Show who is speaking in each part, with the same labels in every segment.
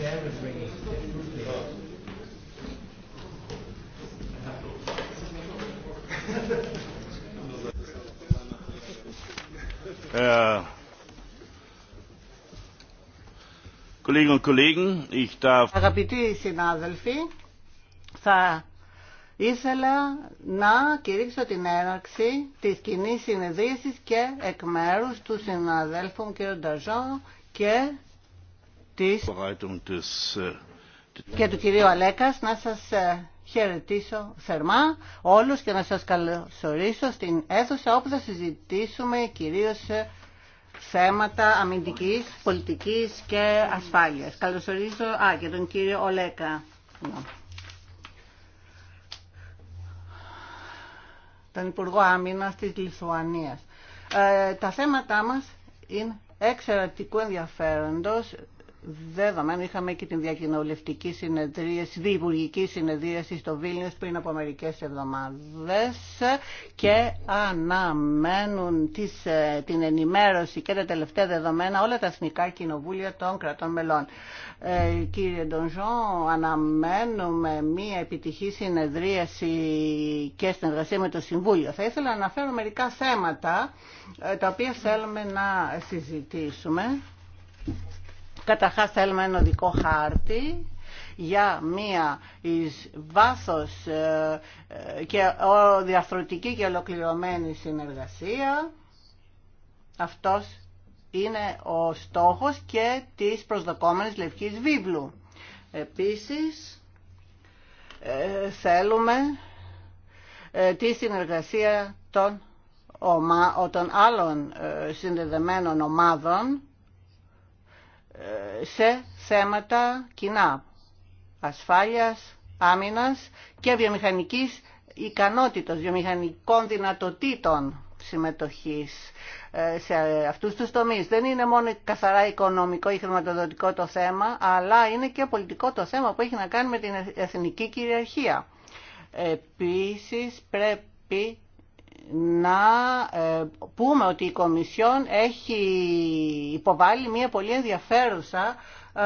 Speaker 1: Äh,
Speaker 2: Αγαπητοί συνάδελφοι, θα ήθελα να κηρύξω την έναρξη τη κοινή συνεδρίαση και εκ μέρου του συναδέλφου κ. Νταζόν και Äh, και του κυρίου Αλέκας να σας ε, χαιρετήσω θερμά όλους και να σας καλωσορίσω στην αίθουσα όπου θα συζητήσουμε κυρίως ε, θέματα αμυντικής, πολιτικής και ασφάλειας. Καλωσορίζω α, και τον κύριο Ολέκα. Ναι. Τον Υπουργό Άμυνας της Λιθουανίας. Ε, τα θέματα μας είναι εξαιρετικού ενδιαφέροντος δεδομένου είχαμε και την διακοινοβουλευτική συνεδρίαση, διυπουργική συνεδρίαση στο Βίλνιο πριν από μερικές εβδομάδες και αναμένουν τις, ε, την ενημέρωση και τα τελευταία δεδομένα όλα τα εθνικά κοινοβούλια των κρατών μελών. Ε, κύριε Ντονζόν, αναμένουμε μία επιτυχή συνεδρίαση και συνεργασία με το Συμβούλιο. Θα ήθελα να αναφέρω μερικά θέματα ε, τα οποία θέλουμε να συζητήσουμε. Καταρχάς θέλουμε ένα δικό χάρτη για μία εις βάθος ε, ε, και διαρθρωτική και ολοκληρωμένη συνεργασία. Αυτός είναι ο στόχος και της προσδοκόμενης λευκής βίβλου. Επίσης, ε, θέλουμε τη συνεργασία των, των άλλων συνδεδεμένων ομάδων σε θέματα κοινά ασφάλειας, άμυνας και βιομηχανικής ικανότητας, βιομηχανικών δυνατοτήτων συμμετοχής ε, σε αυτούς τους τομείς. Δεν είναι μόνο καθαρά οικονομικό ή χρηματοδοτικό το θέμα, αλλά είναι και πολιτικό το θέμα που έχει να κάνει με την εθνική κυριαρχία. Επίσης πρέπει να ε, πούμε ότι η Κομισιόν έχει υποβάλει μια πολύ ενδιαφέρουσα ε,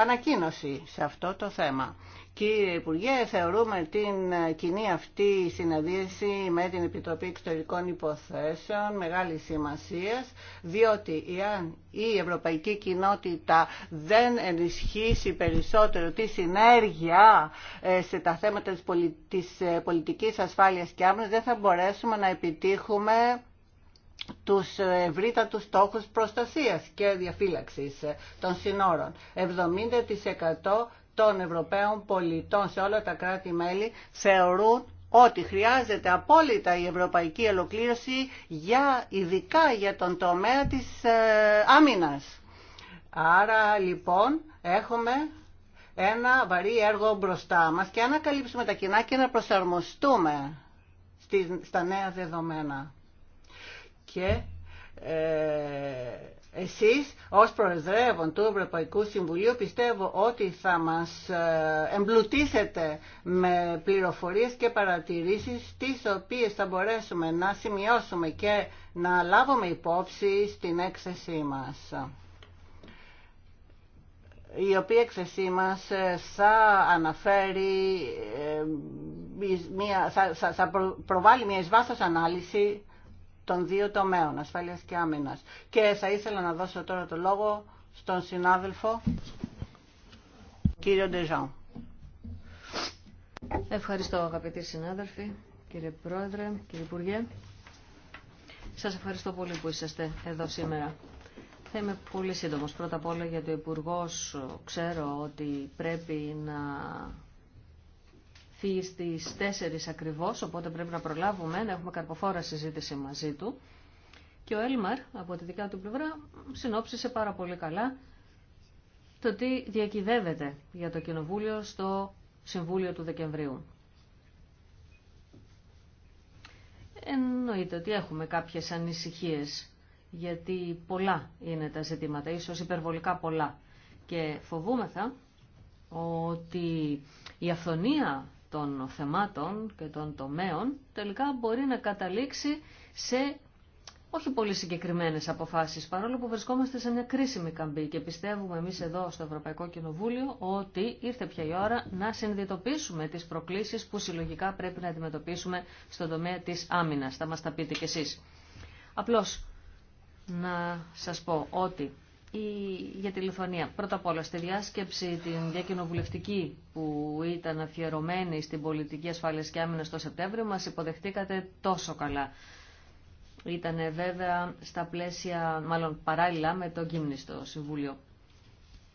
Speaker 2: ανακοίνωση σε αυτό το θέμα. Κύριε Υπουργέ, θεωρούμε την κοινή αυτή συναντήση με την Επιτροπή Εξωτερικών Υποθέσεων μεγάλη σημασία, διότι εάν η ευρωπαϊκή κοινότητα δεν ενισχύσει περισσότερο τη συνέργεια ε, σε τα θέματα της, ε, πολιτικής ασφάλειας και άμυνας, δεν θα μπορέσουμε να επιτύχουμε τους ευρύτατους στόχους προστασίας και διαφύλαξης των συνόρων. 70% των Ευρωπαίων πολιτών σε όλα τα κράτη-μέλη θεωρούν ότι χρειάζεται απόλυτα η ευρωπαϊκή ελοκλήρωση για, ειδικά για τον τομέα της ε, άμυνας. Άρα λοιπόν έχουμε ένα βαρύ έργο μπροστά μας και ανακαλύψουμε τα κοινά και να προσαρμοστούμε στα νέα δεδομένα. Και ε, εσείς ως Προεδρεύων του Ευρωπαϊκού Συμβουλίου πιστεύω ότι θα μας ε, εμπλουτίσετε με πληροφορίες και παρατηρήσεις τις οποίες θα μπορέσουμε να σημειώσουμε και να λάβουμε υπόψη στην έκθεσή μας η οποία έκθεσή μας ε, θα αναφέρει, ε, μια, θα, προβάλλει μια εις ανάλυση των δύο τομέων, ασφάλειας και άμυνας. Και θα ήθελα να δώσω τώρα το λόγο στον συνάδελφο κύριο Ντεζάν.
Speaker 1: Ευχαριστώ αγαπητοί συνάδελφοι, κύριε Πρόεδρε, κύριε Υπουργέ. Σας ευχαριστώ πολύ που είσαστε εδώ σήμερα. Θα είμαι πολύ σύντομος. Πρώτα απ' όλα για το Υπουργό ξέρω ότι πρέπει να έρθει στις 4 ακριβώς, οπότε πρέπει να προλάβουμε, να έχουμε καρποφόρα συζήτηση μαζί του. Και ο Έλμαρ, από τη δικιά του πλευρά, συνόψισε πάρα πολύ καλά το τι διακυδεύεται για το Κοινοβούλιο στο Συμβούλιο του Δεκεμβρίου. Εννοείται ότι έχουμε κάποιες ανησυχίες, γιατί πολλά είναι τα ζητήματα, ίσως υπερβολικά πολλά. Και φοβούμεθα ότι η αυθονία των θεμάτων και των τομέων τελικά μπορεί να καταλήξει σε όχι πολύ συγκεκριμένες αποφάσεις, παρόλο που βρισκόμαστε σε μια κρίσιμη καμπή και πιστεύουμε εμείς εδώ στο Ευρωπαϊκό Κοινοβούλιο ότι ήρθε πια η ώρα να συνειδητοποιήσουμε τις προκλήσεις που συλλογικά πρέπει να αντιμετωπίσουμε στον τομέα τη άμυνα. Θα μα τα πείτε κι εσείς. Απλώς να σα πω ότι για τη Πρώτα απ' όλα, στη διάσκεψη την διακοινοβουλευτική που ήταν αφιερωμένη στην πολιτική ασφάλεια και άμυνα το Σεπτέμβριο, μα υποδεχτήκατε τόσο καλά. Ήταν βέβαια στα πλαίσια, μάλλον παράλληλα με το Κίμνηστο Συμβούλιο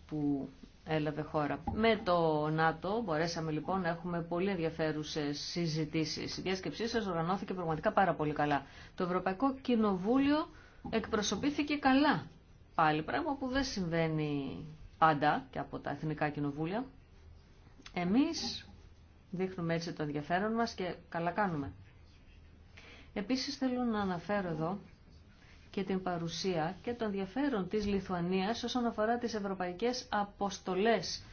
Speaker 1: που έλαβε χώρα. Με το ΝΑΤΟ μπορέσαμε λοιπόν να έχουμε πολύ ενδιαφέρουσε συζητήσει. Η διάσκεψή σα οργανώθηκε πραγματικά πάρα πολύ καλά. Το Ευρωπαϊκό Κοινοβούλιο εκπροσωπήθηκε καλά πάλι, πράγμα που δεν συμβαίνει πάντα και από τα εθνικά κοινοβούλια. Εμείς δείχνουμε έτσι το ενδιαφέρον μας και καλά κάνουμε. Επίσης θέλω να αναφέρω εδώ και την παρουσία και το ενδιαφέρον της Λιθουανίας όσον αφορά τις ευρωπαϊκές αποστολές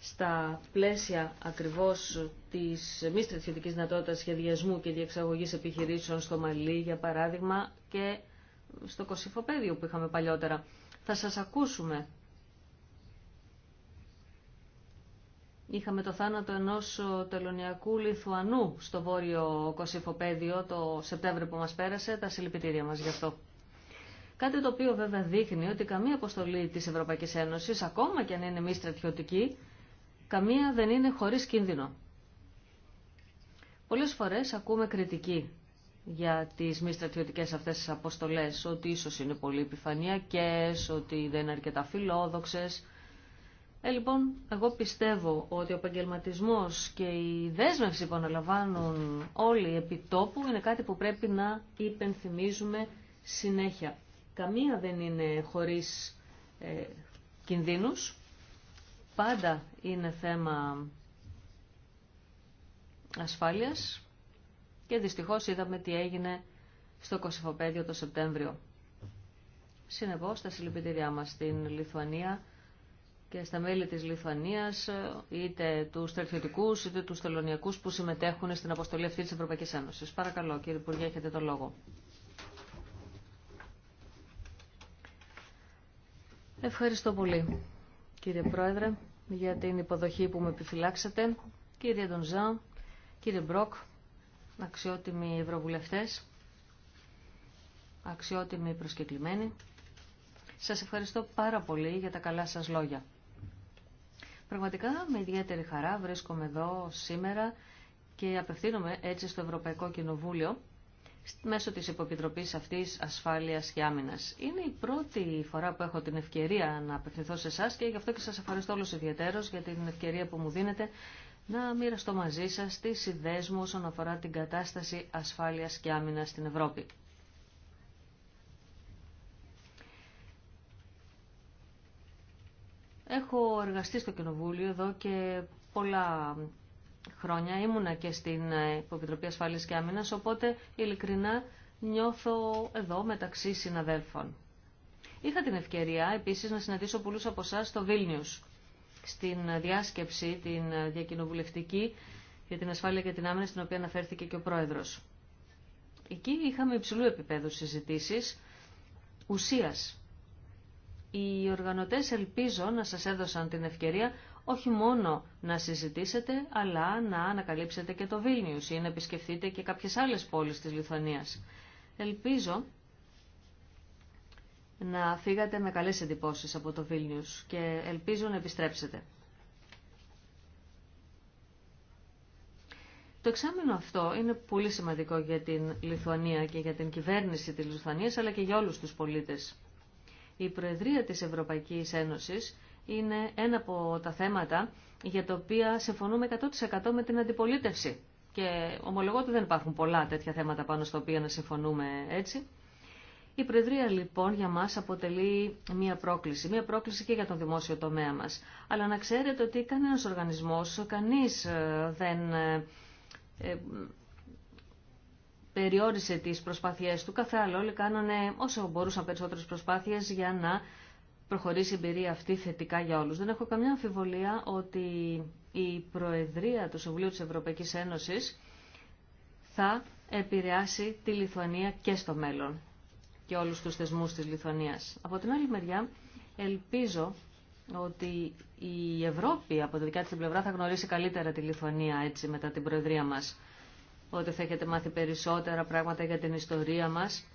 Speaker 1: στα πλαίσια ακριβώς της μη στρατιωτικής δυνατότητας σχεδιασμού και διεξαγωγής επιχειρήσεων στο Μαλί, για παράδειγμα, και στο Κωσυφοπέδιο που είχαμε παλιότερα. Θα σας ακούσουμε. Είχαμε το θάνατο ενός τελωνιακού Λιθουανού στο βόρειο Κωσυφοπέδιο το Σεπτέμβριο που μας πέρασε, τα συλληπιτήρια μας γι' αυτό. Κάτι το οποίο βέβαια δείχνει ότι καμία αποστολή της Ευρωπαϊκής Ένωσης, ακόμα και αν είναι μη στρατιωτική, καμία δεν είναι χωρίς κίνδυνο. Πολλές φορές ακούμε κριτική για τις μη στρατιωτικέ αυτές τις αποστολές, ότι ίσως είναι πολύ επιφανειακές, ότι δεν είναι αρκετά φιλόδοξε. Ε, λοιπόν, εγώ πιστεύω ότι ο επαγγελματισμό και η δέσμευση που αναλαμβάνουν όλοι επί τόπου είναι κάτι που πρέπει να υπενθυμίζουμε συνέχεια. Καμία δεν είναι χωρίς ε, κινδύνους. Πάντα είναι θέμα ασφάλειας και δυστυχώς είδαμε τι έγινε στο Κωσυφοπέδιο το Σεπτέμβριο. Συνεπώς, τα συλληπιτήριά μας στην Λιθουανία και στα μέλη της Λιθουανίας, είτε του στρατιωτικούς είτε του θελωνιακούς που συμμετέχουν στην αποστολή αυτή της Ευρωπαϊκής Ένωσης. Παρακαλώ, κύριε Υπουργέ, έχετε το λόγο. Ευχαριστώ πολύ, κύριε Πρόεδρε, για την υποδοχή που με επιφυλάξατε. Κύριε Ντονζά, κύριε Μπροκ, αξιότιμοι ευρωβουλευτές, αξιότιμοι προσκεκλημένοι. Σας ευχαριστώ πάρα πολύ για τα καλά σας λόγια. Πραγματικά με ιδιαίτερη χαρά βρίσκομαι εδώ σήμερα και απευθύνομαι έτσι στο Ευρωπαϊκό Κοινοβούλιο μέσω της Υποπιτροπής αυτής Ασφάλειας και Άμυνας. Είναι η πρώτη φορά που έχω την ευκαιρία να απευθυνθώ σε εσά και γι' αυτό και σας ευχαριστώ όλους ιδιαίτερος για την ευκαιρία που μου δίνετε να μοιραστώ μαζί σας τις ιδέες μου όσον αφορά την κατάσταση ασφάλειας και άμυνας στην Ευρώπη. Έχω εργαστεί στο Κοινοβούλιο εδώ και πολλά χρόνια. Ήμουνα και στην Επιτροπή Ασφάλειας και Άμυνας, οπότε ειλικρινά νιώθω εδώ μεταξύ συναδέλφων. Είχα την ευκαιρία επίσης να συναντήσω πολλούς από εσά στο Βίλνιους στην διάσκεψη, την διακοινοβουλευτική για την ασφάλεια και την άμυνα, στην οποία αναφέρθηκε και ο Πρόεδρος. Εκεί είχαμε υψηλού επίπεδου συζητήσεις ουσίας. Οι οργανωτές ελπίζω να σας έδωσαν την ευκαιρία όχι μόνο να συζητήσετε, αλλά να ανακαλύψετε και το Βίλνιους ή να επισκεφτείτε και κάποιες άλλες πόλεις της Λιθουανίας. Ελπίζω να φύγατε με καλές εντυπώσεις από το Βίλνιους και ελπίζω να επιστρέψετε. Το εξάμεινο αυτό είναι πολύ σημαντικό για την Λιθουανία και για την κυβέρνηση της Λιθουανίας αλλά και για όλους τους πολίτες. Η Προεδρία της Ευρωπαϊκής Ένωσης είναι ένα από τα θέματα για τα οποία συμφωνούμε 100% με την αντιπολίτευση. Και ομολογώ ότι δεν υπάρχουν πολλά τέτοια θέματα πάνω στα οποία να συμφωνούμε έτσι. Η Προεδρία λοιπόν για μας αποτελεί μια πρόκληση, μια πρόκληση και για τον δημόσιο τομέα μας. Αλλά να ξέρετε ότι κανένας οργανισμός, κανείς ε, δεν ε, ε, περιόρισε τις προσπάθειές του. Καθένα άλλο όλοι κάνανε όσο μπορούσαν περισσότερες προσπάθειες για να προχωρήσει η εμπειρία αυτή θετικά για όλους. Δεν έχω καμιά αμφιβολία ότι η Προεδρία του Συμβουλίου της Ευρωπαϊκής Ένωσης θα επηρεάσει τη Λιθουανία και στο μέλλον και όλους τους θεσμούς της Λιθουανίας. Από την άλλη μεριά, ελπίζω ότι η Ευρώπη από τη δικιά της πλευρά θα γνωρίσει καλύτερα τη Λιθουανία έτσι μετά την Προεδρία μας. Ότι θα έχετε μάθει περισσότερα πράγματα για την ιστορία μας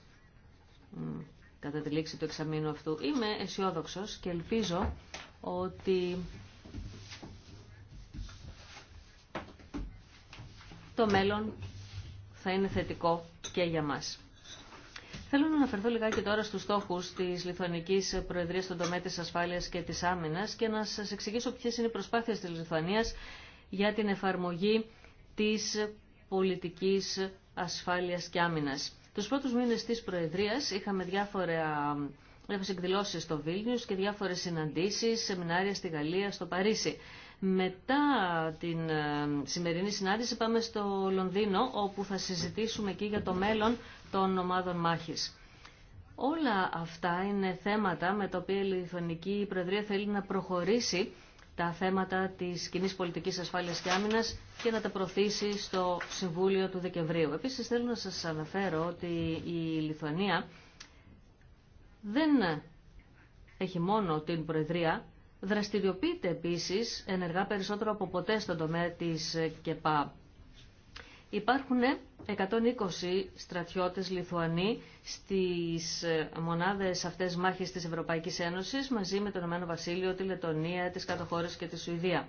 Speaker 1: κατά τη λήξη του εξαμήνου αυτού. Είμαι αισιόδοξο και ελπίζω ότι το μέλλον θα είναι θετικό και για μας. Θέλω να αναφερθώ λιγάκι τώρα στους στόχους της Λιθουανικής Προεδρίας στον τομέα της ασφάλειας και της άμυνας και να σας εξηγήσω ποιες είναι οι προσπάθειες της Λιθουανίας για την εφαρμογή της πολιτικής ασφάλειας και άμυνας. Τους πρώτους μήνες της Προεδρίας είχαμε διάφορα εκδηλώσεις στο Βίλνιους και διάφορες συναντήσεις, σεμινάρια στη Γαλλία, στο Παρίσι. Μετά την ε, σημερινή συνάντηση πάμε στο Λονδίνο, όπου θα συζητήσουμε εκεί για το μέλλον των ομάδων μάχης. Όλα αυτά είναι θέματα με τα οποία η Λιθουανική Προεδρία θέλει να προχωρήσει τα θέματα της κοινή πολιτικής ασφάλειας και άμυνας και να τα προωθήσει στο Συμβούλιο του Δεκεμβρίου. Επίσης θέλω να σας αναφέρω ότι η Λιθουανία δεν έχει μόνο την Προεδρία, δραστηριοποιείται επίσης ενεργά περισσότερο από ποτέ στον τομέα της ΚΕΠΑ. Υπάρχουν 120 στρατιώτες Λιθουανοί στις ε, μονάδες αυτές μάχης της Ευρωπαϊκής Ένωσης μαζί με το Ηνωμένο Βασίλειο, τη Λετωνία, τις κατοχώρες και τη Σουηδία.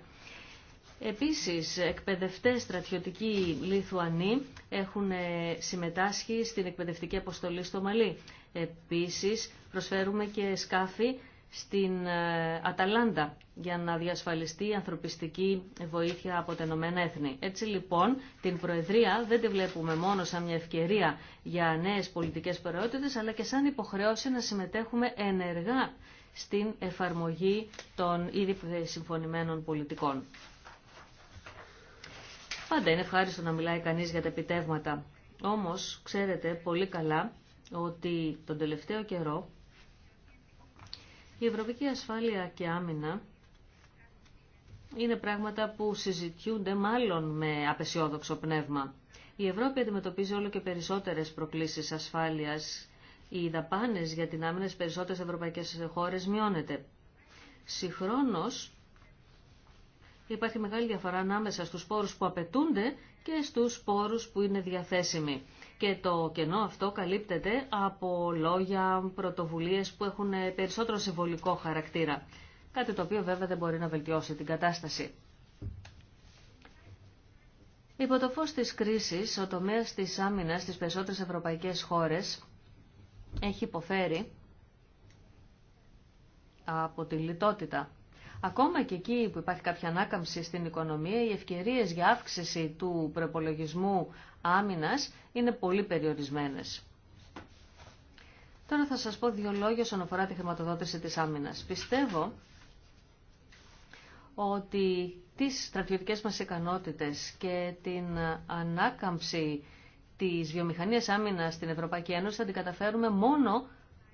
Speaker 1: Επίσης, εκπαιδευτές στρατιωτικοί Λιθουανοί έχουν ε, συμμετάσχει στην εκπαιδευτική αποστολή στο Μαλί. Επίσης, προσφέρουμε και σκάφη στην ε, Αταλάντα για να διασφαλιστεί η ανθρωπιστική βοήθεια από τα Ηνωμένα Έθνη. Έτσι λοιπόν την Προεδρία δεν τη βλέπουμε μόνο σαν μια ευκαιρία για νέες πολιτικές προαιρότητες αλλά και σαν υποχρεώση να συμμετέχουμε ενεργά στην εφαρμογή των ήδη συμφωνημένων πολιτικών. Πάντα είναι ευχάριστο να μιλάει κανείς για τα επιτεύγματα. Όμως ξέρετε πολύ καλά ότι τον τελευταίο καιρό η Ευρωπαϊκή Ασφάλεια και Άμυνα είναι πράγματα που συζητιούνται μάλλον με απεσιόδοξο πνεύμα. Η Ευρώπη αντιμετωπίζει όλο και περισσότερες προκλήσεις ασφάλειας. Οι δαπάνες για την άμυνα στις περισσότερες ευρωπαϊκές χώρες μειώνεται. Συγχρόνως υπάρχει μεγάλη διαφορά ανάμεσα στους πόρους που απαιτούνται και στους πόρους που είναι διαθέσιμοι και το κενό αυτό καλύπτεται από λόγια, πρωτοβουλίες που έχουν περισσότερο συμβολικό χαρακτήρα. Κάτι το οποίο βέβαια δεν μπορεί να βελτιώσει την κατάσταση. Υπό το φως της κρίσης, ο τομέας της άμυνας στις περισσότερες ευρωπαϊκές χώρες έχει υποφέρει από τη λιτότητα. Ακόμα και εκεί που υπάρχει κάποια ανάκαμψη στην οικονομία, οι ευκαιρίες για αύξηση του προπολογισμού άμυνας είναι πολύ περιορισμένες. Τώρα θα σας πω δύο λόγια όσον αφορά τη χρηματοδότηση της άμυνας. Πιστεύω ότι τις στρατιωτικές μας ικανότητες και την ανάκαμψη της βιομηχανίας άμυνας στην Ευρωπαϊκή Ένωση θα την καταφέρουμε μόνο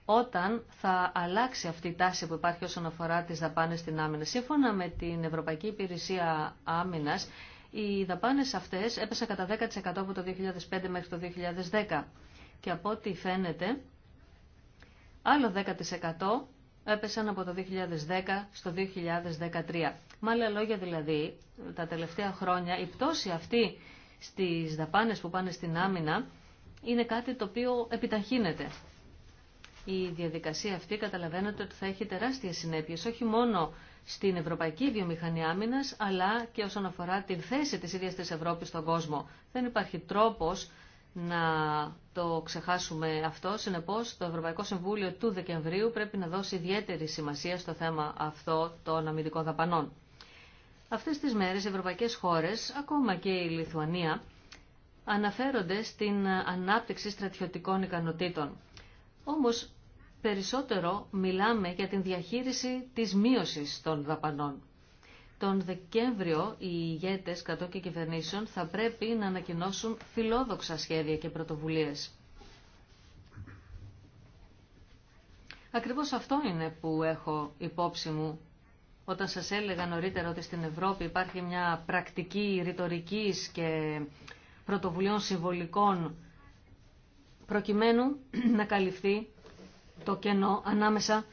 Speaker 1: όταν θα αλλάξει αυτή η τάση που υπάρχει όσον αφορά τις δαπάνες στην άμυνα. Σύμφωνα με την Ευρωπαϊκή Υπηρεσία Άμυνας, οι δαπάνες αυτές έπεσαν κατά 10% από το 2005 μέχρι το 2010 και από ό,τι φαίνεται άλλο 10% έπεσαν από το 2010 στο 2013. Με άλλα λόγια δηλαδή, τα τελευταία χρόνια η πτώση αυτή στις δαπάνες που πάνε στην άμυνα είναι κάτι το οποίο επιταχύνεται. Η διαδικασία αυτή καταλαβαίνετε ότι θα έχει τεράστιες συνέπειες, όχι μόνο στην ευρωπαϊκή βιομηχανία άμυνα, αλλά και όσον αφορά την θέση της ίδια τη Ευρώπης στον κόσμο. Δεν υπάρχει τρόπος να το ξεχάσουμε αυτό. συνεπώ, το Ευρωπαϊκό Συμβούλιο του Δεκεμβρίου πρέπει να δώσει ιδιαίτερη σημασία στο θέμα αυτό των αμυντικών δαπανών. Αυτές τις μέρες οι ευρωπαϊκές χώρες, ακόμα και η Λιθουανία, αναφέρονται στην ανάπτυξη στρατιωτικών ικανοτήτων. Όμω, περισσότερο μιλάμε για την διαχείριση της μείωσης των δαπανών. Τον Δεκέμβριο οι ηγέτες κατώ και κυβερνήσεων θα πρέπει να ανακοινώσουν φιλόδοξα σχέδια και πρωτοβουλίες. Ακριβώς αυτό είναι που έχω υπόψη μου όταν σας έλεγα νωρίτερα ότι στην Ευρώπη υπάρχει μια πρακτική ρητορική και πρωτοβουλίων συμβολικών προκειμένου να καλυφθεί το κενό ανάμεσα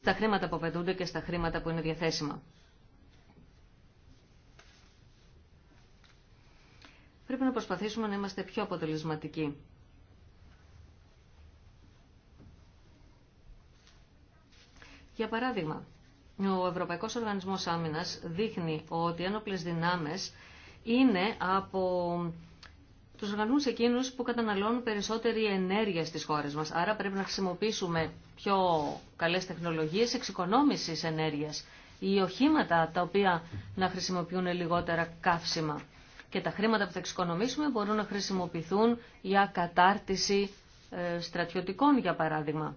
Speaker 1: στα χρήματα που απαιτούνται και στα χρήματα που είναι διαθέσιμα. Πρέπει να προσπαθήσουμε να είμαστε πιο αποτελεσματικοί. Για παράδειγμα, ο Ευρωπαϊκός Οργανισμός Άμυνας δείχνει ότι οι ένοπλες δυνάμες είναι από τους οργανούς εκείνους που καταναλώνουν περισσότερη ενέργεια στις χώρες μας. Άρα πρέπει να χρησιμοποιήσουμε πιο καλές τεχνολογίες εξοικονόμησης ενέργειας ή οχήματα τα οποία να χρησιμοποιούν λιγότερα καύσιμα. Και τα χρήματα που θα εξοικονομήσουμε μπορούν να χρησιμοποιηθούν για κατάρτιση ε, στρατιωτικών, για παράδειγμα.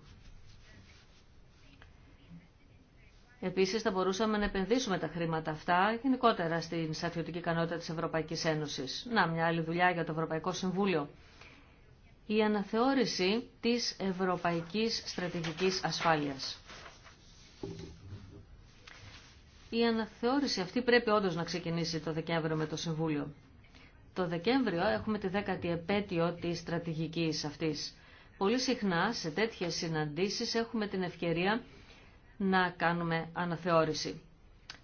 Speaker 1: Επίσης θα μπορούσαμε να επενδύσουμε τα χρήματα αυτά γενικότερα στην σαφιωτική ικανότητα της Ευρωπαϊκής Ένωσης. Να, μια άλλη δουλειά για το Ευρωπαϊκό Συμβούλιο. Η αναθεώρηση της Ευρωπαϊκής Στρατηγικής Ασφάλειας. Η αναθεώρηση αυτή πρέπει όντως να ξεκινήσει το Δεκέμβριο με το Συμβούλιο. Το Δεκέμβριο έχουμε τη δέκατη επέτειο της στρατηγικής αυτής. Πολύ συχνά σε τέτοιες συναντήσεις έχουμε την ευκαιρία να κάνουμε αναθεώρηση.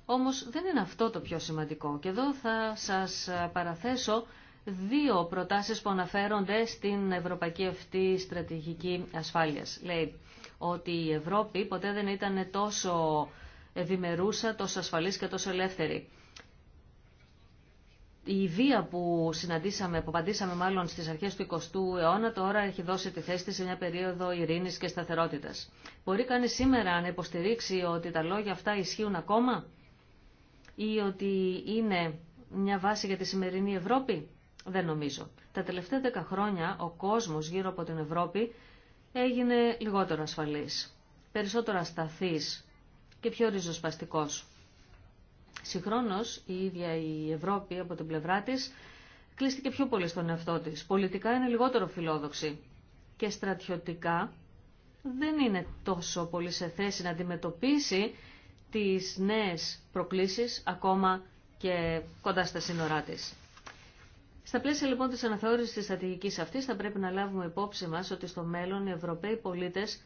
Speaker 1: Όμως δεν είναι αυτό το πιο σημαντικό και εδώ θα σας παραθέσω δύο προτάσεις που αναφέρονται στην Ευρωπαϊκή αυτή στρατηγική ασφάλειας. Λέει ότι η Ευρώπη ποτέ δεν ήταν τόσο ευημερούσα, τόσο ασφαλής και τόσο ελεύθερη η βία που συναντήσαμε, που απαντήσαμε μάλλον στις αρχές του 20ου αιώνα, τώρα έχει δώσει τη θέση της σε μια περίοδο ειρήνης και σταθερότητας. Μπορεί κανείς σήμερα να υποστηρίξει ότι τα λόγια αυτά ισχύουν ακόμα ή ότι είναι μια βάση για τη σημερινή Ευρώπη. Δεν νομίζω. Τα τελευταία δέκα χρόνια ο κόσμος γύρω από την Ευρώπη έγινε λιγότερο ασφαλής, περισσότερο ασταθής και πιο ριζοσπαστικός. Συγχρόνω, η ίδια η Ευρώπη από την πλευρά τη κλείστηκε πιο πολύ στον εαυτό της. Πολιτικά είναι λιγότερο φιλόδοξη και στρατιωτικά δεν είναι τόσο πολύ σε θέση να αντιμετωπίσει τις νέες προκλήσεις ακόμα και κοντά στα σύνορά της. Στα πλαίσια λοιπόν της αναθεώρησης της στρατηγικής αυτής θα πρέπει να λάβουμε υπόψη μας ότι στο μέλλον οι Ευρωπαίοι πολίτες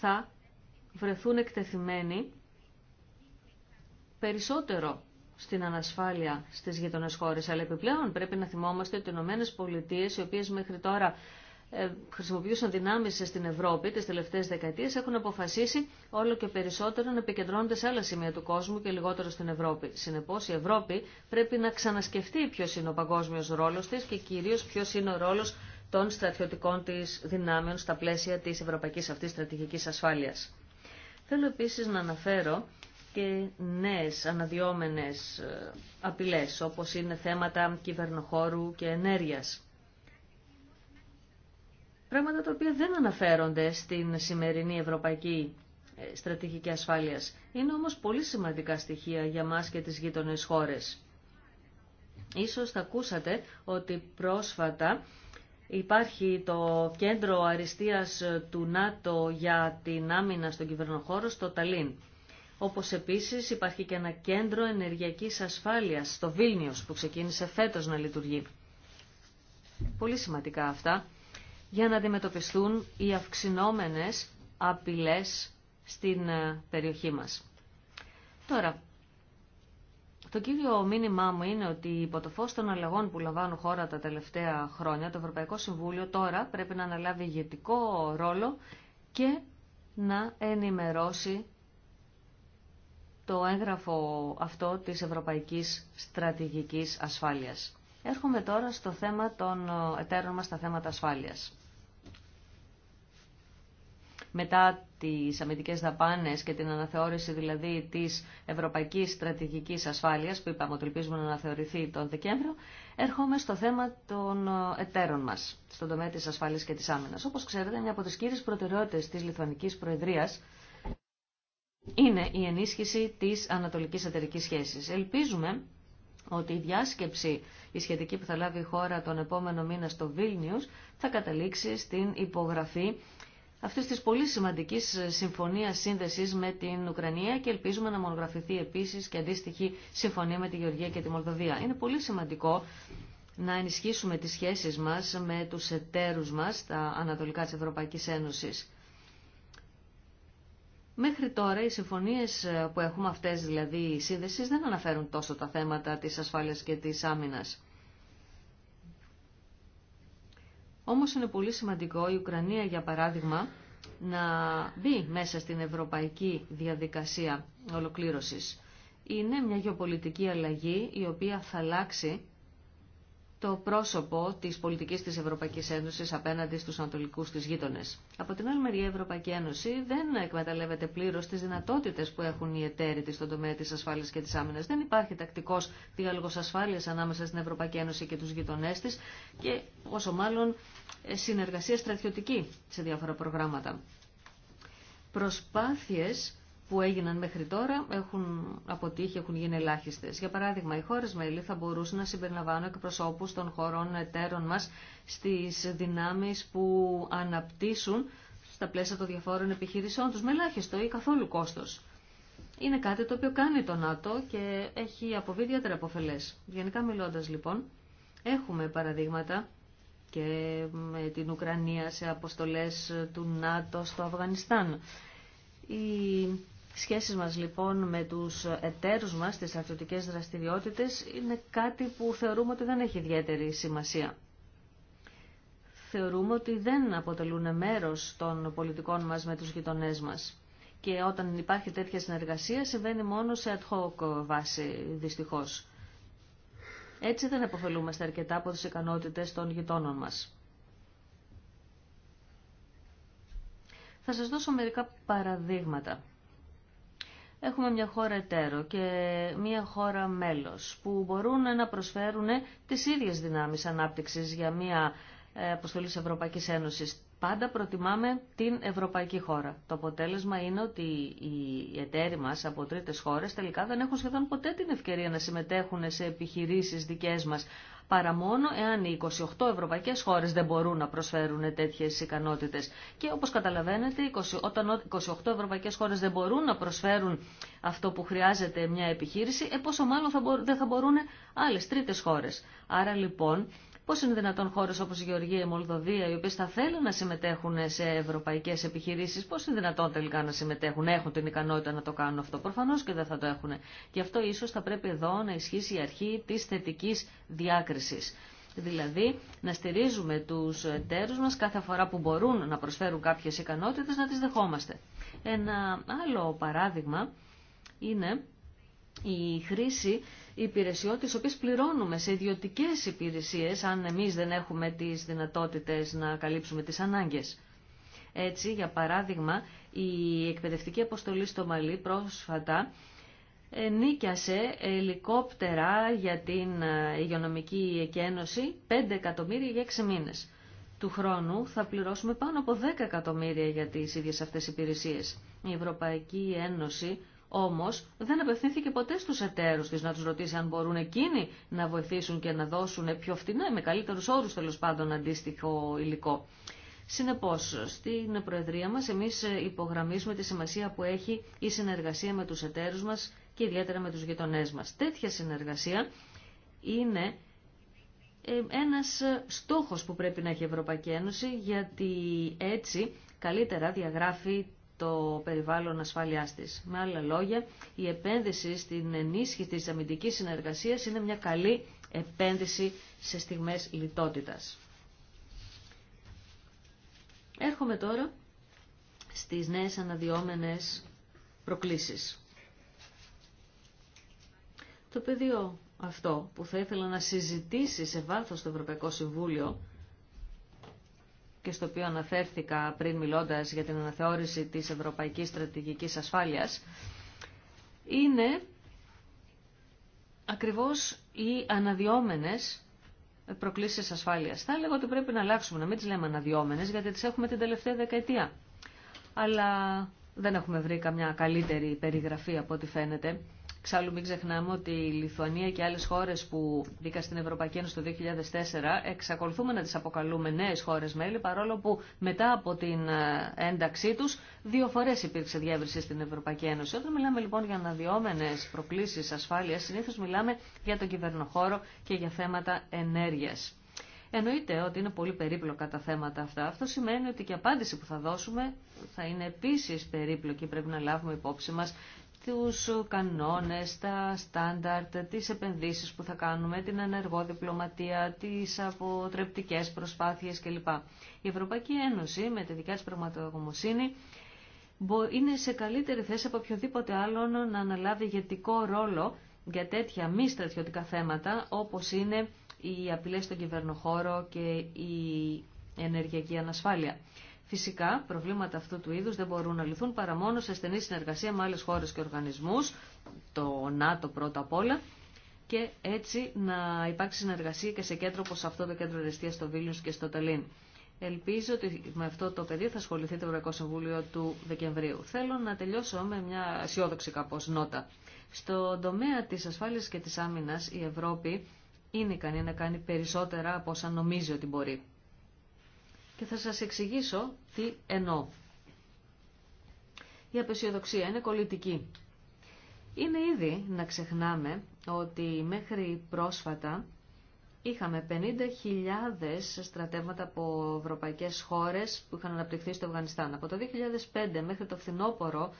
Speaker 1: θα βρεθούν εκτεθειμένοι περισσότερο στην ανασφάλεια στις γειτονές χώρες. Αλλά επιπλέον πρέπει να θυμόμαστε ότι οι Ηνωμένε οι οποίες μέχρι τώρα ε, χρησιμοποιούσαν δυνάμεις στην Ευρώπη τις τελευταίες δεκαετίες, έχουν αποφασίσει όλο και περισσότερο να επικεντρώνονται σε άλλα σημεία του κόσμου και λιγότερο στην Ευρώπη. Συνεπώς η Ευρώπη πρέπει να ξανασκεφτεί ποιο είναι ο παγκόσμιος ρόλος της και κυρίως ποιο είναι ο ρόλος των στρατιωτικών της δυνάμεων στα πλαίσια της ευρωπαϊκής αυτής στρατηγικής ασφάλειας. Θέλω επίση να αναφέρω και νέες αναδιόμενες ε, απειλές, όπως είναι θέματα κυβερνοχώρου και ενέργειας. Πράγματα τα οποία δεν αναφέρονται στην σημερινή ευρωπαϊκή ε, στρατηγική ασφάλειας. Είναι όμως πολύ σημαντικά στοιχεία για μας και τις γείτονες χώρες. Ίσως θα ακούσατε ότι πρόσφατα υπάρχει το κέντρο αριστείας του ΝΑΤΟ για την άμυνα στον κυβερνοχώρο στο Ταλίν. Όπως επίσης υπάρχει και ένα κέντρο ενεργειακής ασφάλειας στο Βίλνιος που ξεκίνησε φέτος να λειτουργεί. Πολύ σημαντικά αυτά για να αντιμετωπιστούν οι αυξηνόμενες απειλές στην ε, περιοχή μας. Τώρα, το κύριο μήνυμά μου είναι ότι υπό το φως των αλλαγών που λαμβάνουν χώρα τα τελευταία χρόνια, το Ευρωπαϊκό Συμβούλιο τώρα πρέπει να αναλάβει ηγετικό ρόλο και να ενημερώσει το έγγραφο αυτό της Ευρωπαϊκής Στρατηγικής Ασφάλειας. Έρχομαι τώρα στο θέμα των ε, εταίρων μας στα θέματα ασφάλειας. Μετά τις αμυντικές δαπάνες και την αναθεώρηση δηλαδή της Ευρωπαϊκής Στρατηγικής Ασφάλειας, που είπαμε ότι ελπίζουμε να αναθεωρηθεί τον Δεκέμβριο, έρχομαι στο θέμα των ε, εταίρων μας, στον τομέα της ασφάλειας και της άμυνας. Όπως ξέρετε, μια από τις κύριες προτεραιότητες της Λιθουανικής Προεδρίας είναι η ενίσχυση της ανατολικής εταιρικής σχέσης. Ελπίζουμε ότι η διάσκεψη, η σχετική που θα λάβει η χώρα τον επόμενο μήνα στο Βίλνιους, θα καταλήξει στην υπογραφή αυτής της πολύ σημαντικής συμφωνίας σύνδεσης με την Ουκρανία και ελπίζουμε να μονογραφηθεί επίσης και αντίστοιχη συμφωνία με τη Γεωργία και τη Μολδοβία. Είναι πολύ σημαντικό να ενισχύσουμε τις σχέσεις μας με τους εταίρους μας, τα ανατολικά της Ευρωπαϊκής Ένωσης. Μέχρι τώρα οι συμφωνίες ε, που έχουμε αυτές δηλαδή οι σύνδεσεις δεν αναφέρουν τόσο τα θέματα της ασφάλειας και της άμυνας. Όμως είναι πολύ σημαντικό η Ουκρανία για παράδειγμα να μπει μέσα στην ευρωπαϊκή διαδικασία ολοκλήρωσης. Είναι μια γεωπολιτική αλλαγή η οποία θα αλλάξει το πρόσωπο της πολιτικής της Ευρωπαϊκής Ένωσης απέναντι στους ανατολικούς της γείτονες. Από την άλλη μεριά η Ευρωπαϊκή Ένωση δεν εκμεταλλεύεται πλήρως τις δυνατότητες που έχουν οι εταίροι στον τομέα της ασφάλειας και της άμυνας. Δεν υπάρχει τακτικός διάλογος ασφάλειας ανάμεσα στην Ευρωπαϊκή Ένωση και τους γειτονές της και όσο μάλλον ε, συνεργασία στρατιωτική σε διάφορα προγράμματα. Προσπάθειες που έγιναν μέχρι τώρα έχουν αποτύχει, έχουν γίνει ελάχιστε. Για παράδειγμα, οι χώρε μέλη θα μπορούσαν να συμπεριλαμβάνουν εκπροσώπου των χωρών εταίρων μα στι δυνάμει που αναπτύσσουν στα πλαίσια των διαφόρων επιχειρήσεών του με ελάχιστο ή καθόλου κόστο. Είναι κάτι το οποίο κάνει το ΝΑΤΟ και έχει αποβεί ιδιαίτερα αποφελέ. Γενικά μιλώντα λοιπόν, έχουμε παραδείγματα και με την Ουκρανία σε αποστολές του ΝΑΤΟ στο Αφγανιστάν. Η σχέσεις μας λοιπόν με τους εταίρους μας στις αυτοτικές δραστηριότητες είναι κάτι που θεωρούμε ότι δεν έχει ιδιαίτερη σημασία. Θεωρούμε ότι δεν αποτελούν μέρος των πολιτικών μας με τους γειτονές μας. Και όταν υπάρχει τέτοια συνεργασία συμβαίνει μόνο σε ad hoc βάση δυστυχώς. Έτσι δεν αποφελούμαστε αρκετά από τις ικανότητες των γειτόνων μας. Θα σας δώσω μερικά παραδείγματα έχουμε μια χώρα εταίρο και μια χώρα μέλος που μπορούν να προσφέρουν τις ίδιες δυνάμεις ανάπτυξης για μια ε, αποστολή της Ευρωπαϊκής Ένωσης πάντα προτιμάμε την ευρωπαϊκή χώρα. Το αποτέλεσμα είναι ότι οι εταίροι μας από τρίτες χώρες τελικά δεν έχουν σχεδόν ποτέ την ευκαιρία να συμμετέχουν σε επιχειρήσεις δικές μας, παρά μόνο εάν οι 28 ευρωπαϊκές χώρες δεν μπορούν να προσφέρουν τέτοιες ικανότητες. Και όπως καταλαβαίνετε, 20, όταν 28 ευρωπαϊκές χώρες δεν μπορούν να προσφέρουν αυτό που χρειάζεται μια επιχείρηση, ε, πόσο μάλλον θα δεν θα μπορούν άλλες τρίτες χώρες. Άρα λοιπόν Πώ είναι δυνατόν χώρε όπω η Γεωργία, η Μολδοβία, οι οποίε θα θέλουν να συμμετέχουν σε ευρωπαϊκέ επιχειρήσει, πώ είναι δυνατόν τελικά να συμμετέχουν, έχουν την ικανότητα να το κάνουν αυτό. Προφανώ και δεν θα το έχουν. Γι' αυτό ίσω θα πρέπει εδώ να ισχύσει η αρχή τη θετική διάκριση. Δηλαδή να στηρίζουμε του εταίρου μα κάθε φορά που μπορούν να προσφέρουν κάποιε ικανότητε να τι δεχόμαστε. Ένα άλλο παράδειγμα είναι η χρήση υπηρεσιών τις οποίες πληρώνουμε σε ιδιωτικές υπηρεσίες αν εμείς δεν έχουμε τις δυνατότητες να καλύψουμε τις ανάγκες. Έτσι, για παράδειγμα, η εκπαιδευτική αποστολή στο Μαλί πρόσφατα νίκιασε ελικόπτερα για την ε, Υγειονομική Εκένωση 5 εκατομμύρια για 6 μήνες. Του χρόνου θα πληρώσουμε πάνω από 10 εκατομμύρια για τις ίδιες αυτές υπηρεσίες. Η Ευρωπαϊκή Ένωση όμως δεν απευθύνθηκε ποτέ στους εταίρους της να τους ρωτήσει αν μπορούν εκείνοι να βοηθήσουν και να δώσουν πιο φτηνά, με καλύτερους όρους τέλο πάντων αντίστοιχο υλικό. Συνεπώς, στην Προεδρία μας εμείς υπογραμμίζουμε τη σημασία που έχει η συνεργασία με τους εταίρους μας και ιδιαίτερα με τους γειτονές μας. Τέτοια συνεργασία είναι ε, ένας στόχος που πρέπει να έχει η Ευρωπαϊκή Ένωση γιατί έτσι καλύτερα διαγράφει το περιβάλλον ασφάλειάς της. Με άλλα λόγια, η επένδυση στην ενίσχυση της αμυντικής συνεργασίας είναι μια καλή επένδυση σε στιγμές λιτότητας. Έρχομαι τώρα στις νέες αναδυόμενες προκλήσεις. Το πεδίο αυτό που θα ήθελα να συζητήσει σε βάθος το Ευρωπαϊκό Συμβούλιο και στο οποίο αναφέρθηκα πριν μιλώντας για την αναθεώρηση της Ευρωπαϊκής Στρατηγικής Ασφάλειας, είναι ακριβώς οι αναδιόμενες προκλήσεις ασφάλειας. Θα έλεγα ότι πρέπει να αλλάξουμε, να μην τις λέμε αναδιόμενες, γιατί τις έχουμε την τελευταία δεκαετία. Αλλά δεν έχουμε βρει καμιά καλύτερη περιγραφή από ό,τι φαίνεται. Ξάλλου μην ξεχνάμε ότι η Λιθουανία και άλλες χώρες που μπήκαν στην Ευρωπαϊκή Ένωση το 2004 εξακολουθούμε να τις αποκαλούμε νέες χώρες μέλη παρόλο που μετά από την ε, ένταξή τους δύο φορές υπήρξε διεύρυνση στην Ευρωπαϊκή Ένωση. Όταν μιλάμε λοιπόν για αναδυόμενες προκλήσεις ασφάλειας συνήθως μιλάμε για τον κυβερνοχώρο και για θέματα ενέργειας. Εννοείται ότι είναι πολύ περίπλοκα τα θέματα αυτά. Αυτό σημαίνει ότι και η απάντηση που θα δώσουμε θα είναι επίση περίπλοκη. Πρέπει να λάβουμε υπόψη μα τους κανόνες, τα στάνταρτ, τις επενδύσεις που θα κάνουμε, την ενεργό διπλωματία, τις αποτρεπτικές προσπάθειες κλπ. Η Ευρωπαϊκή Ένωση με τη δικιά της πραγματογνωμοσύνη είναι σε καλύτερη θέση από οποιοδήποτε άλλο να αναλάβει ηγετικό ρόλο για τέτοια μη στρατιωτικά θέματα όπως είναι οι απειλές στον κυβερνοχώρο και η ενεργειακή ανασφάλεια. Φυσικά, προβλήματα αυτού του είδους δεν μπορούν να λυθούν παρά μόνο σε στενή συνεργασία με άλλες χώρες και οργανισμούς, το ΝΑΤΟ πρώτα απ' όλα, και έτσι να υπάρξει συνεργασία και σε κέντρο όπως αυτό το κέντρο εργαστίας στο Βίλνιους και στο Ταλίν. Ελπίζω ότι με αυτό το πεδίο θα ασχοληθεί το Ευρωπαϊκό Συμβούλιο του Δεκεμβρίου. Θέλω να τελειώσω με μια αισιόδοξη κάπως νότα. Στον τομέα της ασφάλειας και της άμυνας η Ευρώπη είναι ικανή να κάνει περισσότερα από όσα νομίζει ότι μπορεί. Και θα σας εξηγήσω τι εννοώ. Η απεσιοδοξία είναι κολλητική. Είναι ήδη να ξεχνάμε ότι μέχρι πρόσφατα είχαμε 50.000 στρατεύματα από ευρωπαϊκές χώρες που είχαν αναπτυχθεί στο Αφγανιστάν. Από το 2005 μέχρι το φθινόπωρο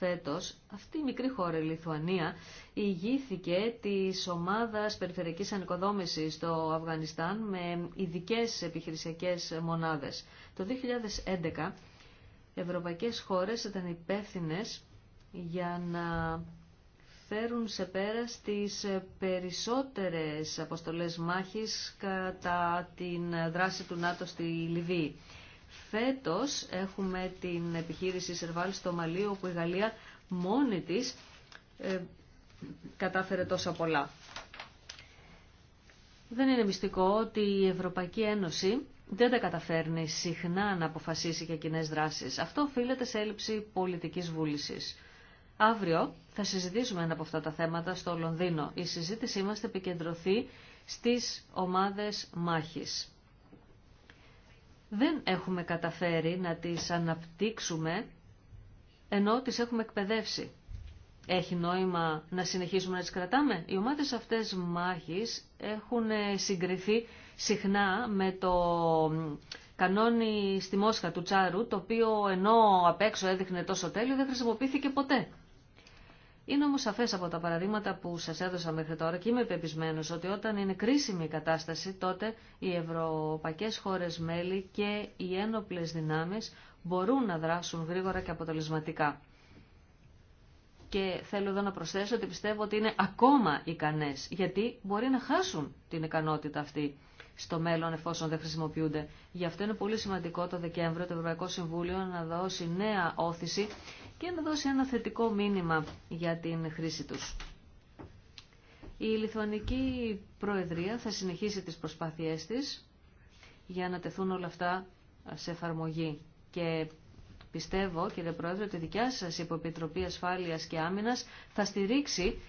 Speaker 1: φέτος αυτή η μικρή χώρα, η Λιθουανία, ηγήθηκε της ομάδας περιφερειακής ανοικοδόμησης στο Αφγανιστάν με ειδικέ επιχειρησιακές μονάδες. Το 2011, ευρωπαϊκές χώρες ήταν υπεύθυνε για να φέρουν σε πέρα τις περισσότερες αποστολές μάχης κατά την δράση του ΝΑΤΟ στη Λιβύη. Φέτος έχουμε την επιχείρηση Σερβάλ στο Μαλί, όπου η Γαλλία μόνη της ε, κατάφερε τόσα πολλά. Δεν είναι μυστικό ότι η Ευρωπαϊκή Ένωση δεν τα καταφέρνει συχνά να αποφασίσει για κοινέ δράσεις. Αυτό οφείλεται σε έλλειψη πολιτικής βούλησης. Αύριο θα συζητήσουμε ένα από αυτά τα θέματα στο Λονδίνο. Η συζήτησή μας επικεντρωθεί στις ομάδες μάχης δεν έχουμε καταφέρει να τις αναπτύξουμε ενώ τις έχουμε εκπαιδεύσει. Έχει νόημα να συνεχίσουμε να τις κρατάμε. Οι ομάδες αυτές μάχης έχουν ε, συγκριθεί συχνά με το κανόνι στη Μόσχα του Τσάρου, το οποίο ενώ απ' έξω έδειχνε τόσο τέλειο δεν χρησιμοποιήθηκε ποτέ. Είναι όμω σαφέ από τα παραδείγματα που σα έδωσα μέχρι τώρα και είμαι πεπισμένο ότι όταν είναι κρίσιμη η κατάσταση τότε οι ευρωπαϊκέ χώρε μέλη και οι ένοπλε δυνάμεις μπορούν να δράσουν γρήγορα και αποτελεσματικά. Και θέλω εδώ να προσθέσω ότι πιστεύω ότι είναι ακόμα ικανέ γιατί μπορεί να χάσουν την ικανότητα αυτή στο μέλλον εφόσον δεν χρησιμοποιούνται. Γι' αυτό είναι πολύ σημαντικό το Δεκέμβριο το Ευρωπαϊκό Συμβούλιο να δώσει νέα όθηση και να δώσει ένα θετικό μήνυμα για την χρήση τους. Η Λιθουανική Προεδρία θα συνεχίσει τις προσπάθειές της για να τεθούν όλα αυτά σε εφαρμογή. Και πιστεύω, κύριε Πρόεδρε, ότι η δικιά σας Υποεπιτροπή Ασφάλειας και Άμυνας θα στηρίξει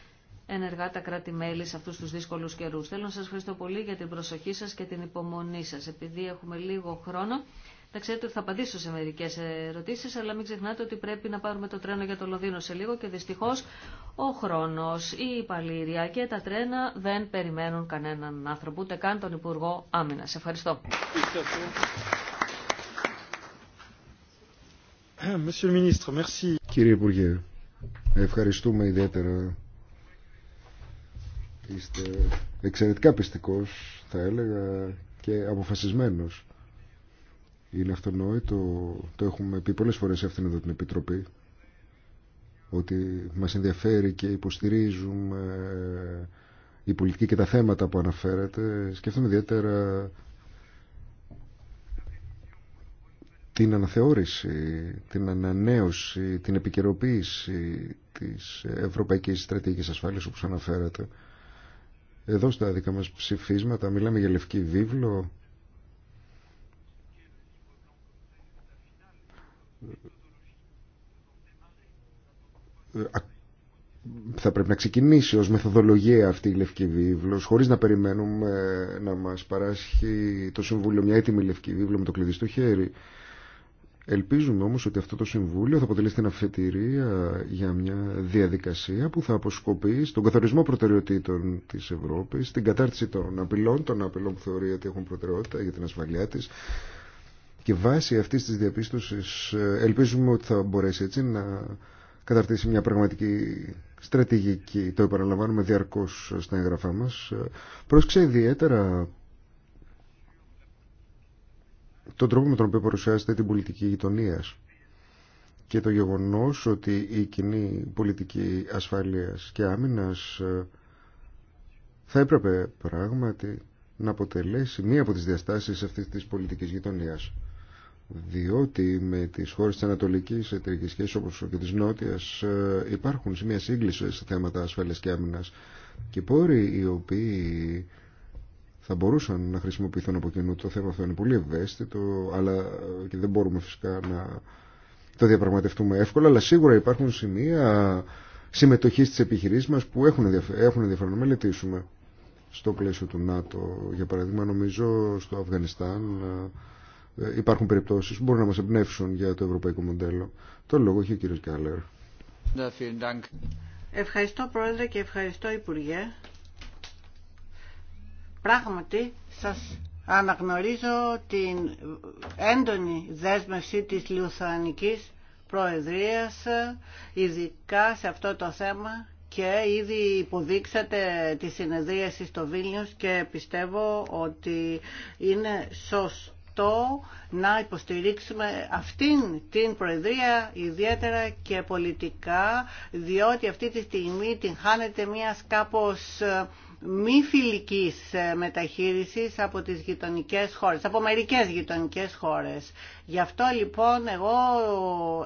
Speaker 1: ενεργά τα κράτη-μέλη σε αυτούς τους δύσκολους καιρούς. Θέλω να σας ευχαριστώ πολύ για την προσοχή σας και την υπομονή σας. Επειδή έχουμε λίγο χρόνο, θα ξέρετε ότι θα απαντήσω σε μερικέ ερωτήσει, αλλά μην ξεχνάτε ότι πρέπει να πάρουμε το τρένο για το Λονδίνο σε λίγο και δυστυχώ ο χρόνο, η υπαλλήρια και τα τρένα δεν περιμένουν κανέναν άνθρωπο, ούτε καν τον Υπουργό Άμυνα. Ευχαριστώ.
Speaker 3: Κύριε Υπουργέ, ευχαριστούμε ιδιαίτερα. Είστε εξαιρετικά πιστικός, θα έλεγα, και αποφασισμένος. Είναι αυτονόητο, το έχουμε πει πολλές φορές σε αυτήν εδώ την Επιτροπή, ότι μας ενδιαφέρει και υποστηρίζουμε η πολιτική και τα θέματα που αναφέρεται, Σκέφτομαι ιδιαίτερα την αναθεώρηση, την ανανέωση, την επικαιροποίηση της Ευρωπαϊκής Στρατηγικής Ασφάλειας όπως αναφέρατε. Εδώ στα δικά μας ψηφίσματα μιλάμε για λευκή βίβλο θα πρέπει να ξεκινήσει ως μεθοδολογία αυτή η Λευκή Βίβλος χωρίς να περιμένουμε να μας παράσχει το Συμβούλιο μια έτοιμη Λευκή Βίβλο με το κλειδί στο χέρι. Ελπίζουμε όμως ότι αυτό το Συμβούλιο θα αποτελεί την αφετηρία για μια διαδικασία που θα αποσκοπεί στον καθορισμό προτεραιοτήτων της Ευρώπης, στην κατάρτιση των απειλών, των απειλών που θεωρεί ότι έχουν προτεραιότητα για την ασφαλειά της, και βάσει αυτής της διαπίστωσης ε, ελπίζουμε ότι θα μπορέσει έτσι να καταρτήσει μια πραγματική στρατηγική. Το επαναλαμβάνουμε διαρκώ στα εγγραφά μας. Ε, Πρόσεξε ιδιαίτερα τον τρόπο με τον οποίο παρουσιάζεται την πολιτική γειτονία και το γεγονό ότι η κοινή πολιτική ασφαλείας και Άμυνα ε, θα έπρεπε πράγματι να αποτελέσει μία από τις διαστάσεις αυτής της πολιτικής γειτονίας διότι με τις χώρες της Ανατολικής Εταιρικής Σχέσης όπως και της Νότιας ε, υπάρχουν σημεία σύγκληση σε θέματα ασφάλειας και άμυνας και πόροι οι οποίοι θα μπορούσαν να χρησιμοποιηθούν από κοινού. Το θέμα αυτό είναι πολύ ευαίσθητο αλλά ε, και δεν μπορούμε φυσικά να το διαπραγματευτούμε εύκολα αλλά σίγουρα υπάρχουν σημεία συμμετοχής της επιχειρήσης μας που έχουν ενδιαφέρον να μελετήσουμε στο πλαίσιο του ΝΑΤΟ. Για παράδειγμα νομίζω στο Αφγανιστάν ε, ε, υπάρχουν περιπτώσεις που μπορούν να μας εμπνεύσουν για το ευρωπαϊκό μοντέλο. Το λόγο έχει ο κύριος Κάλλερ.
Speaker 2: Ναι, ευχαριστώ Πρόεδρε και ευχαριστώ Υπουργέ. Πράγματι σας αναγνωρίζω την έντονη δέσμευση της Λιουθανικής Προεδρίας ειδικά σε αυτό το θέμα και ήδη υποδείξατε τη συνεδρίαση στο Βίλνιος και πιστεύω ότι είναι σωστό να υποστηρίξουμε αυτήν την Προεδρία ιδιαίτερα και πολιτικά διότι αυτή τη στιγμή την χάνεται μία κάπως ε, μη φιλικής ε, μεταχείρισης από τις γειτονικές χώρες, από μερικές γειτονικές χώρες. Γι' αυτό λοιπόν εγώ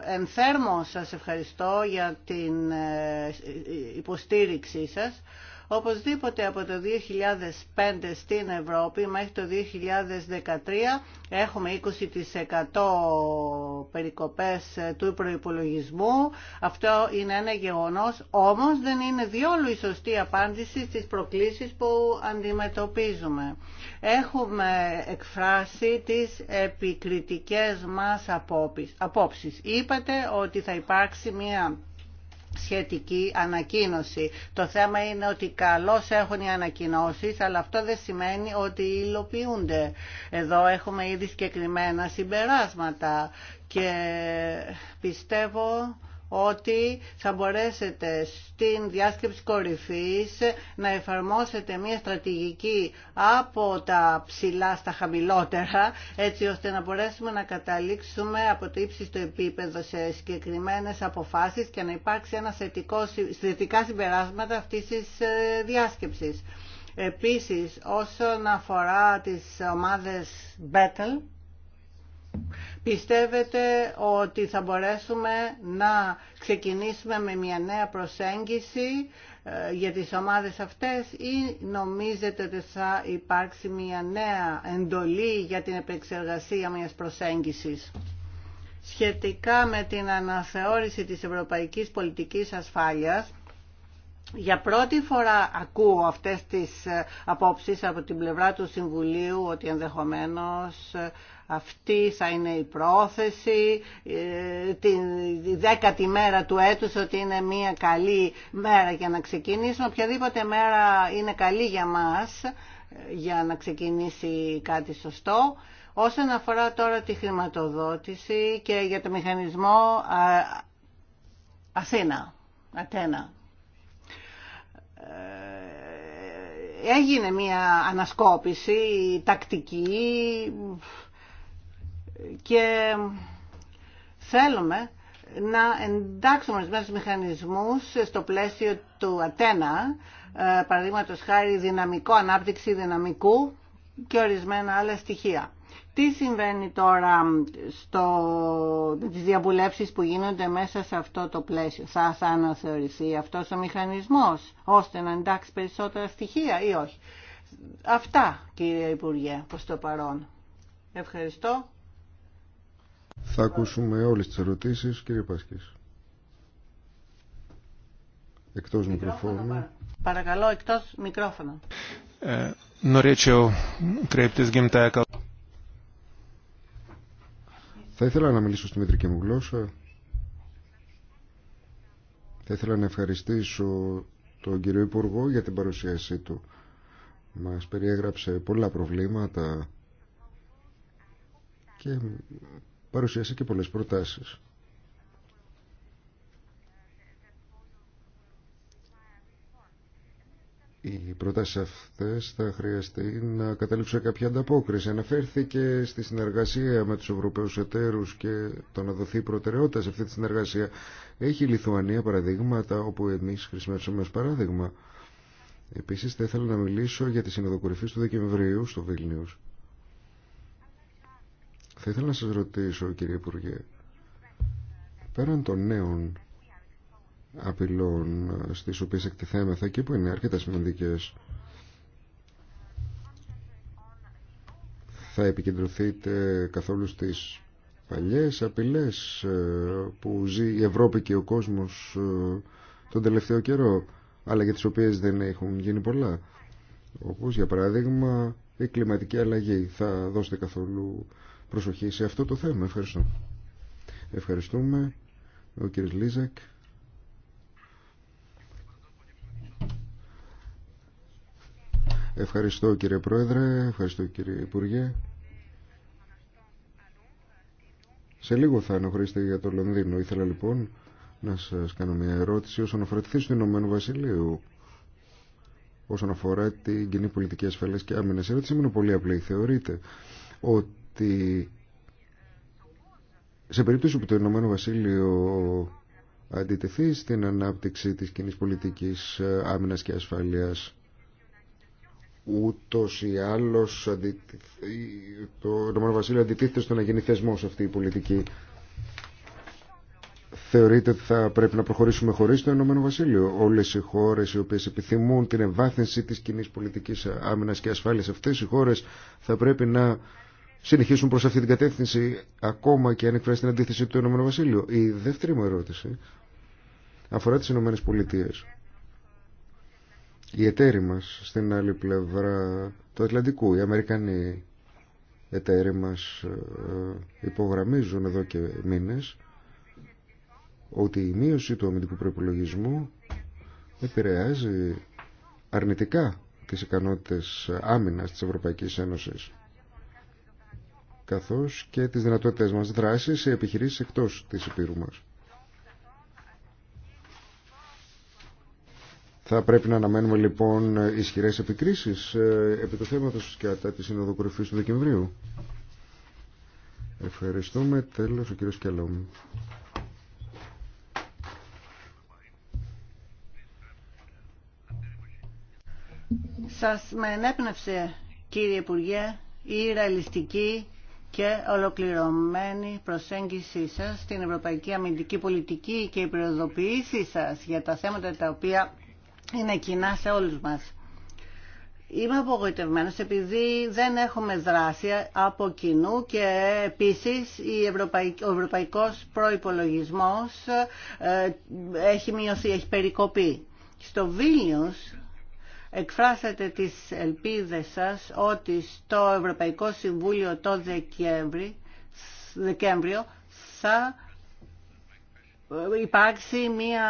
Speaker 2: ενθέρμω σας ευχαριστώ για την ε, υποστήριξή σας. Οπωσδήποτε από το 2005 στην Ευρώπη μέχρι το 2013 έχουμε 20% περικοπές του προϋπολογισμού. Αυτό είναι ένα γεγονός, όμως δεν είναι διόλου η σωστή απάντηση στις προκλήσεις που αντιμετωπίζουμε. Έχουμε εκφράσει τις επικριτικές μας απόψεις. Είπατε ότι θα υπάρξει μια σχετική ανακοίνωση. Το θέμα είναι ότι καλώς έχουν οι ανακοινώσεις, αλλά αυτό δεν σημαίνει ότι υλοποιούνται. Εδώ έχουμε ήδη συγκεκριμένα συμπεράσματα και πιστεύω ότι θα μπορέσετε στην διάσκεψη κορυφής να εφαρμόσετε μια στρατηγική από τα ψηλά στα χαμηλότερα έτσι ώστε να μπορέσουμε να καταλήξουμε από το ύψιστο επίπεδο σε συγκεκριμένες αποφάσεις και να υπάρξει ένα θετικό, θετικά συμπεράσματα αυτής της ε, διάσκεψης. Επίσης όσον αφορά τις ομάδες Battle Πιστεύετε ότι θα μπορέσουμε να ξεκινήσουμε με μια νέα προσέγγιση ε, για τις ομάδες αυτές ή νομίζετε ότι θα υπάρξει μια νέα εντολή για την επεξεργασία μιας προσέγγισης σχετικά με την αναθεώρηση της ευρωπαϊκής πολιτικής ασφάλειας για πρώτη φορά ακούω αυτές τις ε, απόψεις από την πλευρά του Συμβουλίου ότι ενδεχομένως ε, αυτή θα είναι η πρόθεση ε, τη δέκατη μέρα του έτους ότι είναι μια καλή μέρα για να ξεκινήσουμε. Οποιαδήποτε μέρα είναι καλή για μας ε, για να ξεκινήσει κάτι σωστό. Όσον αφορά τώρα τη χρηματοδότηση και για το μηχανισμό ε, Αθήνα, Ατένα. Έγινε μια ανασκόπηση τακτική και θέλουμε να εντάξουμε ορισμένου μηχανισμούς στο πλαίσιο του Ατένα, ε, παραδείγματο χάρη δυναμικό, ανάπτυξη δυναμικού και ορισμένα άλλα στοιχεία. Τι συμβαίνει τώρα στο, τις διαβουλεύσεις που γίνονται μέσα σε αυτό το πλαίσιο. Θα, θα αναθεωρηθεί αυτός ο μηχανισμός ώστε να εντάξει περισσότερα στοιχεία ή όχι. Αυτά κύριε Υπουργέ προς το παρόν. Ευχαριστώ.
Speaker 3: Θα ακούσουμε όλες τις ερωτήσεις, κύριε Πασκής. Εκτός μικροφόνου.
Speaker 2: Παρακαλώ, εκτός μικρόφωνο.
Speaker 3: Ε, θα ήθελα να μιλήσω στη μητρική μου γλώσσα. Θα ήθελα να ευχαριστήσω τον κύριο Υπουργό για την παρουσίασή του. Μας περιέγραψε πολλά προβλήματα και παρουσίασε και πολλές προτάσεις. Οι προτάσεις αυτές θα χρειαστεί να καταλήξουν κάποια ανταπόκριση. Αναφέρθηκε στη συνεργασία με τους Ευρωπαίους εταίρους και το να δοθεί προτεραιότητα σε αυτή τη συνεργασία. Έχει η Λιθουανία παραδείγματα όπου εμείς χρησιμεύσαμε ως παράδειγμα. Επίσης θα ήθελα να μιλήσω για τη συνοδοκορυφή του Δεκεμβρίου στο Βίλνιου. Θα ήθελα να σας ρωτήσω κύριε Υπουργέ πέραν των νέων απειλών στις οποίες εκτιθέμεθα και που είναι αρκετά σημαντικές θα επικεντρωθείτε καθόλου στις παλιές απειλές ε, που ζει η Ευρώπη και ο κόσμος ε, τον τελευταίο καιρό αλλά για τις οποίες δεν έχουν γίνει πολλά όπως για παράδειγμα η κλιματική αλλαγή θα δώσετε καθόλου προσοχή σε αυτό το θέμα. Ευχαριστώ. Ευχαριστούμε. Ο κύριος Λίζακ. Ευχαριστώ κύριε Πρόεδρε, ευχαριστώ κύριε Υπουργέ. Σε λίγο θα αναχωρήσετε για το Λονδίνο. Ήθελα λοιπόν να σας κάνω μια ερώτηση όσον αφορά τη θέση του Ηνωμένου Βασιλείου. Όσον αφορά την κοινή πολιτική ασφαλής και άμυνας. ερώτηση μου είναι πολύ απλή. Θεωρείτε ότι ότι σε περίπτωση που το Ηνωμένο Βασίλειο αντιτεθεί στην ανάπτυξη της κοινή πολιτικής ε, άμυνας και ασφαλείας ούτως ή άλλως το Ηνωμένο Βασίλειο αντιτίθεται στο να γίνει σε αυτή η πολιτική θεωρείτε ότι θα πρέπει να προχωρήσουμε χωρίς το Ηνωμένο Βασίλειο. Όλες οι χώρες οι οποίες επιθυμούν την εμβάθυνση της κοινή πολιτικής ε, άμυνας και ασφάλειας, αυτές οι χώρες θα πρέπει να συνεχίσουν προ αυτή την κατεύθυνση ακόμα και αν εκφράσει την αντίθεση του Ηνωμένου Βασίλειου. Η δεύτερη μου ερώτηση αφορά τις Ηνωμένες Πολιτείες. Οι εταίροι μα στην άλλη πλευρά του Ατλαντικού, οι Αμερικανοί εταίροι μας ε, υπογραμμίζουν εδώ και μήνες ότι η μείωση του αμυντικού προπολογισμού επηρεάζει αρνητικά τις ικανότητες άμυνας της Ευρωπαϊκής Ένωσης καθώς και τις δυνατότητες μας δράσης σε επιχειρήσεις εκτός της Επίρου μας. Θα πρέπει να αναμένουμε λοιπόν ισχυρές επικρίσεις ε, επί του θέμα κατά τη της του Δεκεμβρίου. Ευχαριστούμε. Τέλος ο κύριος Κελόμου.
Speaker 2: Σας με ενέπνευσε κύριε Υπουργέ η ρεαλιστική και ολοκληρωμένη προσέγγιση σας στην Ευρωπαϊκή Αμυντική Πολιτική και η προειδοποίησή σας για τα θέματα τα οποία είναι κοινά σε όλους μας. Είμαι απογοητευμένος επειδή δεν έχουμε δράση από κοινού και επίσης ο ευρωπαϊκός προϋπολογισμός ε, έχει μειωθεί, έχει περικοπεί. Στο Βίλνιους εκφράσατε τις ελπίδες σας ότι στο Ευρωπαϊκό Συμβούλιο το Δεκέμβριο θα υπάρξει μια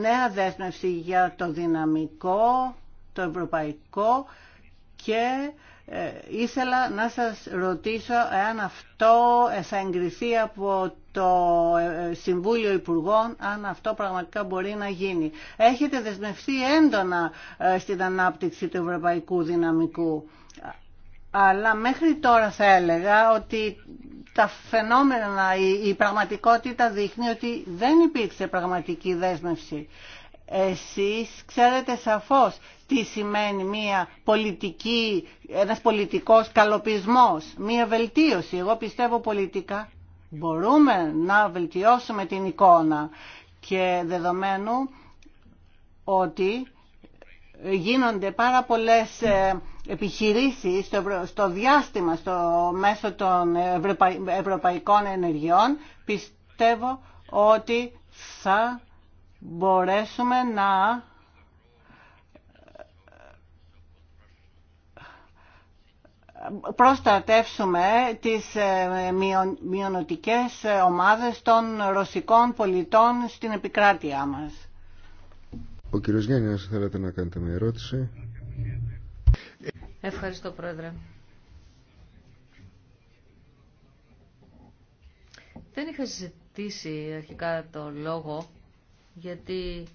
Speaker 2: νέα δέσμευση για το δυναμικό, το ευρωπαϊκό και ε, ήθελα να σας ρωτήσω εάν αυτό θα εγκριθεί από το ε, ε, Συμβούλιο Υπουργών αν αυτό πραγματικά μπορεί να γίνει. Έχετε δεσμευτεί έντονα ε, στην ανάπτυξη του ευρωπαϊκού δυναμικού. Αλλά μέχρι τώρα θα έλεγα ότι τα φαινόμενα, η πραγματικότητα δείχνει ότι δεν υπήρξε πραγματική δέσμευση. Εσείς ξέρετε σαφώς τι σημαίνει μια πολιτική, ένας πολιτικός καλοπισμός, μια βελτίωση. Εγώ πιστεύω πολιτικά Μπορούμε να βελτιώσουμε την εικόνα και δεδομένου ότι γίνονται πάρα πολλές ε, επιχειρήσεις στο διάστημα, στο μέσο των ευρωπαϊκών ενεργειών, πιστεύω ότι θα μπορέσουμε να προστατεύσουμε τις ε, μειονοτικές ομάδες των ρωσικών πολιτών στην επικράτειά μας.
Speaker 3: Ο κύριος Γιάννης, θέλετε να κάνετε μια ερώτηση.
Speaker 2: Ευχαριστώ, Πρόεδρε.
Speaker 1: Δεν είχα ζητήσει αρχικά το λόγο, γιατί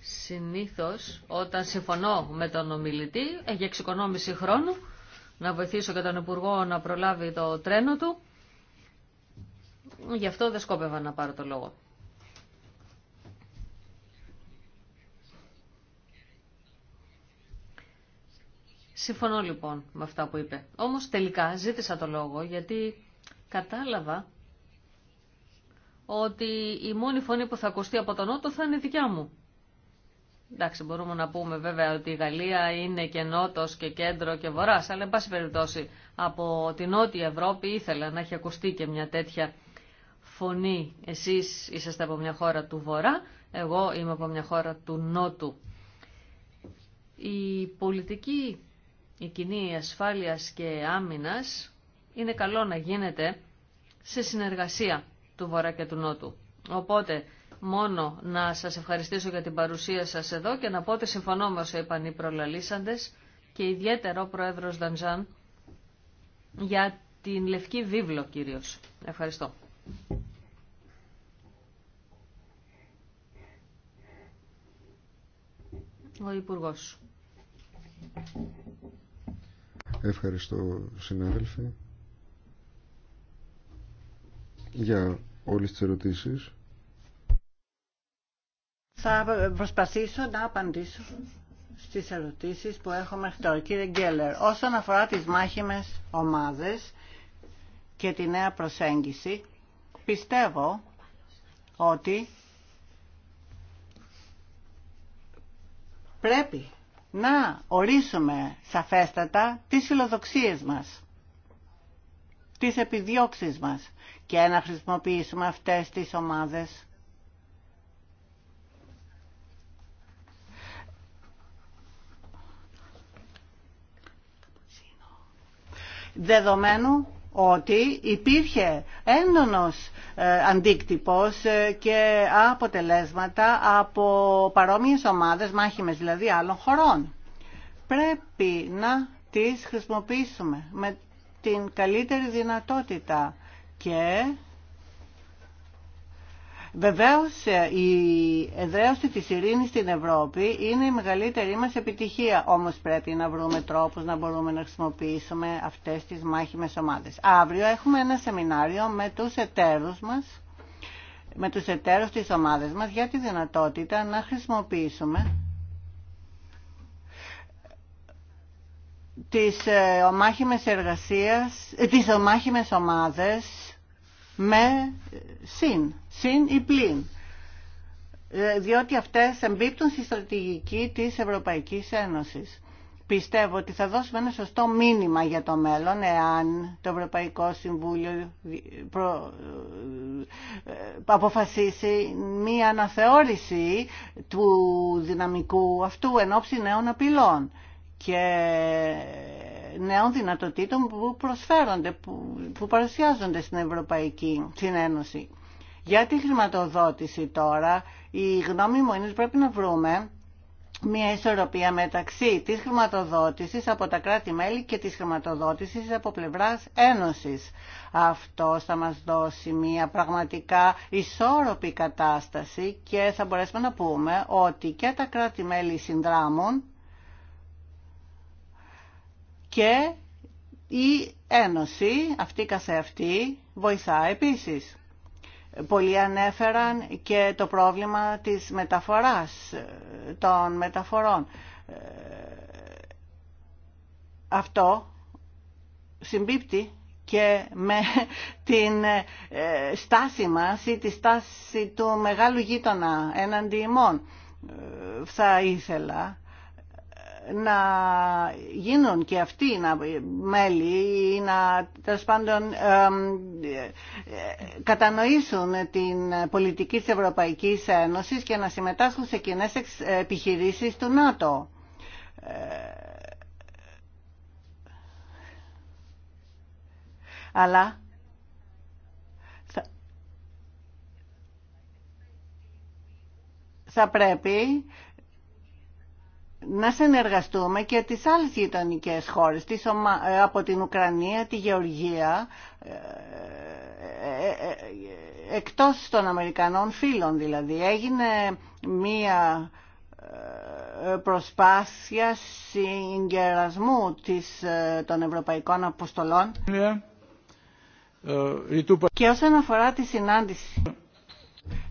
Speaker 1: συνήθως όταν συμφωνώ με τον ομιλητή, ε, για εξοικονόμηση χρόνου, να βοηθήσω και τον Υπουργό να προλάβει το τρένο του. Γι' αυτό δεν σκόπευα να πάρω το λόγο. Συμφωνώ λοιπόν με αυτά που είπε. Όμως τελικά ζήτησα το λόγο γιατί κατάλαβα ότι η μόνη φωνή που θα ακουστεί από τον Νότο θα είναι δικιά μου. Εντάξει, μπορούμε να πούμε βέβαια ότι η Γαλλία είναι και νότος και κέντρο και βορράς, αλλά εν πάση περιπτώσει από την Νότια Ευρώπη ήθελα να έχει ακουστεί και μια τέτοια φωνή. Εσείς είσαστε από μια χώρα του βορρά, εγώ είμαι από μια χώρα του νότου. Η πολιτική, η κοινή ασφάλεια και άμυνας είναι καλό να γίνεται σε συνεργασία του βορρά και του νότου. Οπότε μόνο να σας ευχαριστήσω για την παρουσία σας εδώ και να πω ότι συμφωνώ με όσο είπαν οι προλαλήσαντες και ιδιαίτερο ο Πρόεδρος Δαντζάν για την Λευκή Βίβλο κυρίως. Ευχαριστώ. Ο Υπουργός.
Speaker 3: Ευχαριστώ συνάδελφοι για όλες τις ερωτήσεις.
Speaker 2: Θα προσπαθήσω να απαντήσω στις ερωτήσεις που έχω μέχρι τώρα. Κύριε Γκέλλερ, όσον αφορά τις μάχημες ομάδες και τη νέα προσέγγιση, πιστεύω ότι πρέπει να ορίσουμε σαφέστατα τις φιλοδοξίες μας, τις επιδιώξεις μας και να χρησιμοποιήσουμε αυτές τις ομάδες δεδομένου ότι υπήρχε έντονος ε, αντίκτυπος ε, και αποτελέσματα από παρόμοιες ομάδες, μάχημες δηλαδή, άλλων χωρών. Πρέπει να τις χρησιμοποιήσουμε με την καλύτερη δυνατότητα και Βεβαίως ε, η εδραίωση της ειρήνης στην Ευρώπη είναι η μεγαλύτερη μας επιτυχία. Όμως πρέπει να βρούμε τρόπους να μπορούμε να χρησιμοποιήσουμε αυτές τις μάχημες ομάδες. Αύριο έχουμε ένα σεμινάριο με τους εταίρους μας, με τους της ομάδας μας για τη δυνατότητα να χρησιμοποιήσουμε τις ε, ομάχημες εργασίες, ε, τις ομάχημες ομάδες με συν συν ή πλην ε, διότι αυτές εμπίπτουν στη στρατηγική της Ευρωπαϊκής Ένωσης. Πιστεύω ότι θα δώσουμε ένα σωστό μήνυμα για το μέλλον εάν το Ευρωπαϊκό Συμβούλιο ε, αποφασίσει μία αναθεώρηση του δυναμικού αυτού εν ώψη νέων απειλών και νέων δυνατοτήτων που προσφέρονται, που παρουσιάζονται στην Ευρωπαϊκή Ένωση. Για τη χρηματοδότηση τώρα, η γνώμη μου είναι ότι πρέπει να βρούμε μια ισορροπία μεταξύ της χρηματοδότησης από τα κράτη-μέλη και της χρηματοδότησης από πλευράς Ένωσης. Αυτό θα μας δώσει μια πραγματικά ισόρροπη κατάσταση και θα μπορέσουμε να πούμε ότι και τα κράτη-μέλη συνδράμουν και η Ένωση αυτή καθεαυτή βοηθά επίσης. Πολλοί ανέφεραν και το πρόβλημα της μεταφοράς, των μεταφορών. Ε, αυτό συμπίπτει και με την ε, στάση μας ή τη στάση του μεγάλου γείτονα έναντι ημών. Ε, θα ήθελα να γίνουν και αυτοί να, μέλη ή να τέλος πάντων ε, κατανοήσουν την πολιτική της Ευρωπαϊκής Ένωσης και να συμμετάσχουν σε κοινέ ε, επιχειρήσεις του ΝΑΤΟ. Ε, αλλά θα πρέπει να συνεργαστούμε και τις άλλες γειτονικέ χώρες, τις ε, από την Ουκρανία, τη Γεωργία, ε, ε, εκτός των Αμερικανών φίλων δηλαδή. Έγινε μία προσπάθεια συγκερασμού της, των ευρωπαϊκών αποστολών. Και όσον αφορά τη συνάντηση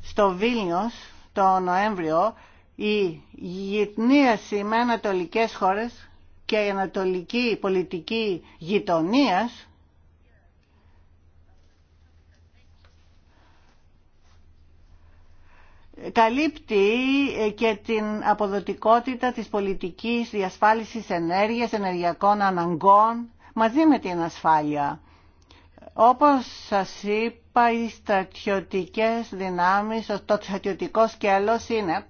Speaker 2: στο Βίλνιος το Νοέμβριο, η γυτνίαση με ανατολικές χώρες και η ανατολική πολιτική γειτονίας καλύπτει ε, και την αποδοτικότητα της πολιτικής διασφάλισης ενέργειας, ενεργειακών αναγκών, μαζί με την ασφάλεια. Όπως σας είπα, οι στρατιωτικές δυνάμεις, το στρατιωτικό σκέλος είναι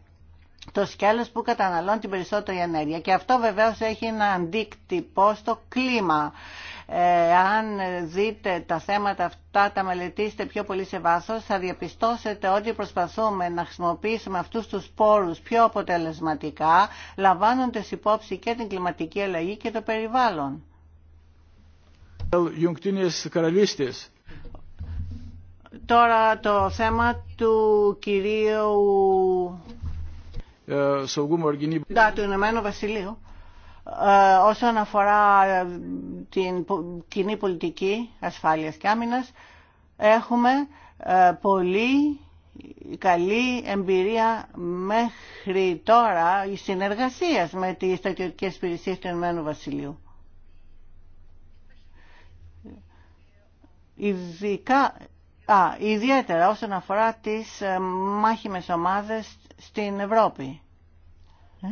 Speaker 2: το σκέλος που καταναλώνει την περισσότερη ενέργεια. Και αυτό βεβαίως έχει ένα αντίκτυπο στο κλίμα. Ε, αν δείτε τα θέματα αυτά, τα μελετήσετε πιο πολύ σε βάθος, θα διαπιστώσετε ότι προσπαθούμε να χρησιμοποιήσουμε αυτούς τους πόρους πιο αποτελεσματικά, λαμβάνοντας υπόψη και την κλιματική αλλαγή και το περιβάλλον. Τώρα το θέμα του κυρίου Saugumo ε, ir του Ηνωμένου Βασιλείου. Ε, όσον αφορά ε, την κοινή πολιτική ασφάλειας και άμυνας, έχουμε πολύ καλή εμπειρία μέχρι τώρα η συνεργασίας με τις στρατιωτικές υπηρεσίες του Ηνωμένου Βασιλείου. Ειδικά Α, ιδιαίτερα όσον αφορά τις ε, μάχημες ομάδες στην Ευρώπη. Ε?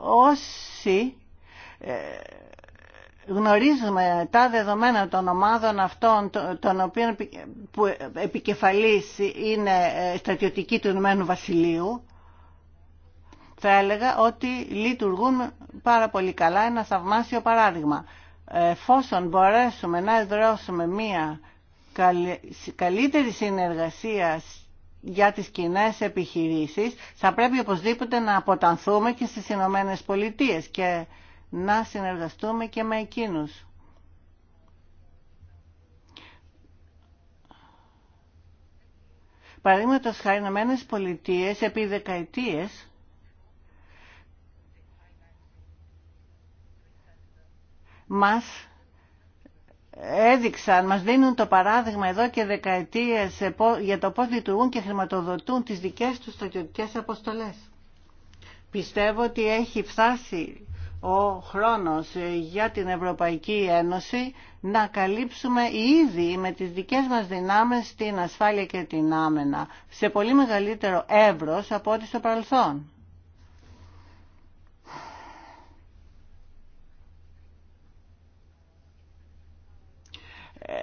Speaker 2: Όσοι ε, γνωρίζουμε τα δεδομένα των ομάδων αυτών, των οποίων που επικεφαλής είναι ε, στρατιωτική του Ηνωμένου Βασιλείου, θα έλεγα ότι λειτουργούν πάρα πολύ καλά ένα θαυμάσιο παράδειγμα εφόσον μπορέσουμε να εδρώσουμε μία καλύτερη συνεργασία για τις κοινέ επιχειρήσεις θα πρέπει οπωσδήποτε να αποτανθούμε και στις Ηνωμένε Πολιτείε και να συνεργαστούμε και με εκείνους. Παραδείγματο χάρη, Ηνωμένε Πολιτείε επί δεκαετίες μας έδειξαν, μας δίνουν το παράδειγμα εδώ και δεκαετίες για το πώς λειτουργούν και χρηματοδοτούν τις δικές τους στρατιωτικές αποστολές. Πιστεύω ότι έχει φτάσει ο χρόνος για την Ευρωπαϊκή Ένωση να καλύψουμε ήδη με τις δικές μας δυνάμεις την ασφάλεια και την άμενα σε πολύ μεγαλύτερο εύρος από ό,τι στο παρελθόν. Ε,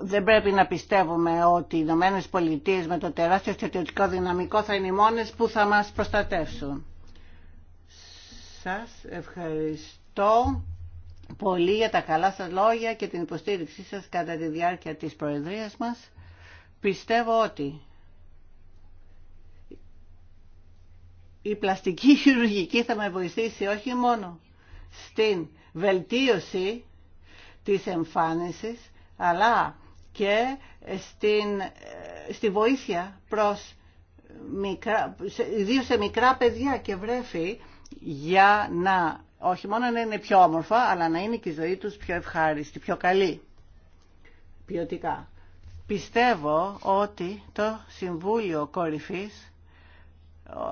Speaker 2: δεν πρέπει να πιστεύουμε ότι οι Ηνωμένε Πολιτείε με το τεράστιο στρατιωτικό δυναμικό θα είναι οι μόνε που θα μας προστατεύσουν. Σας ευχαριστώ πολύ για τα καλά σας λόγια και την υποστήριξή σας κατά τη διάρκεια της Προεδρίας μας. Πιστεύω ότι η πλαστική χειρουργική θα με βοηθήσει όχι μόνο στην βελτίωση της εμφάνισης αλλά και στην, στη βοήθεια προς μικρά, ιδίως σε μικρά παιδιά και βρέφη για να όχι μόνο να είναι πιο όμορφα αλλά να είναι και η ζωή τους πιο ευχάριστη, πιο καλή ποιοτικά. Πιστεύω ότι το Συμβούλιο Κορυφής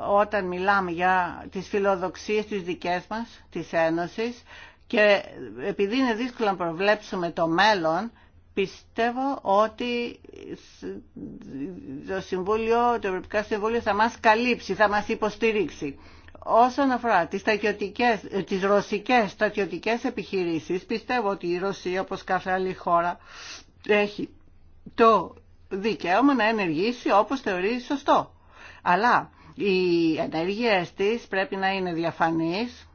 Speaker 2: όταν μιλάμε για τις φιλοδοξίες τις δικές μας, της Ένωσης, και επειδή είναι δύσκολο να προβλέψουμε το μέλλον, πιστεύω ότι το, Συμβούλιο, το Ευρωπαϊκό Συμβούλιο θα μας καλύψει, θα μας υποστηρίξει. Όσον αφορά τις, τις ρωσικές στρατιωτικές επιχειρήσεις, πιστεύω ότι η Ρωσία, όπως κάθε άλλη χώρα, έχει το δικαίωμα να ενεργήσει όπως θεωρεί σωστό. Αλλά οι ενέργειές της πρέπει να είναι διαφανείς,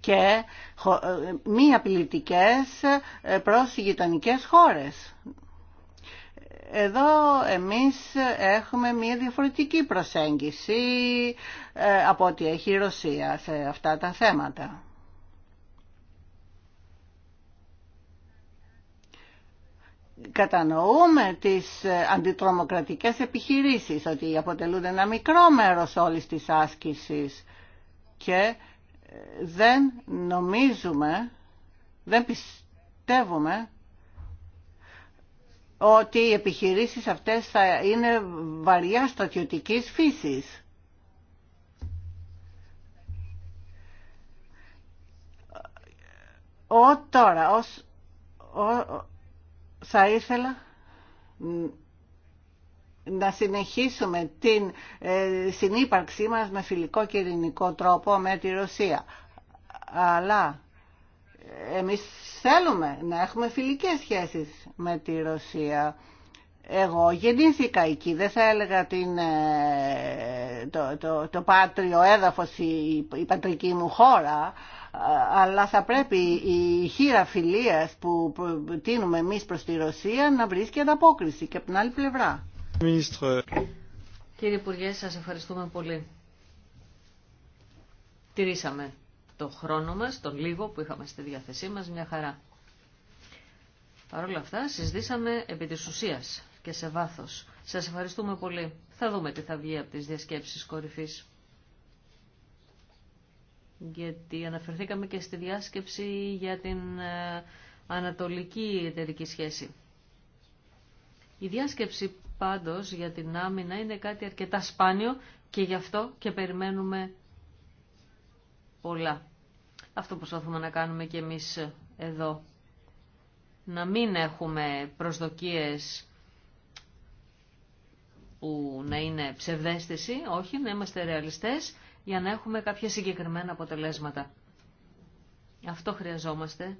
Speaker 2: και ε, μη απειλητικές ε, προς γειτονικέ χώρες. Εδώ εμείς έχουμε μια διαφορετική προσέγγιση ε, από ό,τι έχει η Ρωσία σε αυτά τα θέματα. Κατανοούμε τις αντιτρομοκρατικές επιχειρήσεις, ότι αποτελούν ένα μικρό μέρος όλης της άσκησης και δεν νομίζουμε, δεν πιστεύουμε ότι οι επιχειρήσεις αυτές θα είναι βαριά στρατιωτικής φύσης. Ο, τώρα, ο, θα ήθελα να συνεχίσουμε την ε, συνύπαρξή μας με φιλικό και ειρηνικό τρόπο με τη Ρωσία. Αλλά ε, εμείς θέλουμε να έχουμε φιλικές σχέσεις με τη Ρωσία. Εγώ γεννήθηκα εκεί, δεν θα έλεγα την, ε, το, το, πάτριο έδαφος, η, η πατρική μου χώρα, αλλά θα πρέπει η χείρα φιλίας που τίνουμε εμείς προς τη Ρωσία να βρίσκει ανταπόκριση και από την άλλη πλευρά. Κύριε Υπουργέ, σας
Speaker 1: ευχαριστούμε πολύ. Τηρήσαμε το χρόνο μας, τον λίγο που είχαμε στη διάθεσή μας, μια χαρά. Παρ' όλα αυτά, συζητήσαμε επί της ουσίας και σε βάθος. Σας ευχαριστούμε πολύ. Θα δούμε τι θα βγει από τις διασκέψεις κορυφής. Γιατί αναφερθήκαμε και στη διάσκεψη για την ε, ανατολική εταιρική σχέση. Η διάσκεψη πάντως για την άμυνα είναι κάτι αρκετά σπάνιο και γι' αυτό και περιμένουμε πολλά. Αυτό προσπαθούμε να κάνουμε και εμείς εδώ. Να μην έχουμε προσδοκίες που να είναι ψευδέστηση, όχι, να είμαστε ρεαλιστές για να έχουμε κάποια συγκεκριμένα αποτελέσματα. Αυτό χρειαζόμαστε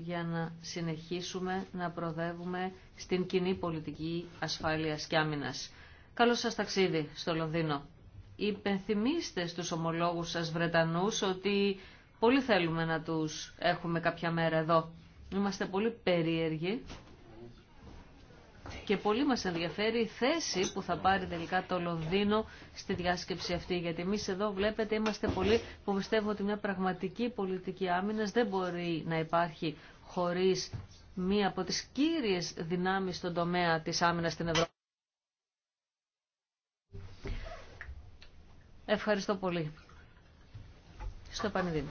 Speaker 1: για να συνεχίσουμε να προδεύουμε στην κοινή πολιτική ασφάλειας και άμυνας. Καλό σας ταξίδι στο Λονδίνο. Υπενθυμίστε στους ομολόγους σας Βρετανούς ότι πολύ θέλουμε να τους έχουμε κάποια μέρα εδώ. Είμαστε πολύ περίεργοι και πολύ μας ενδιαφέρει η θέση που θα πάρει τελικά το Λονδίνο στη διάσκεψη αυτή. Γιατί εμεί εδώ βλέπετε είμαστε πολλοί που πιστεύω ότι μια πραγματική πολιτική άμυνας δεν μπορεί να υπάρχει χωρίς μία από τις κύριες δυνάμεις στον τομέα της άμυνας στην Ευρώπη. Ευχαριστώ πολύ. Στο Πανεδίνο.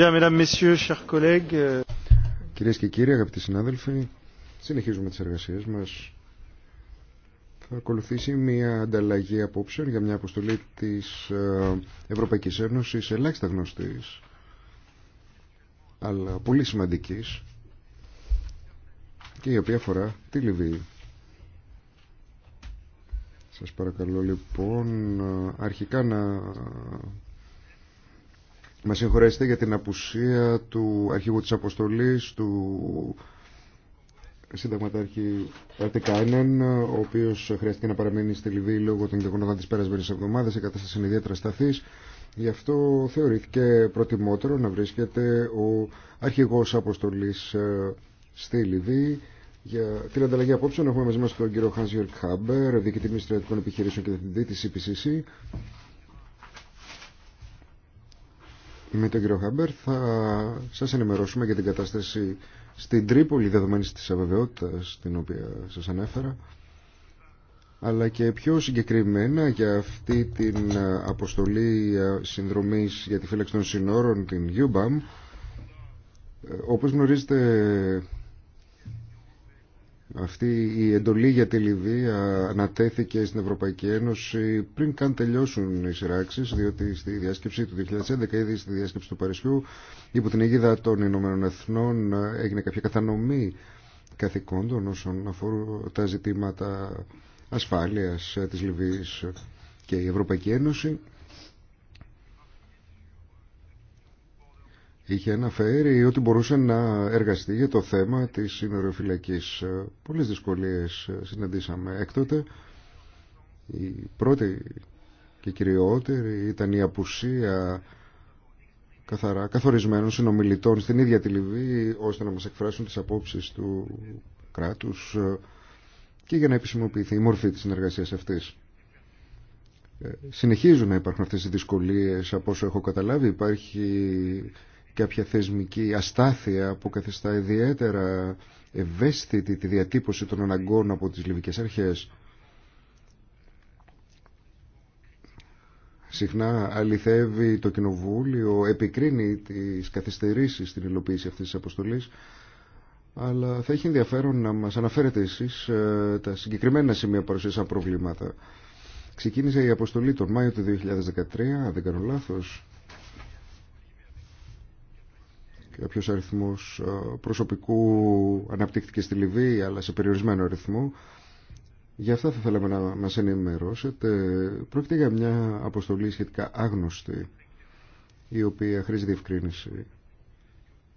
Speaker 3: Euh, Κυρίες και κύριοι, αγαπητοί συνάδελφοι, συνεχίζουμε τις εργασίες μας. Θα ακολουθήσει μια ανταλλαγή απόψεων για μια αποστολή της ε, Ευρωπαϊκής Ένωσης, ελάχιστα γνωστής, αλλά πολύ σημαντικής και η οποία αφορά τη Λιβύη. Σας παρακαλώ λοιπόν αρχικά να Μα συγχωρέσετε για την απουσία του αρχηγού της αποστολής, του συνταγματάρχη Αρτικάινεν, ο οποίος χρειάστηκε να παραμείνει στη Λιβύη λόγω των γεγονότων της πέρασμενης εβδομάδας. Η κατάσταση είναι ιδιαίτερα σταθής. Γι' αυτό θεωρήθηκε προτιμότερο να βρίσκεται ο αρχηγός αποστολής ε, στη Λιβύη. Για την ανταλλαγή απόψεων έχουμε μαζί μας τον κύριο Hans Jörg Haber, διοικητή στρατιωτικών επιχειρήσεων και διευθυντή τη EPCC με τον κύριο Χάμπερ θα σας ενημερώσουμε για την κατάσταση στην Τρίπολη δεδομένης της αβεβαιότητας την οποία σας ανέφερα αλλά και πιο συγκεκριμένα για αυτή την αποστολή συνδρομής για τη φύλαξη των συνόρων, την UBAM. Ε, όπως γνωρίζετε αυτή η εντολή για τη Λιβύη ανατέθηκε στην Ευρωπαϊκή Ένωση πριν καν τελειώσουν οι σειράξει, διότι στη διάσκεψη του 2011 ήδη στη διάσκεψη του Παρισιού υπό την αιγίδα των Ηνωμένων Εθνών έγινε κάποια κατανομή καθηκόντων όσον αφορούν τα ζητήματα ασφάλειας της Λιβύης και η Ευρωπαϊκή Ένωση είχε αναφέρει ότι μπορούσε να εργαστεί για το θέμα της συνοριοφυλακής. Πολλές δυσκολίες συναντήσαμε έκτοτε. Η πρώτη και κυριότερη ήταν η απουσία καθαρά καθορισμένων συνομιλητών στην ίδια τη Λιβύη ώστε να μας εκφράσουν τις απόψεις του κράτους και για να επισημοποιηθεί η μορφή της συνεργασίας αυτής. Ε, συνεχίζουν να υπάρχουν αυτές οι δυσκολίες από όσο έχω καταλάβει. Υπάρχει κάποια θεσμική αστάθεια που καθιστά ιδιαίτερα ευαίσθητη τη διατύπωση των αναγκών από τις λιβικές αρχές. Συχνά αληθεύει το Κοινοβούλιο, επικρίνει τις καθυστερήσεις στην υλοποίηση αυτής της αποστολής, αλλά θα έχει ενδιαφέρον να μας αναφέρετε εσείς ε, τα συγκεκριμένα σημεία παρουσίας σαν προβλήματα. Ξεκίνησε η αποστολή τον Μάιο του 2013, αν δεν κάνω λάθος, κάποιος αριθμός ε, προσωπικού αναπτύχθηκε στη Λιβύη αλλά σε περιορισμένο αριθμό. Γι' αυτά θα θέλαμε να μας ενημερώσετε. Πρόκειται για μια αποστολή σχετικά άγνωστη η οποία χρήζει διευκρίνηση.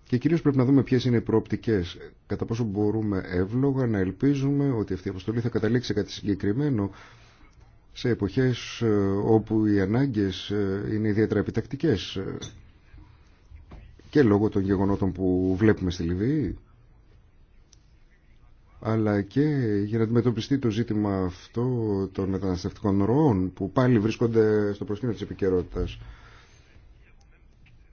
Speaker 3: Και κυρίως πρέπει να δούμε ποιες είναι οι προοπτικές. Κατά πόσο μπορούμε εύλογα να ελπίζουμε ότι αυτή η αποστολή θα καταλήξει κάτι συγκεκριμένο σε εποχές ε, όπου οι ανάγκες ε, είναι ιδιαίτερα επιτακτικές και λόγω των γεγονότων που βλέπουμε στη Λιβύη αλλά και για να αντιμετωπιστεί το ζήτημα αυτό των μεταναστευτικών ροών που πάλι βρίσκονται στο προσκήνιο της επικαιρότητα.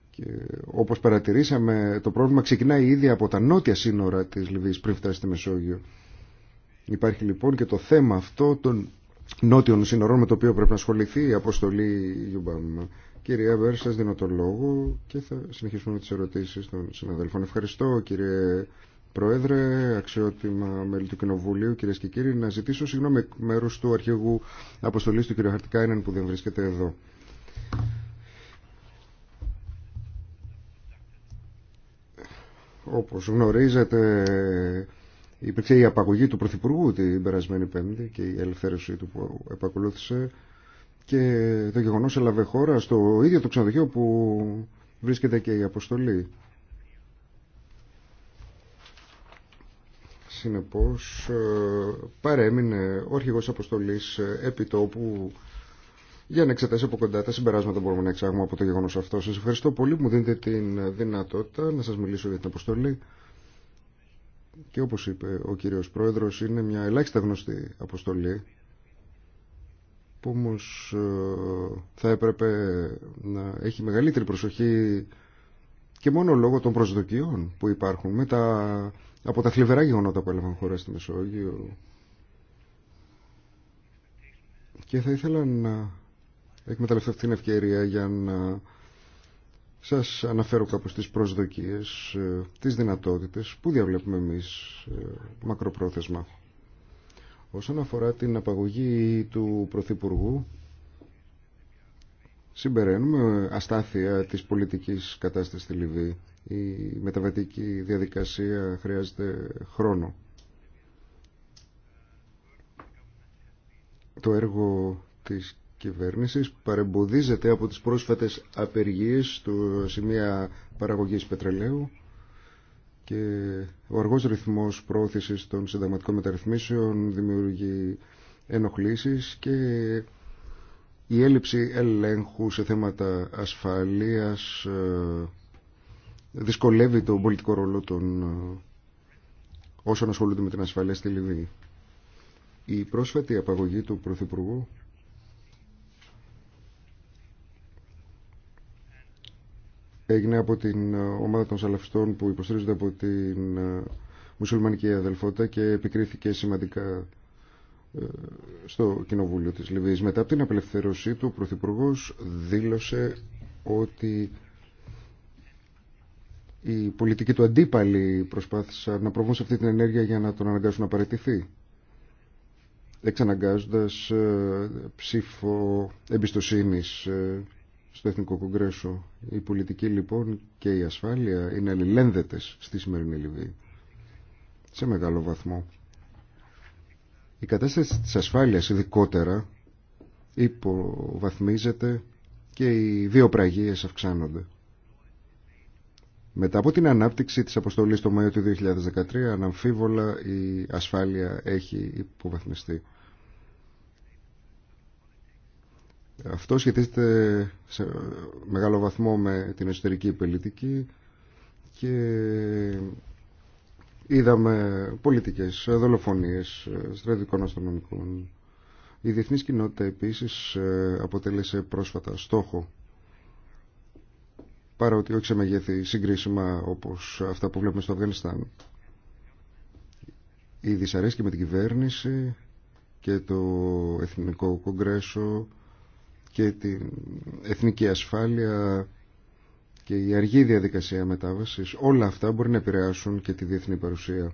Speaker 3: Και όπως παρατηρήσαμε το πρόβλημα ξεκινάει ήδη από τα νότια σύνορα της Λιβύης πριν φτάσει στη Μεσόγειο. Υπάρχει λοιπόν και το θέμα αυτό των νότιων σύνορων με το οποίο πρέπει να ασχοληθεί η αποστολή Ιουμπάμ. Κύριε Εύερ, σας δίνω το λόγο και θα συνεχίσουμε με τις ερωτήσεις των συναδέλφων. Ευχαριστώ κύριε Πρόεδρε, αξιότιμα μέλη του Κοινοβουλίου, κυρίε και κύριοι, να ζητήσω συγγνώμη εκ μέρου του αρχηγού αποστολή του κ. Χαρτικάινεν που δεν βρίσκεται εδώ. Όπως γνωρίζετε, Υπήρξε η απαγωγή του Πρωθυπουργού την περασμένη Πέμπτη και η ελευθέρωση του που επακολούθησε και το γεγονό έλαβε χώρα στο ίδιο το ξενοδοχείο που βρίσκεται και η αποστολή. Συνεπώ, ε, παρέμεινε ο αρχηγό αποστολή ε, επί τόπου για να εξετάσει από κοντά τα συμπεράσματα που μπορούμε να εξάγουμε από το γεγονό αυτό. Σα ευχαριστώ πολύ που μου δίνετε την δυνατότητα να σα μιλήσω για την αποστολή και όπως είπε ο κύριος Πρόεδρος είναι μια ελάχιστα γνωστή αποστολή που όμως ε, θα έπρεπε να έχει μεγαλύτερη προσοχή και μόνο λόγω των προσδοκιών που υπάρχουν με τα, από τα θλιβερά γεγονότα που έλαβαν χώρα στη Μεσόγειο. Και θα ήθελα να εκμεταλλευτώ αυτή την ευκαιρία για να σας αναφέρω κάπως τις προσδοκίες, ε, τις δυνατότητες που διαβλέπουμε εμείς ε, μακροπρόθεσμα. Όσον αφορά την απαγωγή του Πρωθυπουργού, συμπεραίνουμε αστάθεια της πολιτικής κατάστασης στη Λιβύη. Η μεταβατική διαδικασία χρειάζεται χρόνο. Το έργο της κυβέρνησης παρεμποδίζεται από τις πρόσφατες απεργίες του σημεία παραγωγής πετρελαίου και ο αργός ρυθμός πρόθεσης των συνταγματικών μεταρρυθμίσεων δημιουργεί ενοχλήσεις και η έλλειψη ελέγχου σε θέματα ασφαλείας ε, δυσκολεύει τον πολιτικό ρόλο των ε, όσων ασχολούνται με την ασφαλεία στη Λιβύη. Η πρόσφατη απαγωγή του Πρωθυπουργού έγινε από την ε, ομάδα των Σαλαφιστών που υποστηρίζονται από την ε, μουσουλμανική αδελφότητα και επικρίθηκε σημαντικά ε, στο Κοινοβούλιο της Λιβύης. Μετά από την απελευθέρωσή του, ο Πρωθυπουργό δήλωσε ότι οι πολιτικοί του αντίπαλοι προσπάθησαν να προβούν σε αυτή την ενέργεια για να τον αναγκάσουν να παραιτηθεί εξαναγκάζοντας ψήφο εμπιστοσύνης στο Εθνικό Κογκρέσο. Η πολιτική λοιπόν και η ασφάλεια είναι αλληλένδετες στη σημερινή Λιβύη. Σε μεγάλο βαθμό. Η κατάσταση της ασφάλειας ειδικότερα υποβαθμίζεται και οι βιοπραγίες αυξάνονται. Μετά από την ανάπτυξη της αποστολής το Μάιο του 2013, αναμφίβολα η ασφάλεια έχει υποβαθμιστεί. Αυτό σχετίζεται σε μεγάλο βαθμό με την εσωτερική πολιτική και είδαμε πολιτικές δολοφονίες στρατιωτικών αστυνομικών. Η διεθνή κοινότητα επίσης ε, αποτέλεσε πρόσφατα στόχο παρότι όχι σε μεγέθη συγκρίσιμα όπως αυτά που βλέπουμε στο Αφγανιστάν. Η δυσαρέσκεια με την κυβέρνηση και το Εθνικό Κογκρέσο και την εθνική ασφάλεια και η αργή διαδικασία μετάβασης, όλα αυτά μπορεί να επηρεάσουν και τη διεθνή παρουσία.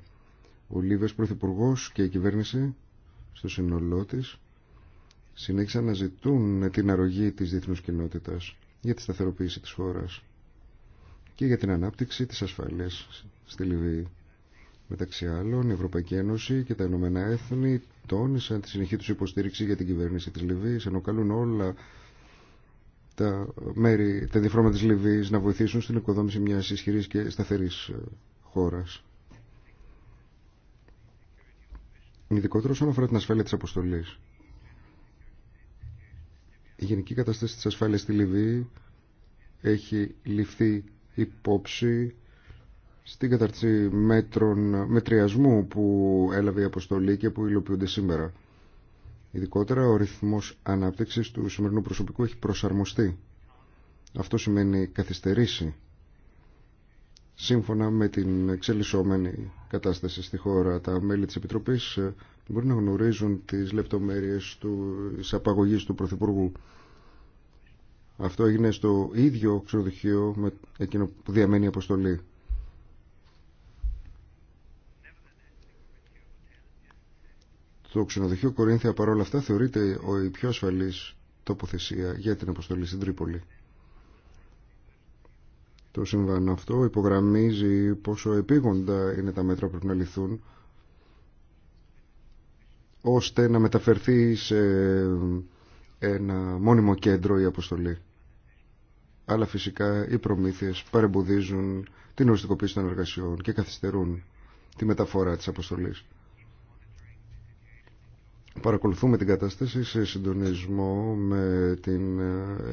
Speaker 3: Ο Λίβες Πρωθυπουργό και η κυβέρνηση στο σύνολό τη συνέχισαν να ζητούν την αρρωγή της διεθνούς κοινότητας για τη σταθεροποίηση της χώρας και για την ανάπτυξη της ασφάλειας στη Λιβύη. Μεταξύ άλλων, η Ευρωπαϊκή Ένωση και τα Ηνωμένα Έθνη τόνισαν τη συνεχή του υποστήριξη για την κυβέρνηση της Λιβύης, ενώ καλούν όλα τα μέρη, τα διαφρόμενα τη Λιβύης να βοηθήσουν στην οικοδόμηση μιας ισχυρή και σταθερής ε, χώρας. Ειδικότερο όσον αφορά την ασφάλεια τη αποστολής. Η γενική κατάσταση της ασφάλειας στη Λιβύη έχει ληφθεί υπόψη στην κατάρτιση μέτρων μετριασμού που έλαβε η αποστολή και που υλοποιούνται σήμερα. Ειδικότερα, ο ρυθμός ανάπτυξης του σημερινού προσωπικού έχει προσαρμοστεί. Αυτό σημαίνει καθυστερήσει σύμφωνα με την εξελισσόμενη κατάσταση στη χώρα. Τα μέλη της Επιτροπής ε, μπορεί να γνωρίζουν τις λεπτομέρειες του, της απαγωγής του Πρωθυπουργού. Αυτό έγινε στο ίδιο ξενοδοχείο με εκείνο που διαμένει η αποστολή. Το ξενοδοχείο Κορίνθια παρόλα αυτά θεωρείται η πιο ασφαλής τοποθεσία για την αποστολή στην Τρίπολη. Το συμβάν αυτό υπογραμμίζει πόσο επίγοντα είναι τα μέτρα που πρέπει να λυθούν ώστε να μεταφερθεί σε ένα μόνιμο κέντρο η αποστολή. Αλλά φυσικά οι προμήθειες παρεμποδίζουν την οριστικοποίηση των εργασιών και καθυστερούν τη μεταφορά της αποστολής. Παρακολουθούμε την κατάσταση σε συντονισμό με την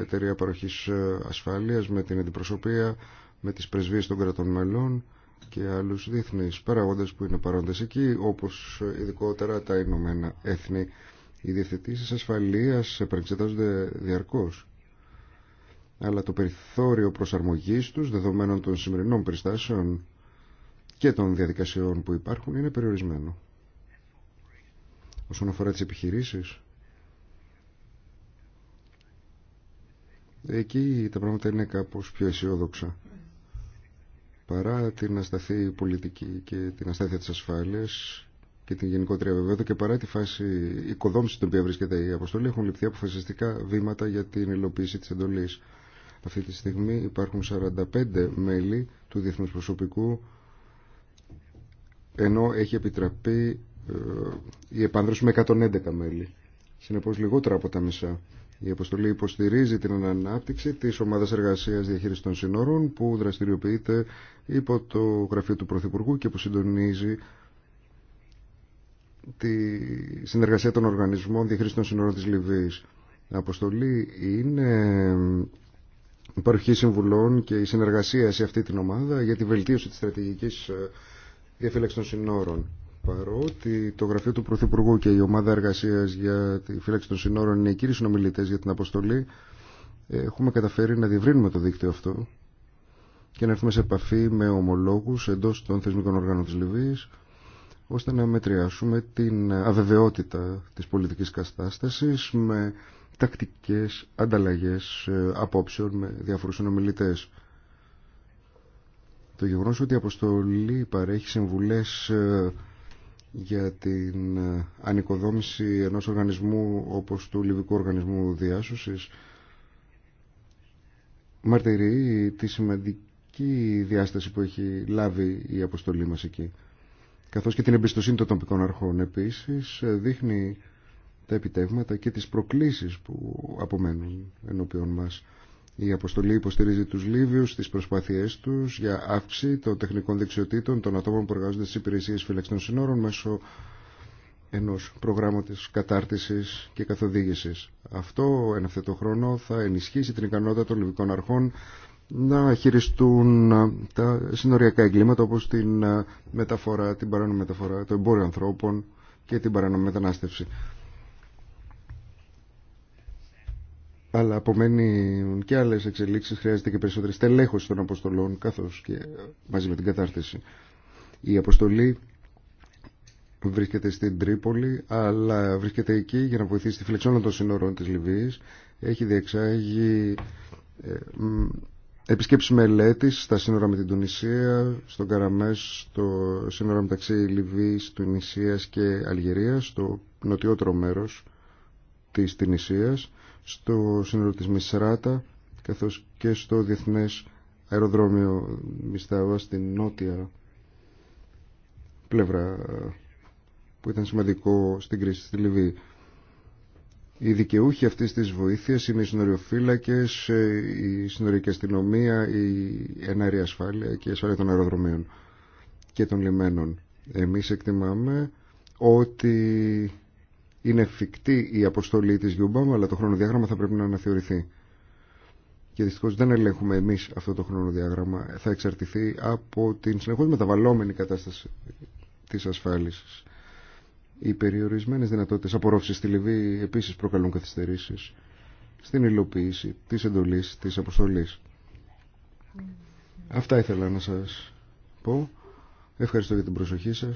Speaker 3: Εταιρεία Παροχής Ασφάλειας, με την Αντιπροσωπεία, με τις πρεσβείες των κρατών μελών και άλλους διεθνείς παραγόντε που είναι παρόντες εκεί, όπως ειδικότερα τα Ηνωμένα Έθνη. Οι διευθετήσεις ασφαλείας επανεξετάζονται διαρκώς, αλλά το περιθώριο προσαρμογής τους, δεδομένων των σημερινών περιστάσεων και των διαδικασιών που υπάρχουν, είναι περιορισμένο όσον αφορά τις επιχειρήσεις. Εκεί τα πράγματα είναι κάπως πιο αισιόδοξα. Παρά την ασταθή πολιτική και την αστάθεια της ασφάλειας και την γενικότερη αβεβαιότητα και παρά τη φάση οικοδόμησης την οποία βρίσκεται η αποστολή έχουν ληφθεί αποφασιστικά βήματα για την υλοποίηση της εντολής. Αυτή τη στιγμή υπάρχουν 45 μέλη του διεθνούς προσωπικού ενώ έχει επιτραπεί ε, η επάνδρωση με 111 μέλη. Συνεπώς λιγότερα από τα μισά. Η αποστολή υποστηρίζει την ανάπτυξη της ομάδας εργασίας διαχείρισης των συνόρων που δραστηριοποιείται υπό το γραφείο του Πρωθυπουργού και που συντονίζει τη συνεργασία των οργανισμών διαχείρισης των συνόρων της Λιβύης. Η αποστολή είναι παροχή συμβουλών και η συνεργασία σε αυτή την ομάδα για τη βελτίωση της στρατηγικής ε, διαφύλαξης των συνόρων. Παρότι το γραφείο του Πρωθυπουργού και η ομάδα εργασία για τη φύλαξη των συνόρων είναι οι κύριοι συνομιλητέ για την αποστολή, έχουμε καταφέρει να διευρύνουμε το δίκτυο αυτό και να έρθουμε σε επαφή με ομολόγου εντό των θεσμικών οργάνων τη Λιβύης ώστε να μετριάσουμε την αβεβαιότητα τη πολιτική κατάσταση με τακτικέ ανταλλαγέ ε, απόψεων με διάφορου συνομιλητέ. Το γεγονός ότι η αποστολή παρέχει συμβουλές ε, για την ε, ανοικοδόμηση ενός οργανισμού όπως του Λιβικού Οργανισμού Διάσωσης μαρτυρεί τη σημαντική διάσταση που έχει λάβει η αποστολή μας εκεί καθώς και την εμπιστοσύνη των τοπικών αρχών επίσης ε, δείχνει τα επιτεύγματα και τις προκλήσεις που απομένουν ενώπιον μας η αποστολή υποστηρίζει τους Λίβιους στις προσπάθειές τους για αύξηση των τεχνικών δεξιοτήτων των ατόμων που εργάζονται στις υπηρεσίες φύλαξη των συνόρων μέσω ενός προγράμματος κατάρτισης και καθοδήγησης. Αυτό εν το χρόνο θα ενισχύσει την ικανότητα των λιβικών αρχών να χειριστούν τα συνοριακά εγκλήματα όπως την μεταφορά, την παράνομη μεταφορά, το εμπόριο ανθρώπων και την παράνομη μετανάστευση. αλλά απομένουν και άλλες εξελίξεις, χρειάζεται και περισσότερη στελέχωση των αποστολών, καθώ και μαζί με την κατάρτιση. Η αποστολή βρίσκεται στην Τρίπολη, αλλά βρίσκεται εκεί για να βοηθήσει τη φλεξόνα των σύνορων της Λιβύης. Έχει διεξάγει ε, επισκέψεις μελέτη στα σύνορα με την Τουνησία, στον Καραμές, στο σύνορα μεταξύ Λιβύης, Τουνησίας και Αλγερία, στο νοτιότερο μέρο της Τινησίας, στο σύνολο της Μισράτα, καθώς και στο Διεθνές Αεροδρόμιο Μιστάβα στην νότια πλευρά που ήταν σημαντικό στην κρίση στη Λιβύη. Οι δικαιούχοι αυτής της βοήθειας είναι οι συνοριοφύλακες, η συνορική αστυνομία, η ενάρια ασφάλεια και η ασφάλεια των αεροδρομίων και των λιμένων. Εμείς εκτιμάμε ότι είναι εφικτή η αποστολή της Γιουμπάμ, αλλά το χρονοδιάγραμμα θα πρέπει να αναθεωρηθεί. Και δυστυχώ δεν ελέγχουμε εμεί αυτό το χρονοδιάγραμμα. Θα εξαρτηθεί από την συνεχώ μεταβαλλόμενη κατάσταση τη ασφάλιση. Οι περιορισμένε δυνατότητε απορρόφηση στη Λιβύη επίση προκαλούν καθυστερήσει στην υλοποίηση τη εντολή τη αποστολή. Αυτά ήθελα να σα πω. Ευχαριστώ για την προσοχή σα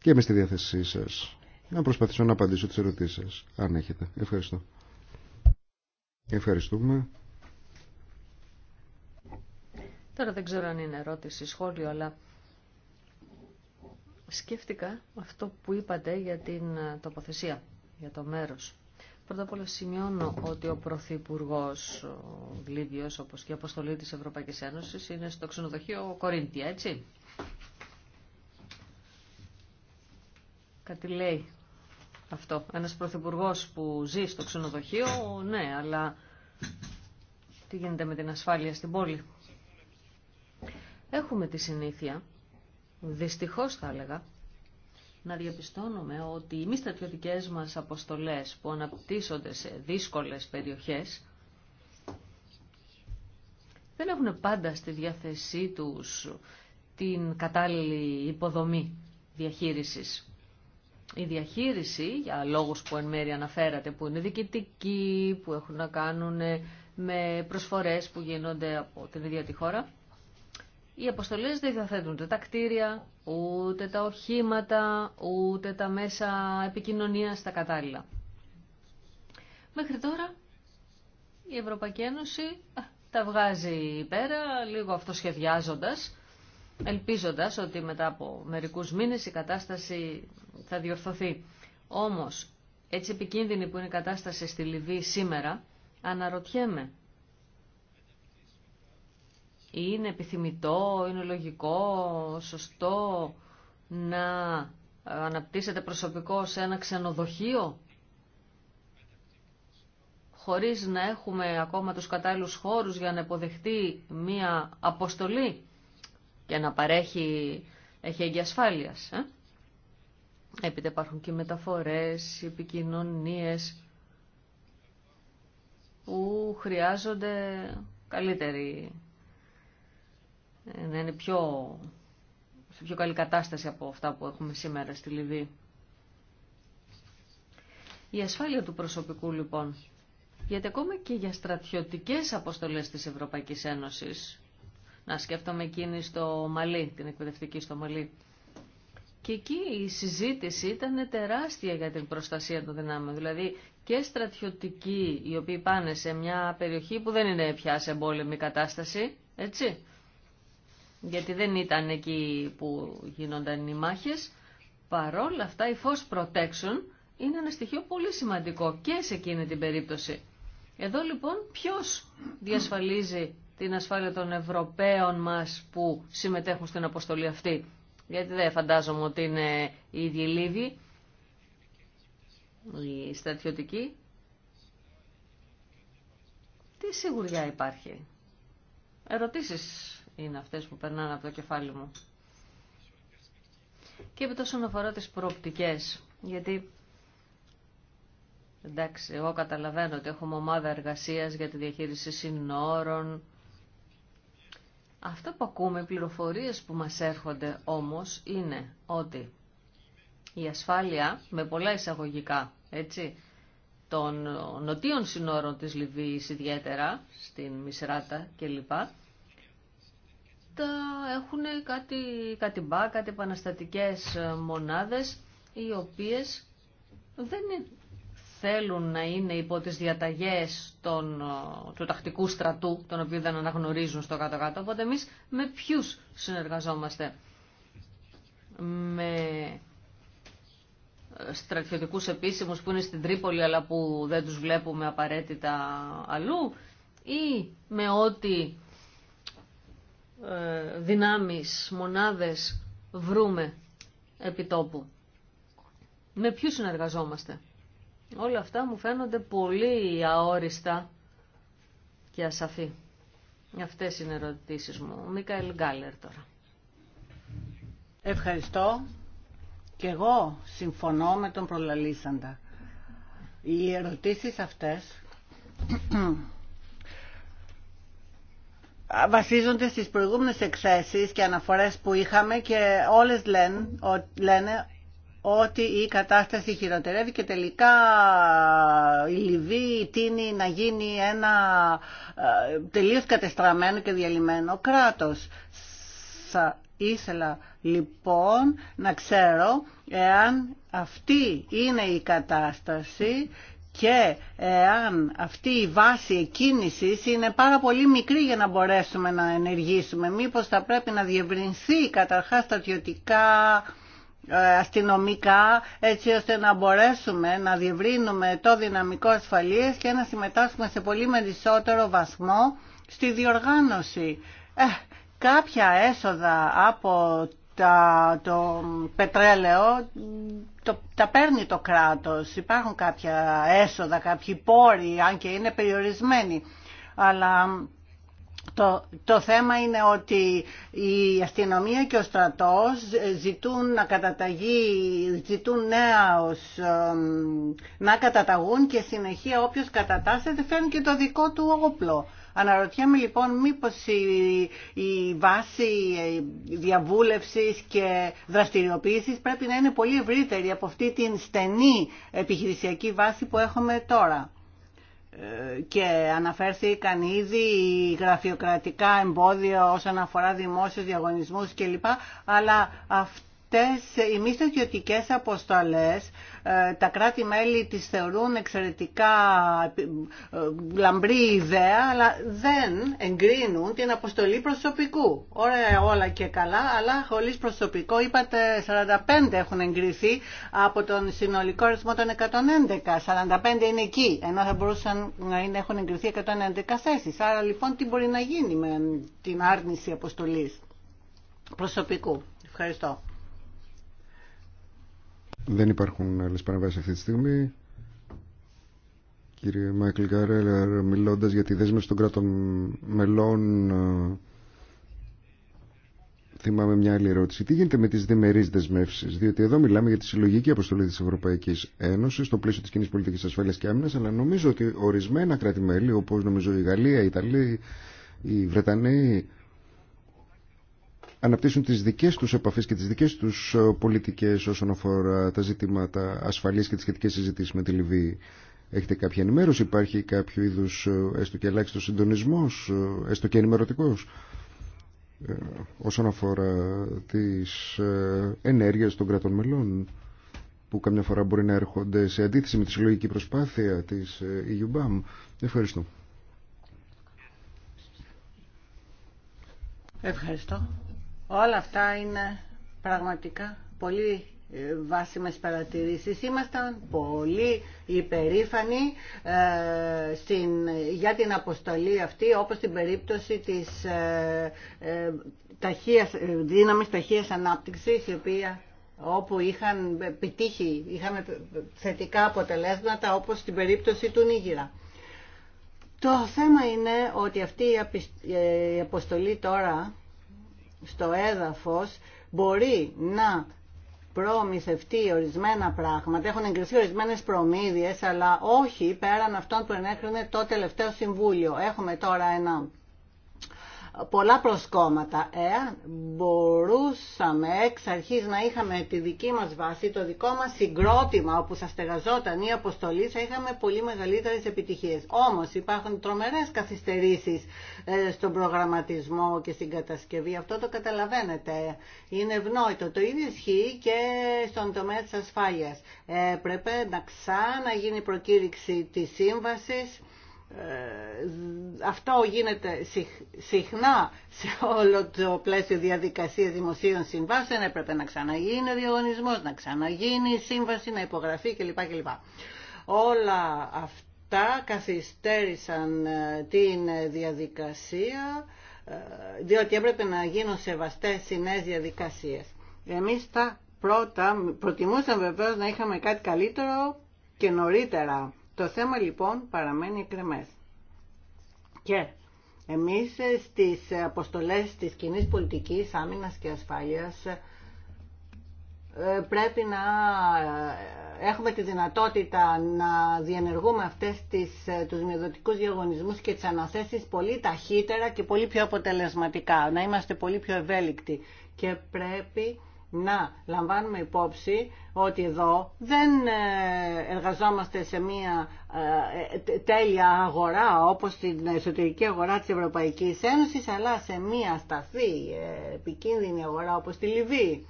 Speaker 3: και είμαι στη διάθεσή σα να προσπαθήσω να απαντήσω τις ερωτήσεις σας, αν έχετε. Ευχαριστώ. Ευχαριστούμε.
Speaker 1: Τώρα δεν ξέρω αν είναι ερώτηση, σχόλιο, αλλά σκέφτηκα αυτό που είπατε για την ε, τοποθεσία, για το μέρος. Πρώτα απ' όλα σημειώνω ότι ο Πρωθυπουργό Λίβιο όπω και η αποστολή της Ευρωπαϊκή Ένωση είναι στο ξενοδοχείο Κορίντια, έτσι. Κάτι λέει αυτό. Ένας πρωθυπουργός που ζει στο ξενοδοχείο, ναι, αλλά τι γίνεται με την ασφάλεια στην πόλη. Έχουμε τη συνήθεια, δυστυχώς θα έλεγα, να διαπιστώνουμε ότι οι μη στρατιωτικές μας αποστολές που αναπτύσσονται σε δύσκολες περιοχές δεν έχουν πάντα στη διάθεσή τους την κατάλληλη υποδομή διαχείρισης η διαχείριση, για λόγους που εν μέρει αναφέρατε, που είναι διοικητικοί, που έχουν να κάνουν με προσφορές που γίνονται από την ίδια τη χώρα, οι αποστολές δεν διαθέτουν ούτε τα κτίρια, ούτε τα οχήματα, ούτε τα μέσα επικοινωνία στα κατάλληλα. Μέχρι τώρα η Ευρωπαϊκή Ένωση α, τα βγάζει πέρα, λίγο αυτοσχεδιάζοντας, ελπίζοντας ότι μετά από μερικούς μήνες η κατάσταση θα διορθωθεί. Όμως, έτσι επικίνδυνη που είναι η κατάσταση στη Λιβύη σήμερα, αναρωτιέμαι. Είναι επιθυμητό, είναι λογικό, σωστό να αναπτύσσεται προσωπικό σε ένα ξενοδοχείο χωρίς να έχουμε ακόμα τους κατάλληλους χώρους για να υποδεχτεί μία αποστολή και να παρέχει έχει ασφάλεια. Ε? Έπειτα υπάρχουν και μεταφορές, επικοινωνίες που χρειάζονται καλύτερη, ε, να είναι πιο, σε πιο καλή κατάσταση από αυτά που έχουμε σήμερα στη Λιβύη. Η ασφάλεια του προσωπικού λοιπόν, γιατί ακόμα και για στρατιωτικές αποστολές της Ευρωπαϊκής Ένωσης να σκέφτομαι εκείνη στο Μαλί, την εκπαιδευτική στο Μαλί. Και εκεί η συζήτηση ήταν τεράστια για την προστασία των δυνάμεων. Δηλαδή και στρατιωτικοί οι οποίοι πάνε σε μια περιοχή που δεν είναι πια σε εμπόλεμη κατάσταση, έτσι. Γιατί δεν ήταν εκεί που γίνονταν οι μάχες. Παρόλα αυτά η Force Protection είναι ένα στοιχείο πολύ σημαντικό και σε εκείνη την περίπτωση. Εδώ λοιπόν ποιος διασφαλίζει την ασφάλεια των Ευρωπαίων μας που συμμετέχουν στην αποστολή αυτή. Γιατί δεν φαντάζομαι ότι είναι οι ίδιοι Λίβοι, οι στρατιωτικοί. Τι σιγουριά υπάρχει. Ερωτήσεις είναι αυτές που περνάνε από το κεφάλι μου. Και επί τόσο αφορά τις προοπτικές, γιατί εντάξει, εγώ καταλαβαίνω ότι έχουμε ομάδα εργασίας για τη διαχείριση συνόρων, Αυτά που ακούμε, πληροφορίες που μας έρχονται όμως είναι ότι η ασφάλεια με πολλά εισαγωγικά, έτσι, των νοτίων συνόρων της Λιβύης ιδιαίτερα, στην Μισράτα κλπ, τα έχουν κάτι, κάτι μπα, κάτι επαναστατικές μονάδες, οι οποίες δεν θέλουν να είναι υπό τις διαταγές των, του τακτικού στρατού, τον οποίο δεν αναγνωρίζουν στο κάτω-κάτω. Οπότε εμείς με ποιους συνεργαζόμαστε. Με ε, στρατιωτικούς επίσημους που είναι στην Τρίπολη αλλά που δεν τους βλέπουμε απαραίτητα αλλού ή με ό,τι ε, δυνάμεις, μονάδες βρούμε επιτόπου. Με ποιους συνεργαζόμαστε. Όλα αυτά μου φαίνονται πολύ αόριστα και ασαφή. Αυτές είναι οι ερωτήσεις μου. Μίκαελ Γκάλερ τώρα.
Speaker 2: Ευχαριστώ. Και εγώ συμφωνώ με τον προλαλήσαντα. Οι ερωτήσεις αυτές βασίζονται στις προηγούμενες εξέσεις και αναφορές που είχαμε και όλες λένε, λένε ότι η κατάσταση χειροτερεύει και τελικά η Λιβύη τίνει να γίνει ένα ε, τελείως κατεστραμμένο και διαλυμένο κράτος. Θα ήθελα λοιπόν να ξέρω εάν αυτή είναι η κατάσταση και εάν αυτή η βάση εκκίνησης είναι πάρα πολύ μικρή για να μπορέσουμε να ενεργήσουμε. Μήπως θα πρέπει να διευρυνθεί καταρχάς στατιωτικά ε, αστυνομικά έτσι ώστε να μπορέσουμε να διευρύνουμε το δυναμικό ασφαλείας και να συμμετάσχουμε σε πολύ περισσότερο βαθμό στη διοργάνωση. Ε, κάποια έσοδα από τα, το πετρέλαιο το, τα παίρνει το κράτος. Υπάρχουν κάποια έσοδα, κάποιοι πόροι, αν και είναι περιορισμένοι. Αλλά το, θέμα είναι ότι η αστυνομία και ο στρατός ζητούν να, καταταγεί, ζητούν ε, να καταταγούν και συνεχεία όποιος κατατάσσεται φέρνει και το δικό του όπλο. Αναρωτιέμαι λοιπόν μήπως η, η βάση διαβούλευσης και δραστηριοποίησης πρέπει να είναι πολύ ευρύτερη από αυτή την στενή επιχειρησιακή βάση που έχουμε τώρα και αναφέρθηκαν ήδη γραφειοκρατικά εμπόδια όσον αφορά δημόσιους διαγωνισμούς κλπ. Αλλά αυτό αυτές οι μη στρατιωτικέ αποστολές ε, τα κράτη-μέλη τις θεωρούν εξαιρετικά ε, λαμπρή ιδέα, αλλά δεν εγκρίνουν την αποστολή προσωπικού. Ωραία όλα και καλά, αλλά χωρίς προσωπικό, είπατε 45 έχουν εγκριθεί από τον συνολικό αριθμό των 111. 45 είναι εκεί, ενώ θα μπορούσαν να είναι, έχουν εγκριθεί 111 θέσεις. Άρα λοιπόν τι μπορεί να γίνει με την άρνηση αποστολής προσωπικού. Ευχαριστώ.
Speaker 3: Δεν υπάρχουν άλλε παρεμβάσει αυτή τη στιγμή. Κύριε Μάικλ Γκαρέλερ, μιλώντα για τη δέσμευση των κράτων μελών, ε, θυμάμαι μια άλλη ερώτηση. Τι γίνεται με τι διμερείς δεσμεύσει, διότι εδώ μιλάμε για τη συλλογική αποστολή τη Ευρωπαϊκή Ένωση, στο πλαίσιο τη κοινή Πολιτική ασφάλειας και άμυνας, αλλά νομίζω ότι ορισμένα κράτη-μέλη, όπως νομίζω η Γαλλία, η Ιταλία, οι Βρετανοί, αναπτύσσουν τις δικές τους επαφές και τις δικές τους ε, πολιτικές όσον αφορά τα ζητήματα ασφαλής και τις σχετικές συζητήσεις με τη Λιβύη. Έχετε κάποια ενημέρωση, υπάρχει κάποιο είδους ε, έστω και ελάχιστο συντονισμός, ε, έστω και ενημερωτικός όσον αφορά τις ενέργειες των κρατών μελών που καμιά φορά μπορεί να έρχονται σε αντίθεση με τη συλλογική προσπάθεια της EUBAM. Ευχαριστώ.
Speaker 2: Ευχαριστώ. Όλα αυτά είναι πραγματικά πολύ ε, βάσιμες παρατηρήσεις. Ήμασταν πολύ υπερήφανοι ε, στην, για την αποστολή αυτή, όπως στην περίπτωση της ε, ε, ταχείας, ε, δύναμης ταχείας ανάπτυξης, η οποία όπου είχαν πετύχει, είχαμε θετικά αποτελέσματα, όπως στην περίπτωση του Νίγηρα. Το θέμα είναι ότι αυτή η αποστολή τώρα στο έδαφος μπορεί να προμηθευτεί ορισμένα πράγματα, έχουν εγκριθεί ορισμένες προμήθειες, αλλά όχι πέραν αυτών που ενέκρινε το τελευταίο συμβούλιο. Έχουμε τώρα ένα πολλά προσκόμματα. Εάν μπορούσαμε εξ αρχής να είχαμε τη δική μας βάση, το δικό μας συγκρότημα όπου θα στεγαζόταν η αποστολή, θα είχαμε πολύ μεγαλύτερες επιτυχίες. Όμως υπάρχουν τρομερές καθυστερήσεις ε, στον προγραμματισμό και στην κατασκευή. Αυτό το καταλαβαίνετε. Είναι ευνόητο. Το ίδιο ισχύει και στον τομέα της ασφάλειας. Ε, πρέπει να ξαναγίνει προκήρυξη της σύμβασης ε, αυτό γίνεται συχνά σε όλο το πλαίσιο διαδικασίας δημοσίων συμβάσεων. Έπρεπε να ξαναγίνει ο διαγωνισμός, να ξαναγίνει η σύμβαση, να υπογραφεί κλπ. κλπ. Όλα αυτά καθυστέρησαν ε, την διαδικασία, ε, διότι έπρεπε να γίνουν σεβαστές οι νέες διαδικασίες. Εμείς τα πρώτα προτιμούσαμε βεβαίως να είχαμε κάτι καλύτερο και νωρίτερα το θέμα λοιπόν παραμένει κρεμές. Και εμείς στις αποστολές της κοινή πολιτικής άμυνας και ασφάλειας ε, πρέπει να ε, έχουμε τη δυνατότητα να διενεργούμε αυτές τις, ε, τους μειοδοτικούς διαγωνισμούς και τις αναθέσεις πολύ ταχύτερα και πολύ πιο αποτελεσματικά, να είμαστε πολύ πιο ευέλικτοι και πρέπει να λαμβάνουμε υπόψη ότι εδώ δεν ε, εργαζόμαστε σε μια ε, τέλεια αγορά όπως την εσωτερική αγορά της Ευρωπαϊκής Ένωσης αλλά σε μια σταθή ε, επικίνδυνη αγορά όπως τη Λιβύη.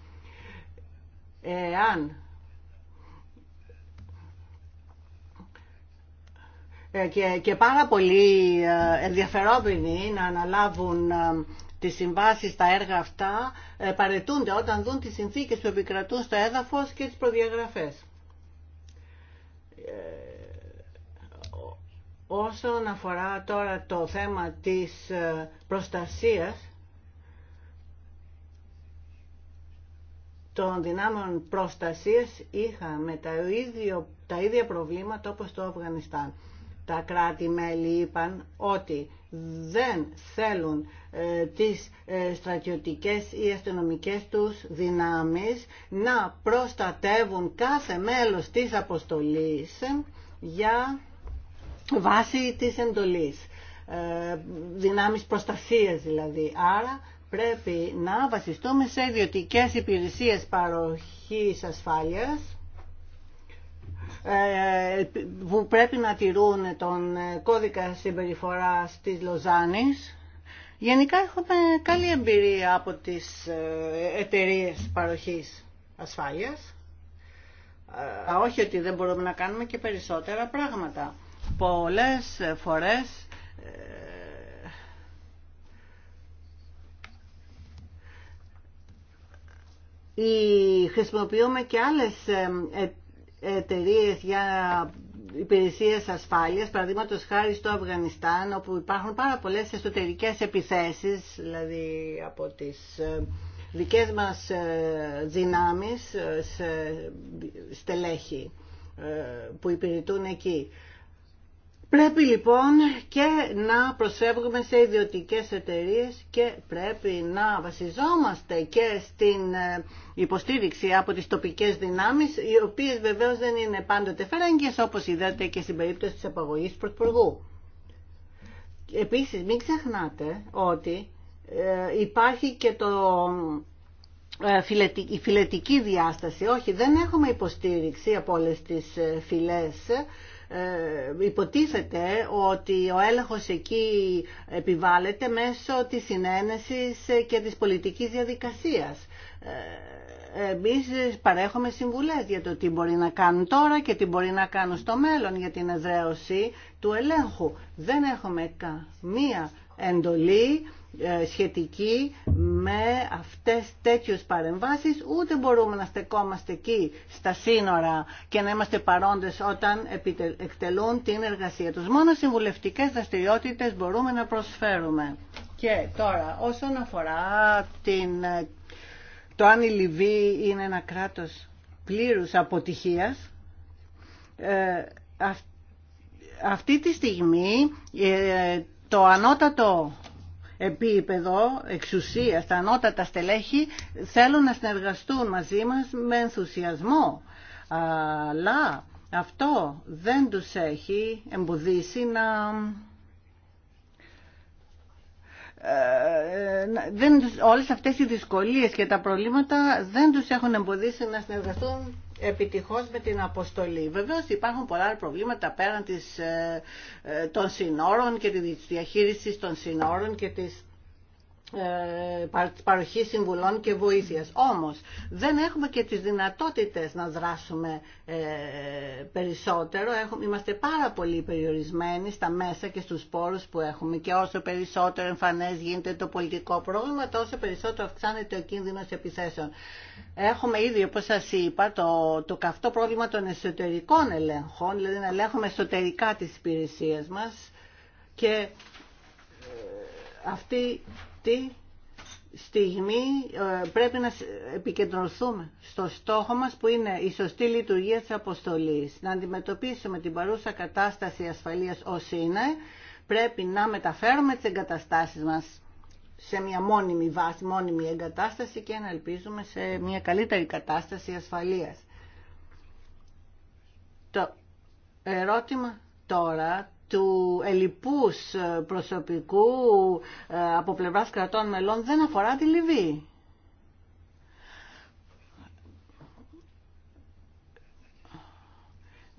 Speaker 2: Εάν και, και πάρα πολύ ενδιαφερόμενοι να αναλάβουν τις συμβάσεις, τα έργα αυτά ε, παρετούνται όταν δουν τις συνθήκες που επικρατούν στο έδαφος και τις προδιαγραφές. Ε, όσον αφορά τώρα το θέμα της ε, προστασίας των δυνάμεων προστασίας είχαμε τα, ίδιο, τα ίδια προβλήματα όπως το Αφγανιστάν. Τα κράτη-μέλη είπαν ότι δεν θέλουν ε, τις ε, στρατιωτικές ή αστυνομικές τους δυνάμεις να προστατεύουν κάθε μέλος της αποστολής για βάση της εντολής, ε, δυνάμεις προστασίας δηλαδή. Άρα πρέπει να βασιστούμε σε ιδιωτικές υπηρεσίες παροχής ασφάλειας ε, ε, που πρέπει να τηρούν τον ε, κώδικα συμπεριφοράς της Λοζάνης. Γενικά έχουμε καλή εμπειρία από τις εταιρείε παροχής ασφάλειας. Όχι ότι δεν μπορούμε να κάνουμε και περισσότερα πράγματα. Πολλές φορές χρησιμοποιούμε και άλλες εταιρείε για υπηρεσίες ασφάλειας, παραδείγματο χάρη στο Αφγανιστάν, όπου υπάρχουν πάρα πολλέ εσωτερικέ επιθέσει, δηλαδή από τις ε, δικές μας ε, δυνάμεις ε, σε στελέχη που υπηρετούν εκεί. Πρέπει λοιπόν και να προσφεύγουμε σε ιδιωτικές εταιρείες και πρέπει να βασιζόμαστε και στην ε, υποστήριξη από τις τοπικές δυνάμεις, οι οποίες βεβαίως δεν είναι πάντοτε φερέγγιες, όπως είδατε και στην περίπτωση της απαγωγής του Πρωθυπουργού. Επίσης μην ξεχνάτε ότι ε, υπάρχει και το ε, η φιλετική διάσταση. Όχι, δεν έχουμε υποστήριξη από όλες τις φυλές ε, υποτίθεται ότι ο έλεγχος εκεί επιβάλλεται μέσω της συνένεσης και της πολιτικής διαδικασίας. Ε, εμείς παρέχουμε συμβουλές για το τι μπορεί να κάνουν τώρα και τι μπορεί να κάνουν στο μέλλον για την εδραίωση του ελέγχου. Δεν έχουμε καμία εντολή ε, σχετική με αυτές τέτοιους παρεμβάσεις ούτε μπορούμε να στεκόμαστε εκεί στα σύνορα και να είμαστε παρόντες όταν εκτελούν την εργασία τους. Μόνο συμβουλευτικές δραστηριότητε μπορούμε να προσφέρουμε. Και τώρα όσον αφορά την, ε, το αν η Λιβύη είναι ένα κράτος πλήρους αποτυχίας ε, αυτή τη στιγμή το ανώτατο επίπεδο εξουσίας, τα ανώτατα στελέχη θέλουν να συνεργαστούν μαζί μας με ενθουσιασμό. Αλλά αυτό δεν τους έχει εμποδίσει να ε, δεν, όλες αυτές οι δυσκολίες και τα προβλήματα δεν τους έχουν εμποδίσει να συνεργαστούν επιτυχώς με την αποστολή. Βεβαίως υπάρχουν πολλά προβλήματα πέραν της, των συνόρων και τη διαχείριση των συνόρων και της ε, παροχή συμβουλών και βοήθειας. Όμως δεν έχουμε και τις δυνατότητες να δράσουμε ε, περισσότερο. Έχουμε, είμαστε πάρα πολύ περιορισμένοι στα μέσα και στους πόρους που έχουμε και όσο περισσότερο εμφανές γίνεται το πολιτικό πρόβλημα τόσο περισσότερο αυξάνεται ο κίνδυνος επιθέσεων. Έχουμε ήδη όπως σας είπα το, το καυτό πρόβλημα των εσωτερικών ελέγχων δηλαδή να ελέγχουμε εσωτερικά τις υπηρεσίες μας και ε, αυτή αυτή στιγμή ε, πρέπει να επικεντρωθούμε στο στόχο μας που είναι η σωστή λειτουργία της αποστολής. Να αντιμετωπίσουμε την παρούσα κατάσταση ασφαλείας ως είναι, πρέπει να μεταφέρουμε τις εγκαταστάσεις μας σε μια μόνιμη βάση, μόνιμη εγκατάσταση και να ελπίζουμε σε μια καλύτερη κατάσταση ασφαλείας. Το ερώτημα τώρα του ελιπούς ε, προσωπικού ε, από πλευράς κρατών μελών δεν αφορά τη Λιβύη.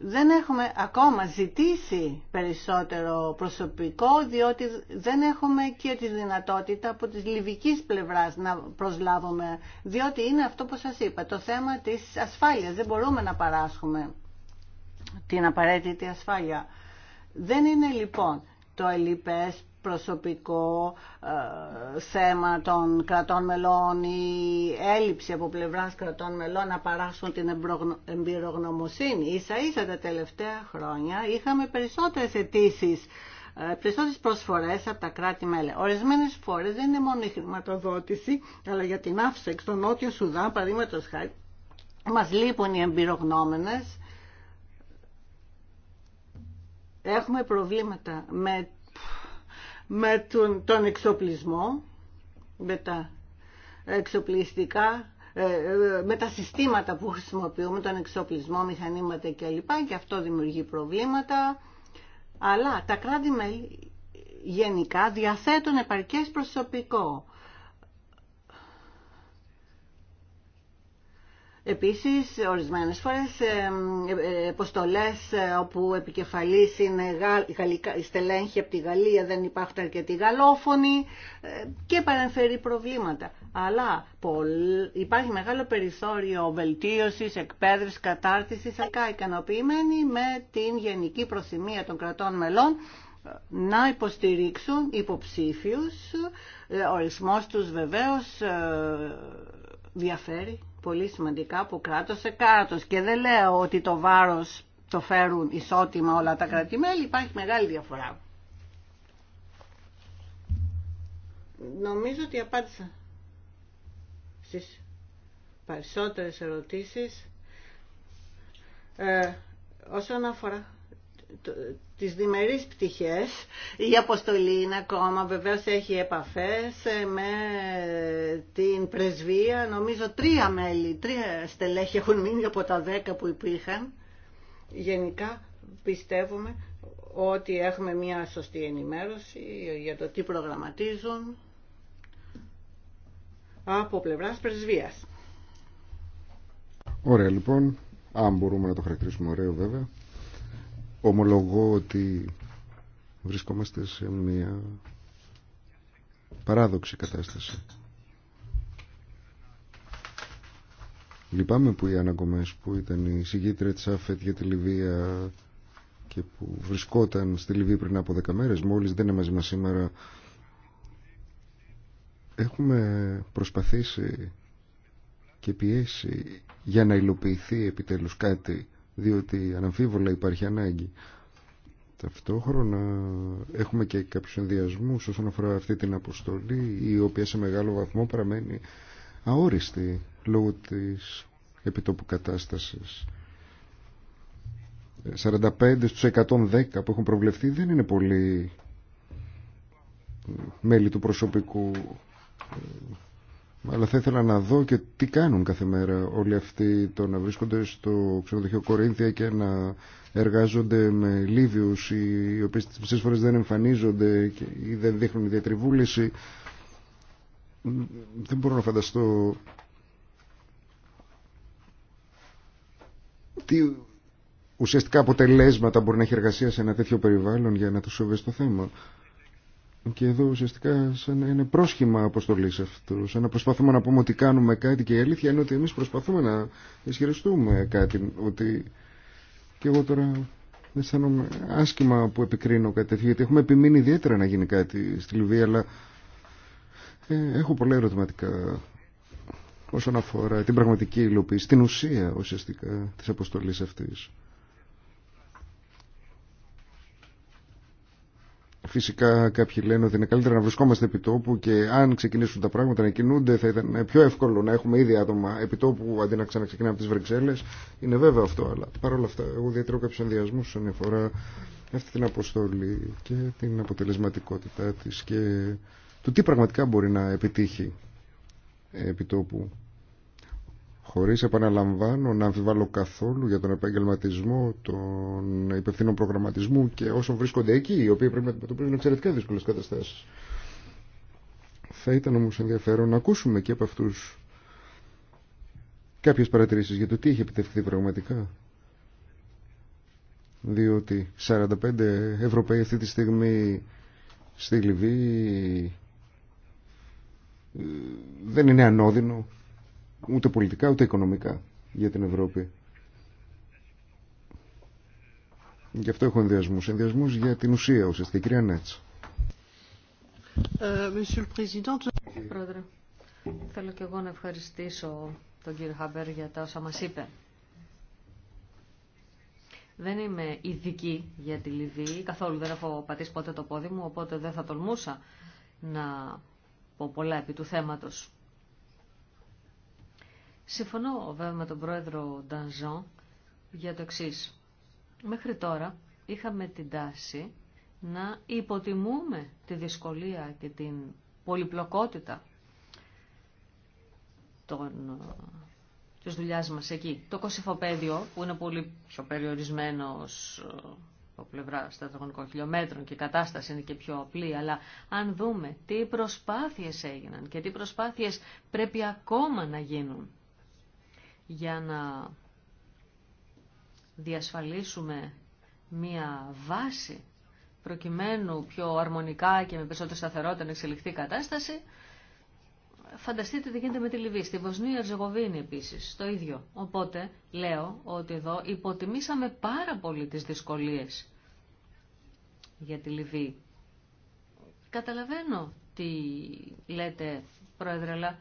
Speaker 2: δεν έχουμε ακόμα ζητήσει περισσότερο προσωπικό διότι δεν έχουμε και τη δυνατότητα από τη λιβικής πλευράς να προσλάβουμε διότι είναι αυτό που σας είπα το θέμα της ασφάλειας δεν μπορούμε να παράσχουμε την απαραίτητη ασφάλεια δεν είναι λοιπόν το ελληπές προσωπικό ε, θέμα των κρατών μελών ή έλλειψη από πλευράς κρατών μελών να παράσουν την εμπειρογνωμοσύνη. Ίσα ίσα τα τελευταία χρόνια είχαμε περισσότερες αιτήσει ε, περισσότερε προσφορέ από τα κράτη-μέλη. Ορισμένε φορέ δεν είναι μόνο η χρηματοδότηση, αλλά για την των στο Νότιο Σουδάν, παραδείγματο χάρη, μα λείπουν οι εμπειρογνώμενε Έχουμε προβλήματα με, με τον, τον εξοπλισμό, με τα εξοπλιστικά ε, ε, με τα συστήματα που χρησιμοποιούμε, τον εξοπλισμό, μηχανήματα κλπ. Και αυτό δημιουργεί προβλήματα. Αλλά τα κράτη-μέλη γενικά διαθέτουν επαρκές προσωπικό. Επίσης, ορισμένες φορές ε, ε, ε, αποστολές όπου επικεφαλής είναι γαλλικά, στελέχη από τη Γαλλία, δεν υπάρχουν αρκετοί γαλλόφωνοι και παρεμφερεί προβλήματα. Αλλά υπάρχει μεγάλο περιθώριο βελτίωσης, εκπαίδευσης, κατάρτισης, αρκά ικανοποιημένη με την γενική προθυμία των κρατών μελών να υποστηρίξουν υποψήφιους, ορισμός τους βεβαίως διαφέρει πολύ σημαντικά από κράτος σε κράτος και δεν λέω ότι το βάρος το φέρουν ισότιμα όλα τα κρατημέλη, υπάρχει μεγάλη διαφορά. Νομίζω ότι απάντησα στις περισσότερες ερωτήσεις ε, όσον αφορά τις διμερείς πτυχές. Η αποστολή είναι ακόμα, βεβαίως έχει επαφές με την πρεσβεία. Νομίζω τρία μέλη, τρία στελέχη έχουν μείνει από τα δέκα που υπήρχαν. Γενικά πιστεύουμε ότι έχουμε μια σωστή ενημέρωση για το τι προγραμματίζουν από πλευράς πρεσβείας.
Speaker 3: Ωραία λοιπόν, αν μπορούμε να το χαρακτηρίσουμε ωραίο βέβαια ομολογώ ότι βρισκόμαστε σε μια παράδοξη κατάσταση. Λυπάμαι που η Άννα που ήταν η συγγήτρια της ΑΦΕΤ για τη Λιβύα και που βρισκόταν στη Λιβύη πριν από δέκα μέρες, μόλις δεν είναι μαζί μας σήμερα. Έχουμε προσπαθήσει και πιέσει για να υλοποιηθεί επιτέλους κάτι διότι αναμφίβολα υπάρχει ανάγκη. Ταυτόχρονα έχουμε και κάποιους ενδιασμούς όσον αφορά αυτή την αποστολή η οποία σε μεγάλο βαθμό παραμένει αόριστη λόγω της επιτόπου κατάστασης. 45 στους 110 που έχουν προβλεφθεί δεν είναι πολύ μέλη του προσωπικού ε, αλλά θα ήθελα να δω και τι κάνουν κάθε μέρα όλοι αυτοί το να βρίσκονται στο ξενοδοχείο Κορίνθια και να εργάζονται με Λίβιους οι οποίοι τις μισές φορές δεν εμφανίζονται ή δεν δείχνουν ιδιαίτερη βούληση. Δεν μπορώ να φανταστώ τι ουσιαστικά αποτελέσματα μπορεί να έχει εργασία σε ένα τέτοιο περιβάλλον για να το σοβεί στο θέμα. Και εδώ ουσιαστικά σαν είναι πρόσχημα αποστολής αυτού, σαν να προσπαθούμε να πούμε ότι κάνουμε κάτι και η αλήθεια είναι ότι εμείς προσπαθούμε να ισχυριστούμε κάτι, ότι και εγώ τώρα αισθάνομαι άσχημα που επικρίνω κάτι τέτοιο, γιατί έχουμε επιμείνει ιδιαίτερα να γίνει κάτι στη Λιβύη, αλλά ε, έχω πολλά ερωτηματικά όσον αφορά την πραγματική υλοποίηση, την ουσία ουσιαστικά της αποστολής αυτής. Φυσικά κάποιοι λένε ότι είναι καλύτερα να βρισκόμαστε επί τόπου και αν ξεκινήσουν τα πράγματα να κινούνται θα ήταν πιο εύκολο να έχουμε ήδη άτομα επί τόπου αντί να ξαναξεκινάμε από τι Βρυξέλλε. Είναι βέβαιο αυτό, αλλά παρόλα αυτά εγώ διατρέω κάποιους ενδιασμούς σαν αφορά αυτή την αποστολή και την αποτελεσματικότητά της και το τι πραγματικά μπορεί να επιτύχει επί τόπου χωρίς επαναλαμβάνω να αμφιβάλλω καθόλου για τον επαγγελματισμό των υπευθύνων προγραμματισμού και όσων βρίσκονται εκεί, οι οποίοι πρέπει να αντιμετωπίζουν εξαιρετικά δύσκολες καταστάσεις. Θα ήταν όμως ενδιαφέρον να ακούσουμε και από αυτούς κάποιες παρατηρήσεις για το τι έχει επιτευχθεί πραγματικά. Διότι 45 Ευρωπαίοι αυτή τη στιγμή στη Λιβύη ε, δεν είναι ανώδυνο ούτε πολιτικά ούτε οικονομικά για την Ευρώπη. Γι' αυτό έχω ενδιασμούς. Ενδιασμούς για την ουσία ουσιαστικά. Κυρία Νέτς.
Speaker 1: Ε, Πρόεδρε, θέλω και εγώ να ευχαριστήσω τον κύριο Χαμπέρ για τα όσα μας είπε. Δεν είμαι ειδική για τη Λιβύη, καθόλου δεν έχω πατήσει ποτέ το πόδι μου, οπότε δεν θα τολμούσα να πω πολλά επί του θέματος. Συμφωνώ βέβαια με τον πρόεδρο Ντανζόν για το εξή. Μέχρι τώρα είχαμε την τάση να υποτιμούμε τη δυσκολία και την πολυπλοκότητα των, της δουλειάς μας εκεί. Το κοσυφοπέδιο που είναι πολύ πιο περιορισμένο ε, από πλευρά τετραγωνικών χιλιόμετρων και η κατάσταση είναι και πιο απλή, αλλά αν δούμε τι προσπάθειες έγιναν και τι προσπάθειες πρέπει ακόμα να γίνουν για να διασφαλίσουμε μία βάση προκειμένου πιο αρμονικά και με περισσότερη σταθερότητα να εξελιχθεί η κατάσταση, φανταστείτε τι γίνεται με τη Λιβύη. Στη Βοσνία Ερζεγοβίνη επίσης, το ίδιο. Οπότε λέω ότι εδώ υποτιμήσαμε πάρα πολύ τις δυσκολίες για τη Λιβύη. Καταλαβαίνω τι λέτε, Πρόεδρε, αλλά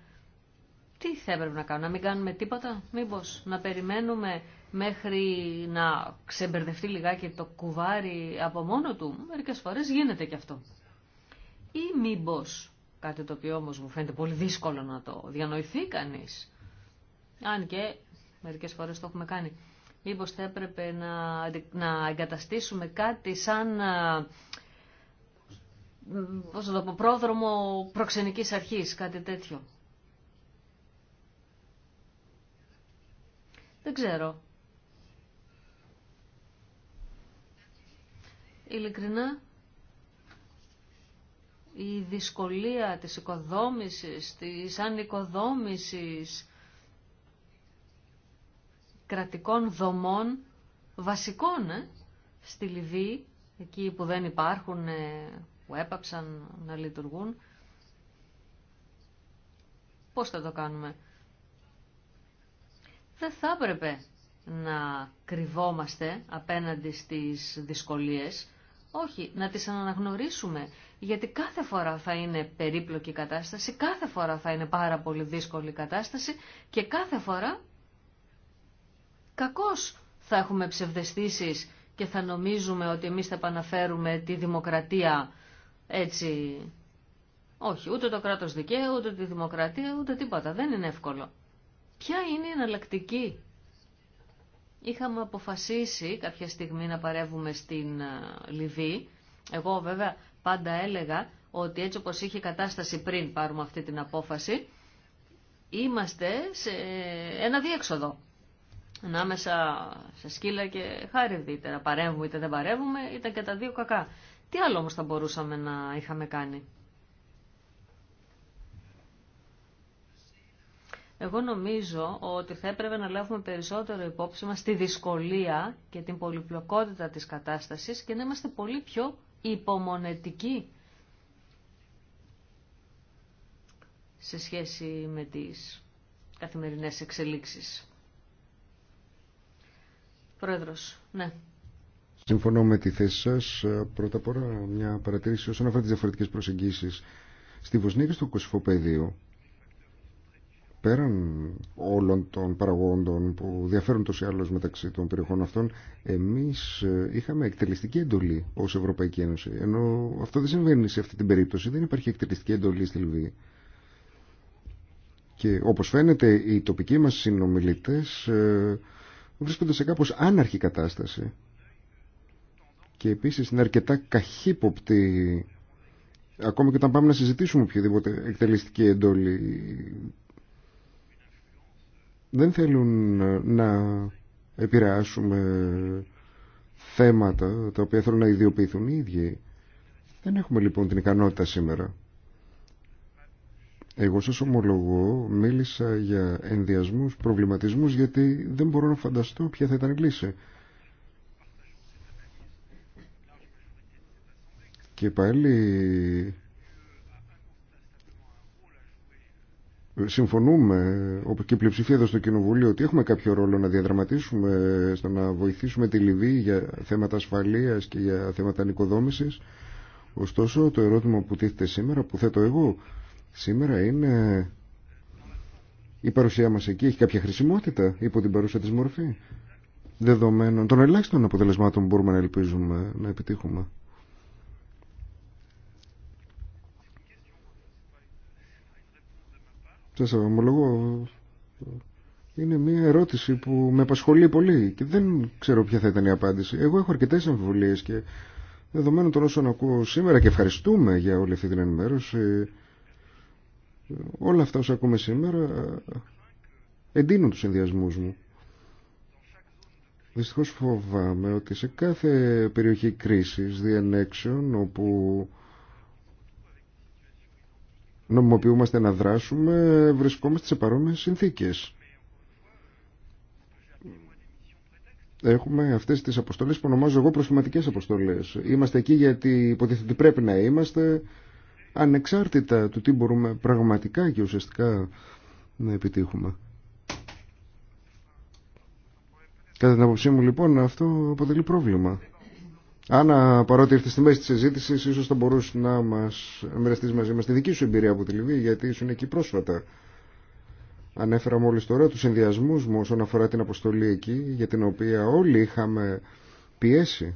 Speaker 1: τι θα έπρεπε να κάνουμε, να μην κάνουμε τίποτα, μήπως να περιμένουμε μέχρι να ξεμπερδευτεί λιγάκι το κουβάρι από μόνο του. Μερικές φορές γίνεται και αυτό. Ή μήπως, κάτι το οποίο όμως μου φαίνεται πολύ δύσκολο να το διανοηθεί κανείς, αν και μερικές φορές το έχουμε κάνει, μήπως θα έπρεπε να, να εγκαταστήσουμε κάτι σαν το πρόδρομο προξενικής αρχής, κάτι τέτοιο. Δεν ξέρω. Ειλικρινά, η δυσκολία της οικοδόμησης, της ανοικοδόμησης κρατικών δομών βασικών ε, στη Λιβύη, εκεί που δεν υπάρχουν, ε, που έπαψαν να λειτουργούν. Πώς θα το κάνουμε δεν θα έπρεπε να κρυβόμαστε απέναντι στις δυσκολίες, όχι, να τις αναγνωρίσουμε, γιατί κάθε φορά θα είναι περίπλοκη κατάσταση, κάθε φορά θα είναι πάρα πολύ δύσκολη κατάσταση και κάθε φορά κακώς θα έχουμε ψευδεστήσεις και θα νομίζουμε ότι εμείς θα επαναφέρουμε τη δημοκρατία έτσι. Όχι, ούτε το κράτος δικαίου, ούτε τη δημοκρατία, ούτε τίποτα. Δεν είναι εύκολο. Ποια είναι η εναλλακτική. Είχαμε αποφασίσει κάποια στιγμή να παρεύουμε στην ε, Λιβύη. Εγώ βέβαια πάντα έλεγα ότι έτσι όπως είχε κατάσταση πριν πάρουμε αυτή την απόφαση, είμαστε σε ένα διέξοδο. Ανάμεσα σε σκύλα και χάρη είτε να παρεύουμε είτε δεν παρεύουμε, ήταν και τα δύο κακά. Τι άλλο όμως θα μπορούσαμε να είχαμε κάνει. Εγώ νομίζω ότι θα έπρεπε να λάβουμε περισσότερο υπόψη μας τη δυσκολία και την πολυπλοκότητα της κατάστασης και να είμαστε πολύ πιο υπομονετικοί σε σχέση με τις καθημερινές εξελίξεις. Πρόεδρος, ναι.
Speaker 3: Συμφωνώ με τη θέση σας. Πρώτα απ' όλα μια παρατήρηση όσον αφορά τις διαφορετικές προσεγγίσεις. Στη Βοσνία στο πέραν όλων των παραγόντων που διαφέρουν τόσο ή μεταξύ των περιοχών αυτών, εμείς ε, είχαμε εκτελεστική εντολή ως Ευρωπαϊκή Ένωση. Ενώ αυτό δεν συμβαίνει σε αυτή την περίπτωση, δεν υπάρχει εκτελεστική εντολή στη Λιβύη. Και όπως φαίνεται οι τοπικοί μας συνομιλητές ε, βρίσκονται σε κάπως άναρχη κατάσταση. Και επίσης είναι αρκετά καχύποπτη Ακόμα και όταν πάμε να συζητήσουμε οποιαδήποτε εκτελεστική εντόλη, δεν θέλουν ε, να επηρεάσουμε θέματα τα οποία θέλουν να ιδιοποιηθούν οι ίδιοι. Δεν έχουμε λοιπόν την ικανότητα σήμερα. Εγώ σας ομολογώ μίλησα για ενδιασμούς, προβληματισμούς γιατί δεν μπορώ να φανταστώ ποια θα ήταν η λύση. Και πάλι συμφωνούμε, και η πλειοψηφία εδώ στο Κοινοβούλιο, ότι έχουμε κάποιο ρόλο να διαδραματίσουμε στο να βοηθήσουμε τη Λιβύη για θέματα ασφαλείας και για θέματα νοικοδόμησης. Ωστόσο, το ερώτημα που τίθεται σήμερα, που θέτω εγώ, σήμερα είναι η παρουσία μας εκεί έχει κάποια χρησιμότητα υπό την παρούσα της μορφή δεδομένων των ελάχιστων αποτελεσμάτων που μπορούμε να ελπίζουμε να επιτύχουμε. Σας ομολογώ, είναι μια ερώτηση που με απασχολεί πολύ και δεν ξέρω ποια θα ήταν η απάντηση. Εγώ έχω αρκετές αμφιβολίες και δεδομένου των όσων ακούω σήμερα και ευχαριστούμε για όλη αυτή την ενημέρωση. Όλα αυτά όσα ακούμε σήμερα εντείνουν τους ενδιασμούς μου. Δυστυχώς φοβάμαι ότι σε κάθε περιοχή κρίσης, διενέξεων, όπου νομιμοποιούμαστε να δράσουμε βρισκόμαστε σε παρόμοιες συνθήκες. Έχουμε αυτές τις αποστολές που ονομάζω εγώ προσφυματικές αποστολές. Είμαστε εκεί γιατί υποτίθεται πρέπει να είμαστε ανεξάρτητα του τι μπορούμε πραγματικά και ουσιαστικά να επιτύχουμε. Κατά την άποψή μου λοιπόν αυτό αποτελεί πρόβλημα. Άννα, παρότι ήρθε στη μέση τη συζήτηση, ίσω θα μπορούσε να μα μοιραστεί μαζί μα τη δική σου εμπειρία από τη Λιβύη, γιατί ήσουν εκεί πρόσφατα. Ανέφερα μόλι τώρα του συνδυασμού μου όσον αφορά την αποστολή εκεί, για την οποία όλοι είχαμε πιέσει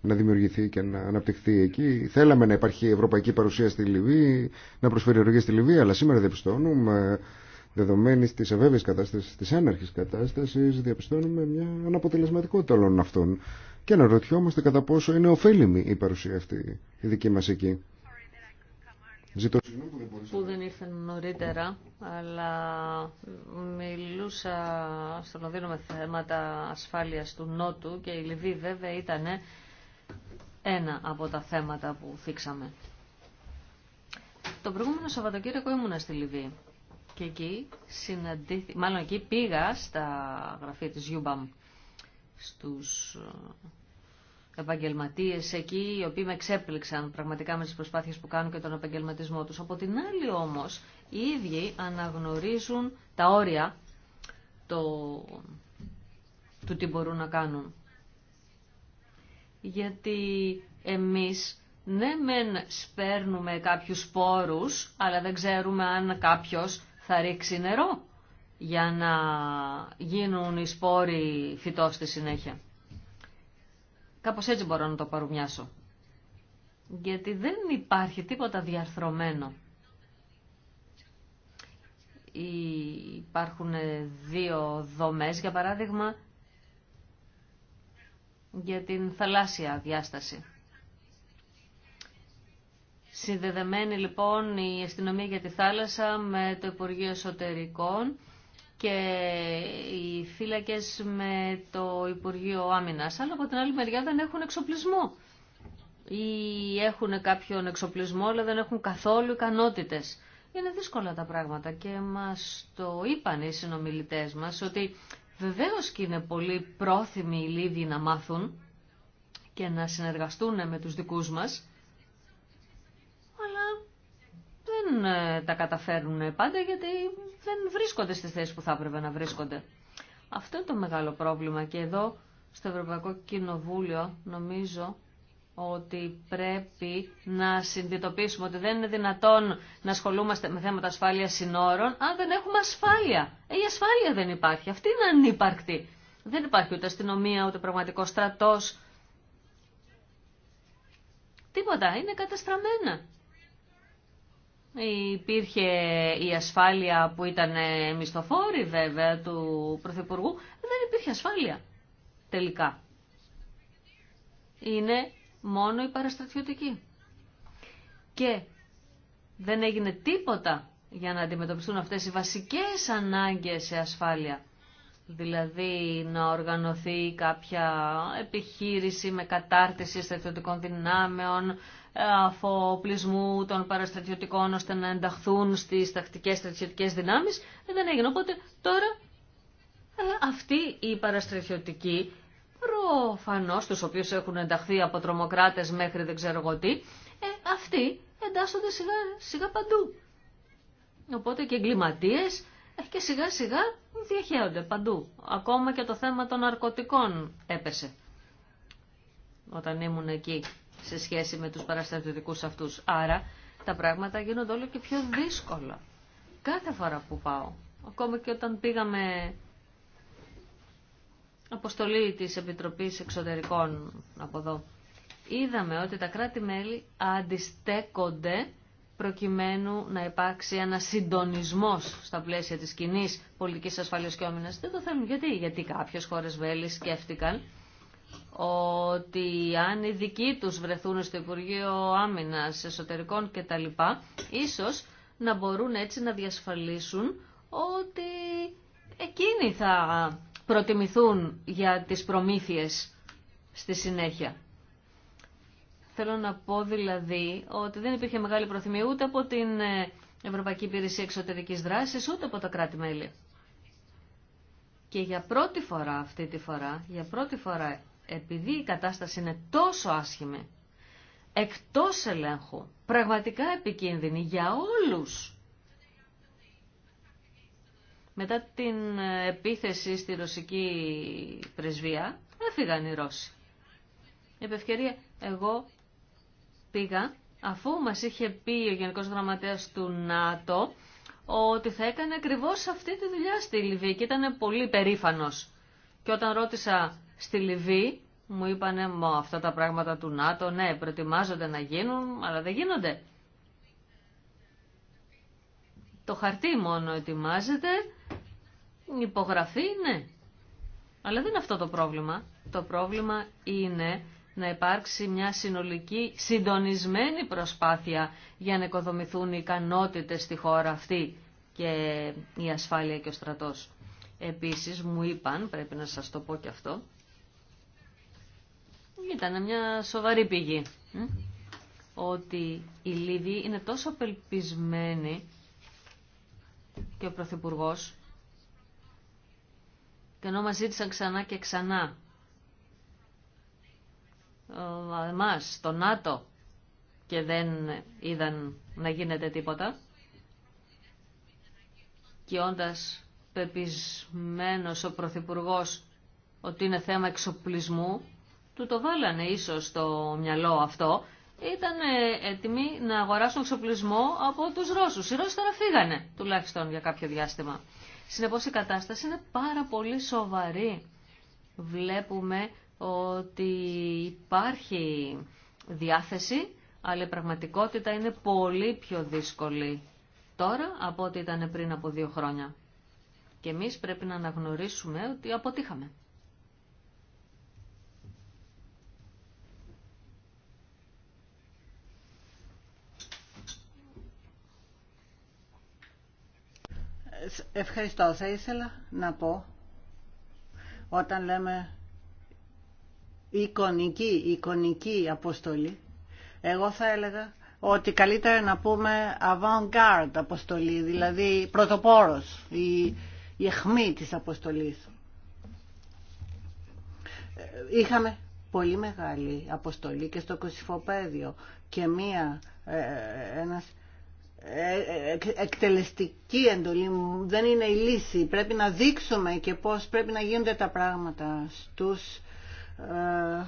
Speaker 3: να δημιουργηθεί και να αναπτυχθεί εκεί. Θέλαμε να υπάρχει ευρωπαϊκή παρουσία στη Λιβύη, να προσφέρει εργασία στη Λιβύη, αλλά σήμερα δεν πιστώνουμε Δεδομένη τη αβέβαιη κατάσταση, τη άναρχη κατάσταση, διαπιστώνουμε μια αναποτελεσματικότητα όλων αυτών. Και αναρωτιόμαστε κατά πόσο είναι ωφέλιμη η παρουσία αυτή, η δική μα εκεί. Ζητώ
Speaker 1: που δεν ήρθε νωρίτερα, αλλά μιλούσα στο Λονδίνο με θέματα ασφάλειας του Νότου και η Λιβύη βέβαια ήταν ένα από τα θέματα που θίξαμε. Το προηγούμενο Σαββατοκύριακο ήμουνα στη Λιβύη και εκεί μάλλον εκεί πήγα στα γραφεία της Γιούμπαμ στους ε, επαγγελματίες εκεί, οι οποίοι με εξέπληξαν πραγματικά με τις προσπάθειες που κάνουν και τον επαγγελματισμό τους. Από την άλλη όμως, οι ίδιοι αναγνωρίζουν τα όρια το... του τι μπορούν να κάνουν. Γιατί εμείς ναι μεν σπέρνουμε κάποιους σπόρους, αλλά δεν ξέρουμε αν κάποιος θα ρίξει νερό για να γίνουν οι σπόροι φυτό στη συνέχεια. Κάπως έτσι μπορώ να το παρουμιάσω. Γιατί δεν υπάρχει τίποτα διαρθρωμένο. Υπάρχουν δύο δομές, για παράδειγμα, για την θαλάσσια διάσταση. Συνδεδεμένη λοιπόν η αστυνομία για τη θάλασσα με το Υπουργείο Εσωτερικών και οι φύλακες με το Υπουργείο Άμυνας. Αλλά από την άλλη μεριά δεν έχουν εξοπλισμό ή έχουν κάποιον εξοπλισμό αλλά δεν έχουν καθόλου ικανότητες. Είναι δύσκολα τα πράγματα και μας το είπαν οι συνομιλητές μας ότι βεβαίως και είναι πολύ πρόθυμοι οι Λίβοι να μάθουν και να συνεργαστούν με τους δικούς μας δεν ε, τα καταφέρνουν πάντα γιατί δεν βρίσκονται στις θέσεις που θα έπρεπε να βρίσκονται. Αυτό είναι το μεγάλο πρόβλημα και εδώ στο Ευρωπαϊκό Κοινοβούλιο νομίζω ότι πρέπει να συνειδητοποιήσουμε ότι δεν είναι δυνατόν να ασχολούμαστε με θέματα ασφάλεια συνόρων αν δεν έχουμε ασφάλεια. Ε, η ασφάλεια δεν υπάρχει. Αυτή είναι ανύπαρκτη. Δεν υπάρχει ούτε αστυνομία, ούτε πραγματικό στρατός. Τίποτα. Είναι καταστραμμένα. Υπήρχε η ασφάλεια που ήταν ε, μισθοφόρη βέβαια του Πρωθυπουργού. Δεν υπήρχε ασφάλεια τελικά. Είναι μόνο η παραστρατιωτική. Και δεν έγινε τίποτα για να αντιμετωπιστούν αυτές οι βασικές ανάγκες σε ασφάλεια δηλαδή να οργανωθεί κάποια επιχείρηση με κατάρτιση στρατιωτικών δυνάμεων, ε, αφοπλισμού των παραστρατιωτικών ώστε να ενταχθούν στις τακτικές στρατιωτικές δυνάμεις, ε, δεν έγινε. Οπότε τώρα ε, αυτοί οι παραστρατιωτικοί, προφανώς τους οποίους έχουν ενταχθεί από τρομοκράτες μέχρι δεν ξέρω τι, ε, αυτοί εντάσσονται σιγά, σιγά παντού. Οπότε και εγκληματίες και σιγά σιγά διαχέονται παντού. Ακόμα και το θέμα των ναρκωτικών έπεσε όταν ήμουν εκεί σε σχέση με τους παραστατητικούς αυτούς. Άρα τα πράγματα γίνονται όλο και πιο δύσκολα. Κάθε φορά που πάω, ακόμα και όταν πήγαμε αποστολή της Επιτροπής Εξωτερικών από εδώ, είδαμε ότι τα κράτη-μέλη αντιστέκονται προκειμένου να υπάρξει ένα συντονισμό στα πλαίσια τη κοινή πολιτική ασφάλεια και άμυνα. Δεν το θέλουν. Γιατί, Γιατί κάποιε χώρε βέλη σκέφτηκαν ότι αν οι δικοί τους βρεθούν στο Υπουργείο Άμυνα Εσωτερικών κτλ, ίσως να μπορούν έτσι να διασφαλίσουν ότι εκείνοι θα προτιμηθούν για τις προμήθειες στη συνέχεια. Θέλω να πω δηλαδή ότι δεν υπήρχε μεγάλη προθυμία ούτε από την ε, Ευρωπαϊκή Υπηρεσία Εξωτερικής Δράσης, ούτε από τα κράτη-μέλη. Και για πρώτη φορά αυτή τη φορά, για πρώτη φορά, επειδή η κατάσταση είναι τόσο άσχημη, εκτός ελέγχου, πραγματικά επικίνδυνη για όλους. Μετά την ε, επίθεση στη ρωσική πρεσβεία, έφυγαν οι Ρώσοι. Επευκαιρία, εγώ πήγα αφού μας είχε πει ο Γενικός Γραμματέας του ΝΑΤΟ ότι θα έκανε ακριβώς αυτή τη δουλειά στη Λιβύη και ήταν πολύ περήφανος. Και όταν ρώτησα στη Λιβύη μου είπανε μα αυτά τα πράγματα του ΝΑΤΟ ναι προετοιμάζονται να γίνουν αλλά δεν γίνονται. Το χαρτί μόνο ετοιμάζεται, υπογραφή ναι. Αλλά δεν είναι αυτό το πρόβλημα. Το πρόβλημα είναι να υπάρξει μια συνολική συντονισμένη προσπάθεια για να οικοδομηθούν οι ικανότητες στη χώρα αυτή και η ασφάλεια και ο στρατός. Επίσης μου είπαν, πρέπει να σας το πω και αυτό, ήταν μια σοβαρή πηγή, ότι η Λίβη είναι τόσο απελπισμένοι και ο Πρωθυπουργός Και ενώ μας ζήτησαν ξανά και ξανά ε, μάς το ΝΑΤΟ και δεν είδαν να γίνεται τίποτα. Και όντας πεπισμένος ο Πρωθυπουργό ότι είναι θέμα εξοπλισμού, του το βάλανε ίσως στο μυαλό αυτό, ήταν ε, έτοιμοι να αγοράσουν εξοπλισμό από τους Ρώσους. Οι Ρώσοι τώρα φύγανε, τουλάχιστον για κάποιο διάστημα. Συνεπώς η κατάσταση είναι πάρα πολύ σοβαρή. Βλέπουμε ότι υπάρχει διάθεση, αλλά η πραγματικότητα είναι πολύ πιο δύσκολη τώρα από ό,τι ήταν πριν από δύο χρόνια. Και εμείς πρέπει να αναγνωρίσουμε ότι αποτύχαμε.
Speaker 2: Ευχαριστώ. Θα ήθελα να πω όταν λέμε εικονική, εικονική αποστολή. Εγώ θα έλεγα ότι καλύτερα να πούμε avant-garde αποστολή, δηλαδή πρωτοπόρος, η, η αιχμή της αποστολής. Ε, είχαμε πολύ μεγάλη αποστολή και στο Κωσυφοπαίδιο και μία, ε, ένας, ε, εκτελεστική εντολή μου δεν είναι η λύση. Πρέπει να δείξουμε και πώς πρέπει να γίνονται τα πράγματα στους ε,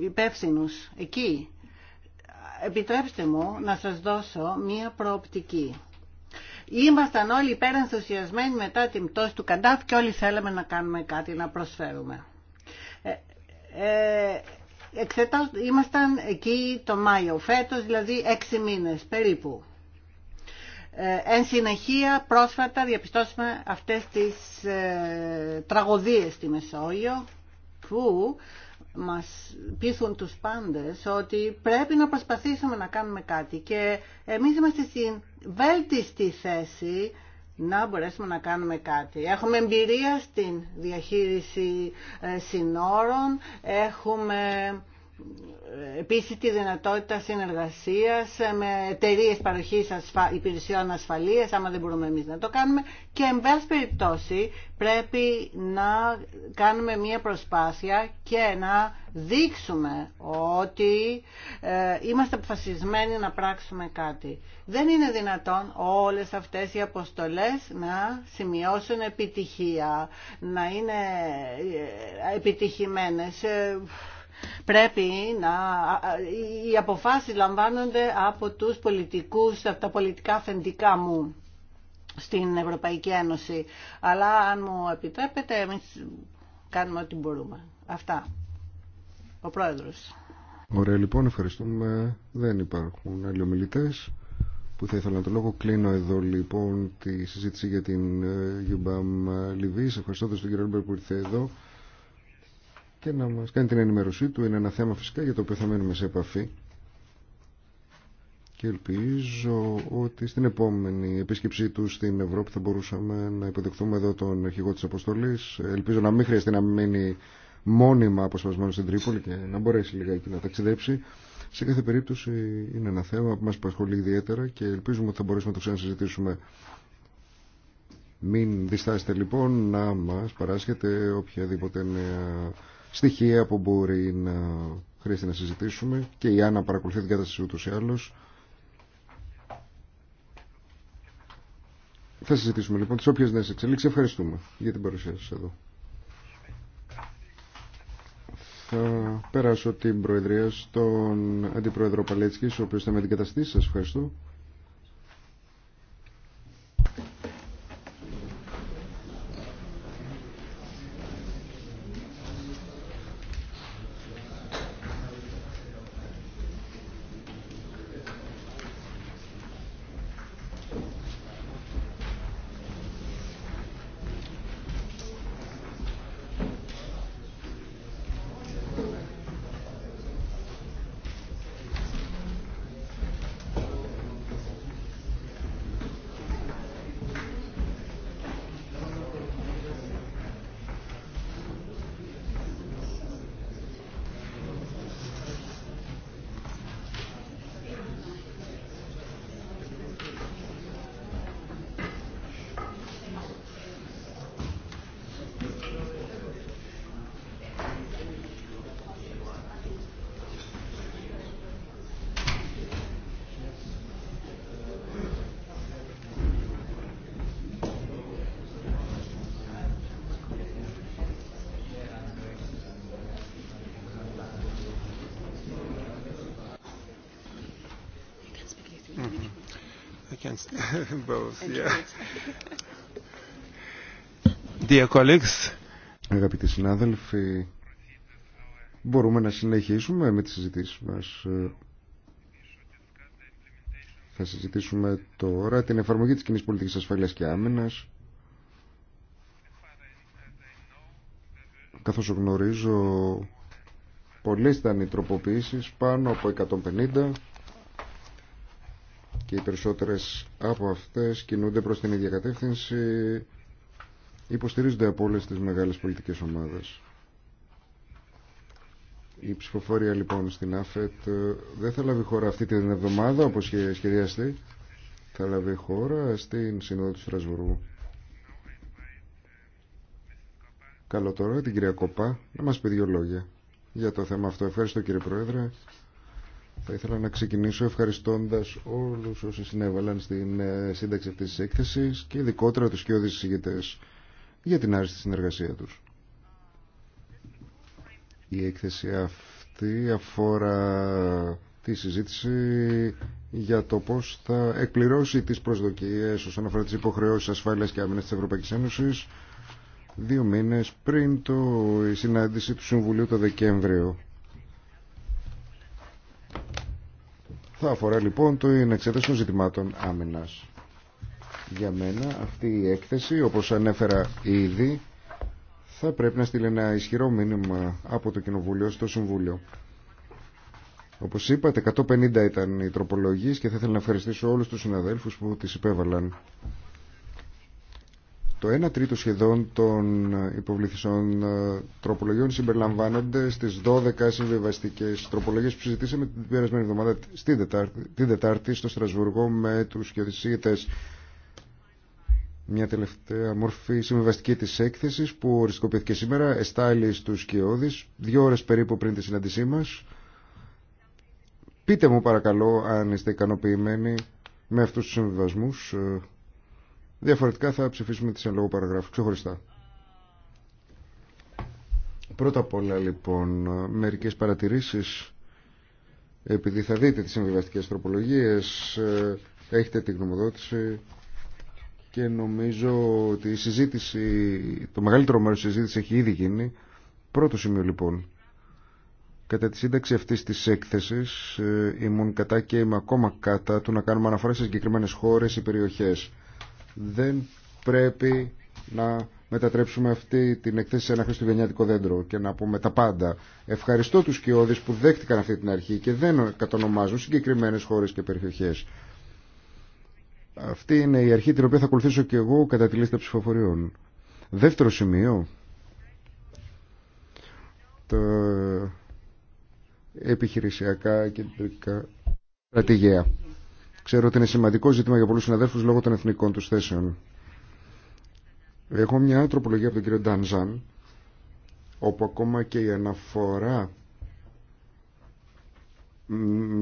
Speaker 2: υπεύθυνου εκεί. Επιτρέψτε μου να σας δώσω μία προοπτική. Ήμασταν όλοι υπερενθουσιασμένοι μετά την πτώση του Καντάφ και όλοι θέλαμε να κάνουμε κάτι, να προσφέρουμε. Ε, ε, εξετά, ήμασταν εκεί το Μάιο φέτος, δηλαδή έξι μήνες περίπου. Ε, εν συνεχεία πρόσφατα διαπιστώσαμε αυτές τις ε, τραγωδίες στη Μεσόγειο που μας πείθουν τους πάντες ότι πρέπει να προσπαθήσουμε να κάνουμε κάτι και εμείς είμαστε στην βέλτιστη θέση να μπορέσουμε να κάνουμε κάτι. Έχουμε εμπειρία στην διαχείριση ε, συνόρων, έχουμε επίσης τη δυνατότητα συνεργασίας με εταιρείε παροχής ασφα... υπηρεσιών ασφαλείας, άμα δεν μπορούμε εμείς να το κάνουμε. Και εν πάση περιπτώσει πρέπει να κάνουμε μία προσπάθεια και να δείξουμε ότι ε, είμαστε αποφασισμένοι να πράξουμε κάτι. Δεν είναι δυνατόν όλες αυτές οι αποστολές να σημειώσουν επιτυχία, να είναι ε, επιτυχημένες. Ε, Πρέπει να... Οι αποφάσεις λαμβάνονται από τους πολιτικούς, από τα πολιτικά αφεντικά μου στην Ευρωπαϊκή Ένωση. Αλλά αν μου επιτρέπετε, εμείς κάνουμε ό,τι μπορούμε. Αυτά. Ο Πρόεδρος.
Speaker 3: Ωραία, λοιπόν, ευχαριστούμε. Δεν υπάρχουν άλλοι ομιλητές που θα ήθελα να το λόγο. Κλείνω εδώ λοιπόν τη συζήτηση για την ε, Γιουμπαμ Λιβύη. Ευχαριστώ τον κύριο που ήρθε εδώ και να μας κάνει την ενημερωσή του. Είναι ένα θέμα φυσικά για το οποίο θα μένουμε σε επαφή και ελπίζω ότι στην επόμενη επίσκεψή του στην Ευρώπη θα μπορούσαμε να υποδεχθούμε εδώ τον αρχηγό της Αποστολής. Ελπίζω να μην χρειαστεί να μείνει μόνιμα αποσπασμένο στην Τρίπολη και να μπορέσει λιγάκι να ταξιδέψει. Σε κάθε περίπτωση είναι ένα θέμα που μας απασχολεί ιδιαίτερα και ελπίζουμε ότι θα μπορέσουμε να το ξανασυζητήσουμε. Μην διστάσετε λοιπόν να μας παράσχετε οποιαδήποτε νέα στοιχεία που μπορεί να χρειάζεται να συζητήσουμε και η Άννα παρακολουθεί την κατάσταση ούτως ή άλλως. Θα συζητήσουμε λοιπόν τις όποιες νέες εξελίξεις. Ευχαριστούμε για την παρουσία σας εδώ. Θα περάσω την Προεδρία στον Αντιπρόεδρο Παλέτσκης, ο οποίος θα με αντικαταστήσει. Σας ευχαριστώ. Dear colleagues. Αγαπητοί συνάδελφοι, μπορούμε να συνεχίσουμε με τις συζητήσεις μας. Θα συζητήσουμε τώρα την εφαρμογή της κοινής πολιτικής ασφαλείας και άμυνας. Καθώς γνωρίζω, πολλές ήταν οι τροποποιήσεις, πάνω από 150 και οι περισσότερες από αυτές κινούνται προς την ίδια κατεύθυνση υποστηρίζονται από όλες τις μεγάλες πολιτικές ομάδες. Η ψηφοφορία λοιπόν στην ΑΦΕΤ ε, δεν θα λάβει χώρα αυτή την εβδομάδα όπως σχεδιαστεί. Θα λάβει χώρα στην Σύνοδο του Στρασβουργού. Καλό τώρα την κυρία Κοπά να μας πει δύο λόγια για το θέμα αυτό. Ευχαριστώ κύριε Πρόεδρε. Θα ήθελα να ξεκινήσω ευχαριστώντας όλους όσοι συνέβαλαν στην ε, σύνταξη αυτής της έκθεσης και ειδικότερα τους κοιόδης συζητητές για την άριστη συνεργασία τους. Η έκθεση αυτή αφορά τη συζήτηση για το πώς θα εκπληρώσει τις προσδοκίες όσον αφορά τις υποχρεώσεις ασφάλειας και άμυνας της Ευρωπαϊκής Ένωσης δύο μήνες πριν το, η συνάντηση του Συμβουλίου το Δεκέμβριο Θα αφορά λοιπόν το εξέταση των ζητημάτων άμυνας. Για μένα αυτή η έκθεση, όπως ανέφερα ήδη, θα πρέπει να στείλει ένα ισχυρό μήνυμα από το Κοινοβούλιο στο Συμβούλιο. Όπως είπατε, 150 ήταν οι τροπολογίες και θα ήθελα να ευχαριστήσω όλους τους συναδέλφους που τις υπέβαλαν. Το 1 τρίτο σχεδόν των υποβληθισών ε, τροπολογιών συμπεριλαμβάνονται στι 12 συμβιβαστικέ τροπολογίε που συζητήσαμε την περασμένη εβδομάδα την Δετάρτη, την Δετάρτη στο Στρασβουργό με τους γεωδησίτες. Μια τελευταία μορφή συμβιβαστική τη έκθεση που οριστικοποιήθηκε σήμερα εστάλει στου Κιώδης δύο ώρε περίπου πριν τη συνάντησή μα. Πείτε μου παρακαλώ αν είστε ικανοποιημένοι με αυτούς τους συμβιβασμούς ε, Διαφορετικά θα ψηφίσουμε τις εν λόγω παραγράφου ξεχωριστά. Πρώτα απ' όλα λοιπόν μερικές παρατηρήσεις επειδή θα δείτε τις συμβιβαστικές τροπολογίες ε, έχετε την γνωμοδότηση και νομίζω ότι η συζήτηση, το μεγαλύτερο μέρος της συζήτησης έχει ήδη γίνει. Πρώτο σημείο λοιπόν. Κατά τη σύνταξη αυτή τη έκθεση, ε, ήμουν κατά και είμαι ακόμα κατά του να κάνουμε αναφορά σε συγκεκριμένε χώρε ή περιοχέ δεν πρέπει να μετατρέψουμε αυτή την εκθέση σε ένα χριστουγεννιάτικο δέντρο και να πούμε τα πάντα. Ευχαριστώ τους κοιόδης που δέχτηκαν αυτή την αρχή και δεν κατονομάζουν συγκεκριμένες χώρες και περιοχές. Αυτή είναι η αρχή την οποία θα ακολουθήσω και εγώ κατά τη λίστα ψηφοφοριών. Δεύτερο σημείο. Το επιχειρησιακά κεντρικά στρατηγία. Ξέρω ότι είναι σημαντικό ζήτημα για πολλούς συναδέλφου λόγω των εθνικών τους θέσεων. Έχω μια τροπολογία από τον κύριο Ντάνζαν, όπου ακόμα και η αναφορά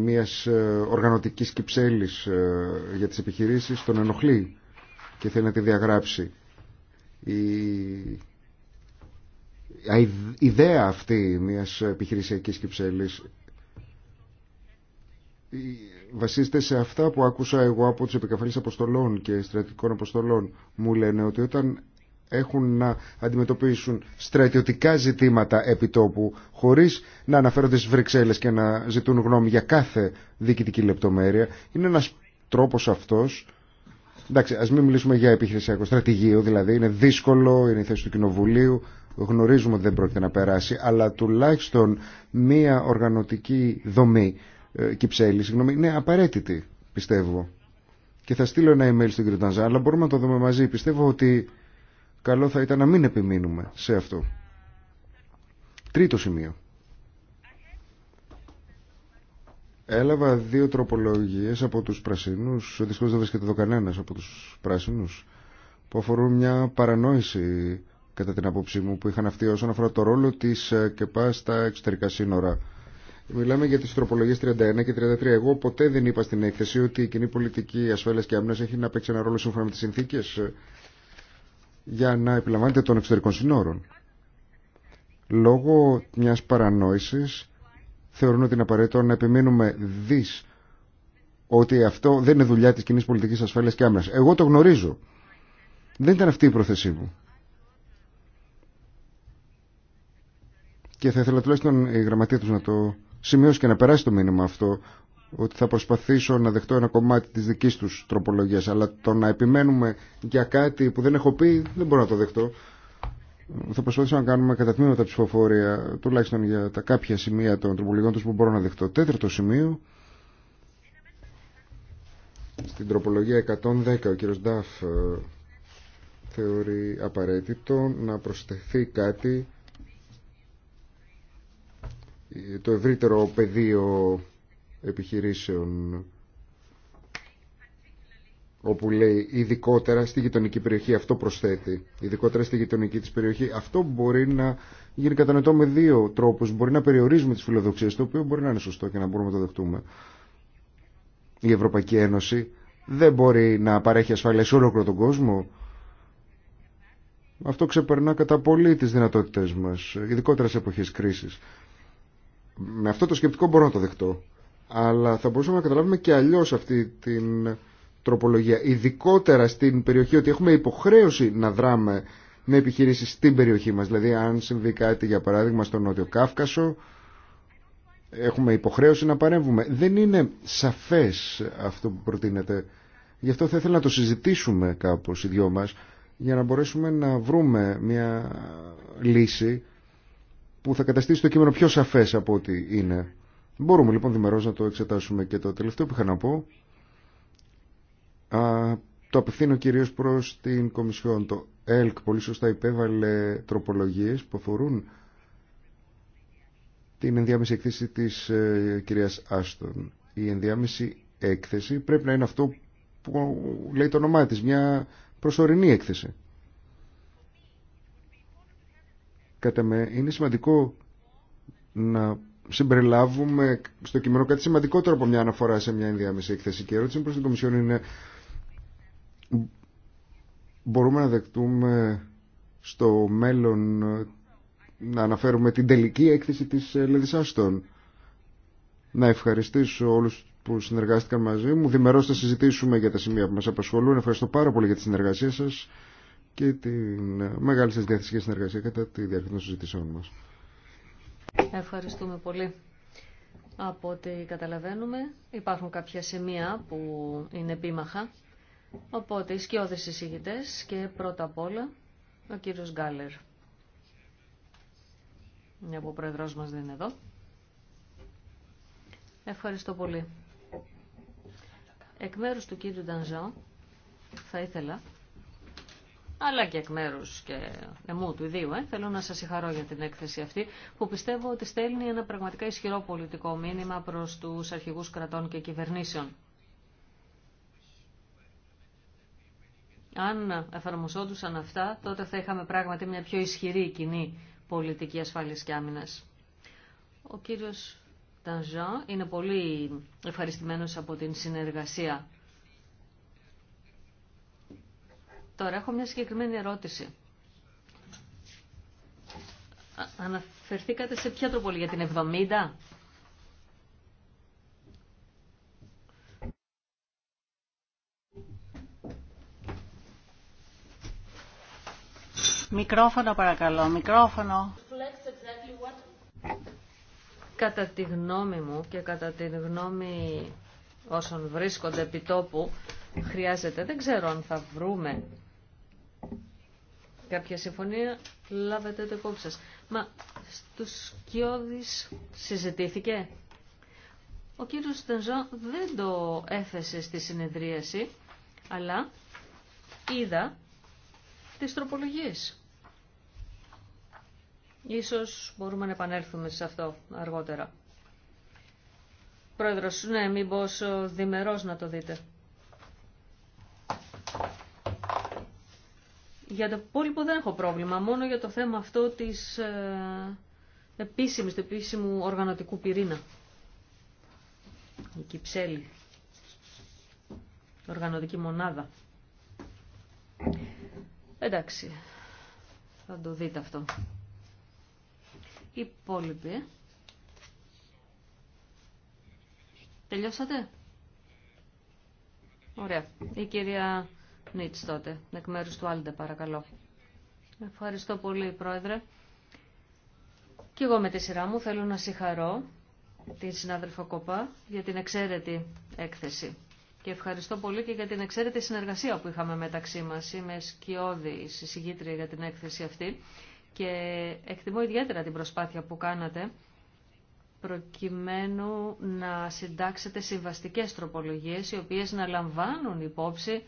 Speaker 3: μιας ε, οργανωτικής κυψέλη ε, για τις επιχειρήσεις τον ενοχλεί και θέλει να τη διαγράψει. Η ιδέα αυτή μιας επιχειρησιακής κυψέλης βασίζεται σε αυτά που άκουσα εγώ από τους επικαφαλής αποστολών και στρατιωτικών αποστολών. Μου λένε ότι όταν έχουν να αντιμετωπίσουν στρατιωτικά ζητήματα επιτόπου χωρίς να αναφέρονται στις Βρυξέλλες και να ζητούν γνώμη για κάθε διοικητική λεπτομέρεια. Είναι ένας τρόπος αυτός Εντάξει, ας μην μιλήσουμε για επιχειρησιακό στρατηγείο, δηλαδή είναι δύσκολο, είναι η θέση του Κοινοβουλίου, γνωρίζουμε ότι δεν πρόκειται να περάσει, αλλά τουλάχιστον μία οργανωτική δομή ε, Κυψέλη, συγγνώμη, είναι απαραίτητη, πιστεύω. Και θα στείλω ένα email στην Κρυτανζά, αλλά μπορούμε να το δούμε μαζί. Πιστεύω ότι καλό θα ήταν να μην επιμείνουμε σε αυτό. Τρίτο σημείο. Έλαβα δύο τροπολογίες από τους πρασίνους, δυστυχώς δεν βρίσκεται εδώ κανένας από τους πράσινους, που αφορούν μια παρανόηση κατά την απόψή μου που είχαν αυτοί όσον αφορά το ρόλο της ΚΕΠΑ στα εξωτερικά σύνορα. Μιλάμε για τι τροπολογίες 31 και 33. Εγώ ποτέ δεν είπα στην έκθεση ότι η κοινή πολιτική ασφάλειας και άμυνα έχει να παίξει ένα ρόλο σύμφωνα με τις συνθήκες ε, για να επιλαμβάνεται των εξωτερικών συνόρων. Λόγω μια παρανόηση θεωρούν ότι είναι απαραίτητο να επιμείνουμε δι ότι αυτό δεν είναι δουλειά τη κοινή πολιτική ασφάλειας και άμυνα. Εγώ το γνωρίζω. Δεν ήταν αυτή η πρόθεσή μου. Και θα ήθελα τουλάχιστον η γραμματεία του να το σημείωσε και να περάσει το μήνυμα αυτό ότι θα προσπαθήσω να δεχτώ ένα κομμάτι της δικής τους τροπολογίας αλλά το να επιμένουμε για κάτι που δεν έχω πει δεν μπορώ να το δεχτώ θα προσπαθήσω να κάνουμε κατά τμήματα ψηφοφόρια τουλάχιστον για τα κάποια σημεία των τροπολογιών τους που μπορώ να δεχτώ τέταρτο σημείο στην τροπολογία 110 ο κύριος Νταφ ε, θεωρεί απαραίτητο να προσθεθεί κάτι το ευρύτερο πεδίο επιχειρήσεων όπου λέει ειδικότερα στη γειτονική περιοχή, αυτό προσθέτει, ειδικότερα στη γειτονική της περιοχή, αυτό μπορεί να γίνει κατανοητό με δύο τρόπους. Μπορεί να περιορίζουμε τις φιλοδοξίες, το οποίο μπορεί να είναι σωστό και να μπορούμε να το δεχτούμε. Η Ευρωπαϊκή Ένωση δεν μπορεί να παρέχει ασφάλεια σε όλο τον κόσμο. Αυτό ξεπερνά κατά πολύ τις δυνατότητες μας, ειδικότερα σε εποχές κρίσης. Με αυτό το σκεπτικό μπορώ να το δεχτώ. Αλλά θα μπορούσαμε να καταλάβουμε και αλλιώ αυτή την τροπολογία. Ειδικότερα στην περιοχή ότι έχουμε υποχρέωση να δράμε με επιχειρήσει στην περιοχή μα. Δηλαδή, αν συμβεί κάτι, για παράδειγμα, στο Νότιο Κάφκασο, έχουμε υποχρέωση να παρέμβουμε. Δεν είναι σαφέ αυτό που προτείνεται. Γι' αυτό θα ήθελα να το συζητήσουμε κάπως οι δυο μα, για να μπορέσουμε να βρούμε μια λύση που θα καταστήσει το κείμενο πιο σαφέ από ό,τι είναι. Μπορούμε λοιπόν διμερώς να το εξετάσουμε και το τελευταίο που είχα να πω. Α, το απευθύνω κυρίως προς την Κομισιόν. Το ΕΛΚ πολύ σωστά υπέβαλε τροπολογίες που αφορούν την ενδιάμεση εκθέση της ε, κυρίας Άστον. Η ενδιάμεση έκθεση πρέπει να είναι αυτό που λέει το όνομά της, μια προσωρινή έκθεση. Κατά με είναι σημαντικό να συμπεριλάβουμε στο κείμενο κάτι σημαντικότερο από μια αναφορά σε μια ενδιάμεση έκθεση. Και η ερώτηση προ την Κομισιόν είναι μπορούμε να δεχτούμε στο μέλλον να αναφέρουμε την τελική έκθεση της Λεδισάστον. Να ευχαριστήσω όλους που συνεργάστηκαν μαζί μου. Δημερώς να συζητήσουμε για τα σημεία που μας απασχολούν. Ευχαριστώ πάρα πολύ για τη συνεργασία σας και την ε, μεγάλη σας διάθεση συνεργασία κατά τη διάρκεια των συζητήσεών μας.
Speaker 1: Ευχαριστούμε πολύ. Από ό,τι καταλαβαίνουμε υπάρχουν κάποια σημεία που είναι επίμαχα. Οπότε οι σκιώδες συζητητέ και πρώτα απ' όλα ο κύριος Γκάλερ. Μια που ο πρόεδρός μας δεν είναι εδώ. Ευχαριστώ πολύ. Εκ μέρους του κύριου Ντανζό θα ήθελα αλλά και εκ μέρου και εμού του ιδίου. Ε. Θέλω να σα συγχαρώ για την έκθεση αυτή, που πιστεύω ότι στέλνει ένα πραγματικά ισχυρό πολιτικό μήνυμα προ του αρχηγού κρατών και κυβερνήσεων. Αν εφαρμοσόντουσαν αυτά, τότε θα είχαμε πράγματι μια πιο ισχυρή κοινή πολιτική ασφάλειας και άμυνας. Ο κύριος Τανζάν είναι πολύ ευχαριστημένος από την συνεργασία Τώρα έχω μια συγκεκριμένη ερώτηση. Αναφερθήκατε σε ποια για την 70?
Speaker 2: Μικρόφωνο παρακαλώ, μικρόφωνο. Κατά τη γνώμη μου και κατά τη γνώμη
Speaker 1: όσων βρίσκονται επί τόπου, χρειάζεται, δεν ξέρω αν θα βρούμε κάποια συμφωνία, λάβετε το υπόψη σας. Μα στους Κιώδης συζητήθηκε. Ο κύριος Στενζό δεν το έθεσε στη συνεδρίαση, αλλά είδα τις τροπολογίες. Ίσως μπορούμε να επανέλθουμε σε αυτό αργότερα. Πρόεδρος, ναι, μήπως διμερός να το δείτε. Για το υπόλοιπο δεν έχω πρόβλημα, μόνο για το θέμα αυτό της ε, επίσημης, του επίσημου οργανωτικού πυρήνα. Η Κυψέλη, οργανωτική μονάδα. Εντάξει, θα το δείτε αυτό. Οι υπόλοιποι. Τελειώσατε. Ωραία. Η κυρία Νίτς τότε, εκ μέρους του Άλντε παρακαλώ. Ευχαριστώ πολύ Πρόεδρε. Και εγώ με τη σειρά μου θέλω να συγχαρώ την συνάδελφο Κοπά για την εξαίρετη έκθεση. Και ευχαριστώ πολύ και για την εξαίρετη συνεργασία που είχαμε μεταξύ μας. Είμαι σκιώδη συζητήτρια για την έκθεση αυτή και εκτιμώ ιδιαίτερα την προσπάθεια που κάνατε προκειμένου να συντάξετε συμβαστικές τροπολογίες οι οποίες να λαμβάνουν υπόψη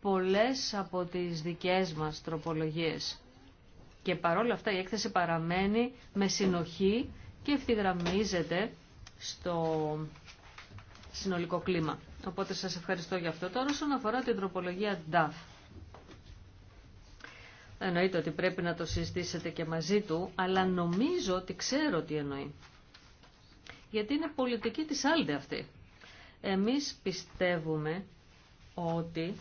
Speaker 1: πολλές από τις δικές μας τροπολογίες. Και παρόλα αυτά η έκθεση παραμένει με συνοχή και ευθυγραμμίζεται στο συνολικό κλίμα. Οπότε σας ευχαριστώ για αυτό. Τώρα όσον αφορά την τροπολογία DAF. Εννοείται ότι πρέπει να το συζητήσετε και μαζί του, αλλά νομίζω ότι ξέρω τι εννοεί. Γιατί είναι πολιτική της άλλη αυτή. Εμείς πιστεύουμε ότι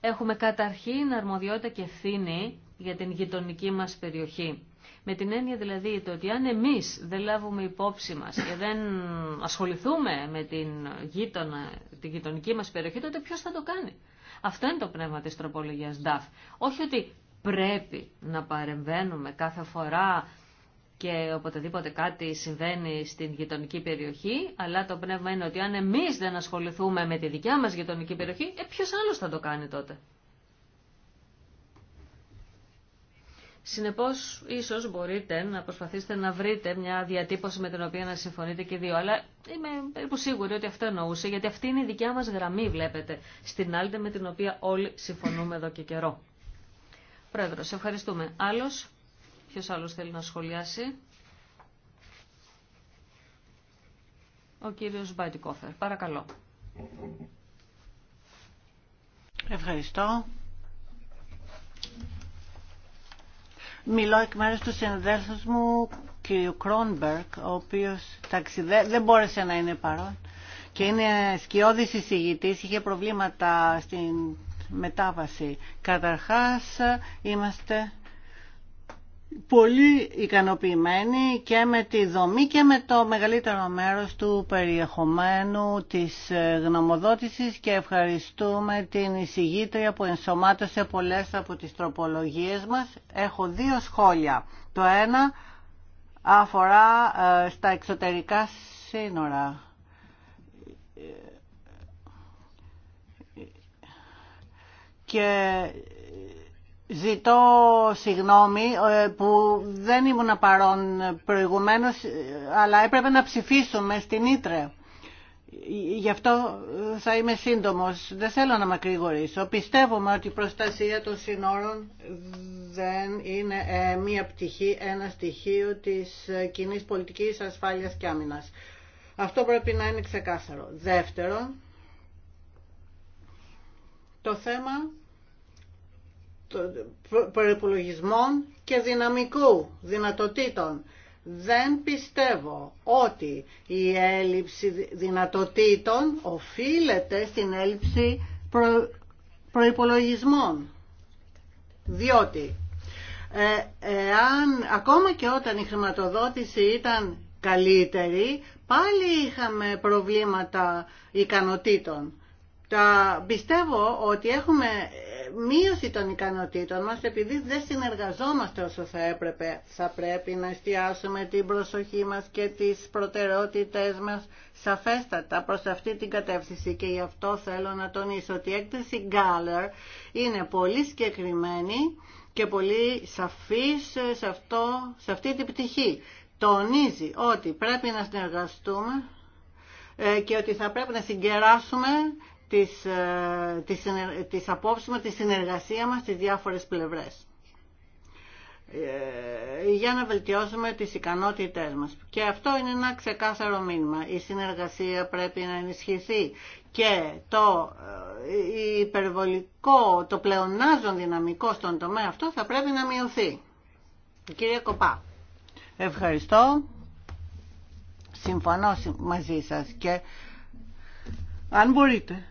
Speaker 1: Έχουμε καταρχήν αρμοδιότητα και ευθύνη για την γειτονική μας περιοχή. Με την έννοια δηλαδή το ότι αν εμείς δεν λάβουμε υπόψη μας και δεν ασχοληθούμε με την, γείτονα, την γειτονική μας περιοχή, τότε ποιος θα το κάνει. Αυτό είναι το πνεύμα της τροπολογίας DAF. Όχι ότι πρέπει να παρεμβαίνουμε κάθε φορά και οποτεδήποτε κάτι συμβαίνει στην γειτονική περιοχή, αλλά το πνεύμα είναι ότι αν εμεί δεν ασχοληθούμε με τη δικιά μα γειτονική περιοχή, ε, ποιος άλλος θα το κάνει τότε. Συνεπώ ίσω μπορείτε να προσπαθήσετε να βρείτε μια διατύπωση με την οποία να συμφωνείτε και δύο, αλλά είμαι περίπου σίγουρη ότι αυτό εννοούσε, γιατί αυτή είναι η δικιά μα γραμμή, βλέπετε, στην άλλη με την οποία όλοι συμφωνούμε εδώ και καιρό. Πρόεδρος, ευχαριστούμε. Άλλος. Ποιος άλλος θέλει να σχολιάσει. Ο κύριος Μπαϊτικόφερ. Παρακαλώ.
Speaker 2: Ευχαριστώ. Μιλώ εκ μέρους του συνδέλφους μου κ. Κρόνμπερκ, ο οποίος ταξιδε... δεν μπόρεσε να είναι παρόν και είναι σκιώδης εισηγητής, είχε προβλήματα στην μετάβαση. Καταρχάς είμαστε πολύ ικανοποιημένοι και με τη δομή και με το μεγαλύτερο μέρος του περιεχομένου της ε, γνωμοδότησης και ευχαριστούμε την εισηγήτρια που ενσωμάτωσε πολλές από τις τροπολογίες μας. Έχω δύο σχόλια. Το ένα αφορά ε, στα εξωτερικά σύνορα. Ε, και Ζητώ συγγνώμη ε, που δεν ήμουν παρόν προηγουμένως, αλλά έπρεπε να ψηφίσουμε στην Ήτρε. Γι' αυτό θα είμαι σύντομος. Δεν θέλω να μακρηγορήσω. Πιστεύουμε ότι η προστασία των συνόρων δεν είναι ε, μία πτυχή, ένα στοιχείο της ε, κοινή πολιτικής ασφάλειας και άμυνας. Αυτό πρέπει να είναι ξεκάθαρο. Δεύτερον, το θέμα προϋπολογισμών και δυναμικού δυνατοτήτων. Δεν πιστεύω ότι η έλλειψη δυνατοτήτων οφείλεται στην έλλειψη προ... προϋπολογισμών. Διότι αν ε, ακόμα και όταν η χρηματοδότηση ήταν καλύτερη, πάλι είχαμε προβλήματα ικανοτήτων. Τα, πιστεύω ότι έχουμε μείωση των ικανοτήτων μας επειδή δεν συνεργαζόμαστε όσο θα έπρεπε. Θα πρέπει να εστιάσουμε την προσοχή μας και τις προτεραιότητες μας σαφέστατα προς αυτή την κατεύθυνση και γι' αυτό θέλω να τονίσω ότι η έκθεση Galler είναι πολύ συγκεκριμένη και πολύ σαφής σε, αυτό, σε αυτή την πτυχή. Τονίζει ότι πρέπει να συνεργαστούμε ε, και ότι θα πρέπει να συγκεράσουμε τις, ε, τις, τις απόψεις μας, τη συνεργασία μας στις διάφορες πλευρές ε, για να βελτιώσουμε τις ικανότητές μας. Και αυτό είναι ένα ξεκάθαρο μήνυμα. Η συνεργασία πρέπει να ενισχυθεί και το ε, υπερβολικό, το πλεονάζον δυναμικό στον τομέα αυτό θα πρέπει να μειωθεί. Κύριε Κοπά, ευχαριστώ. Συμφωνώ μαζί σας και αν μπορείτε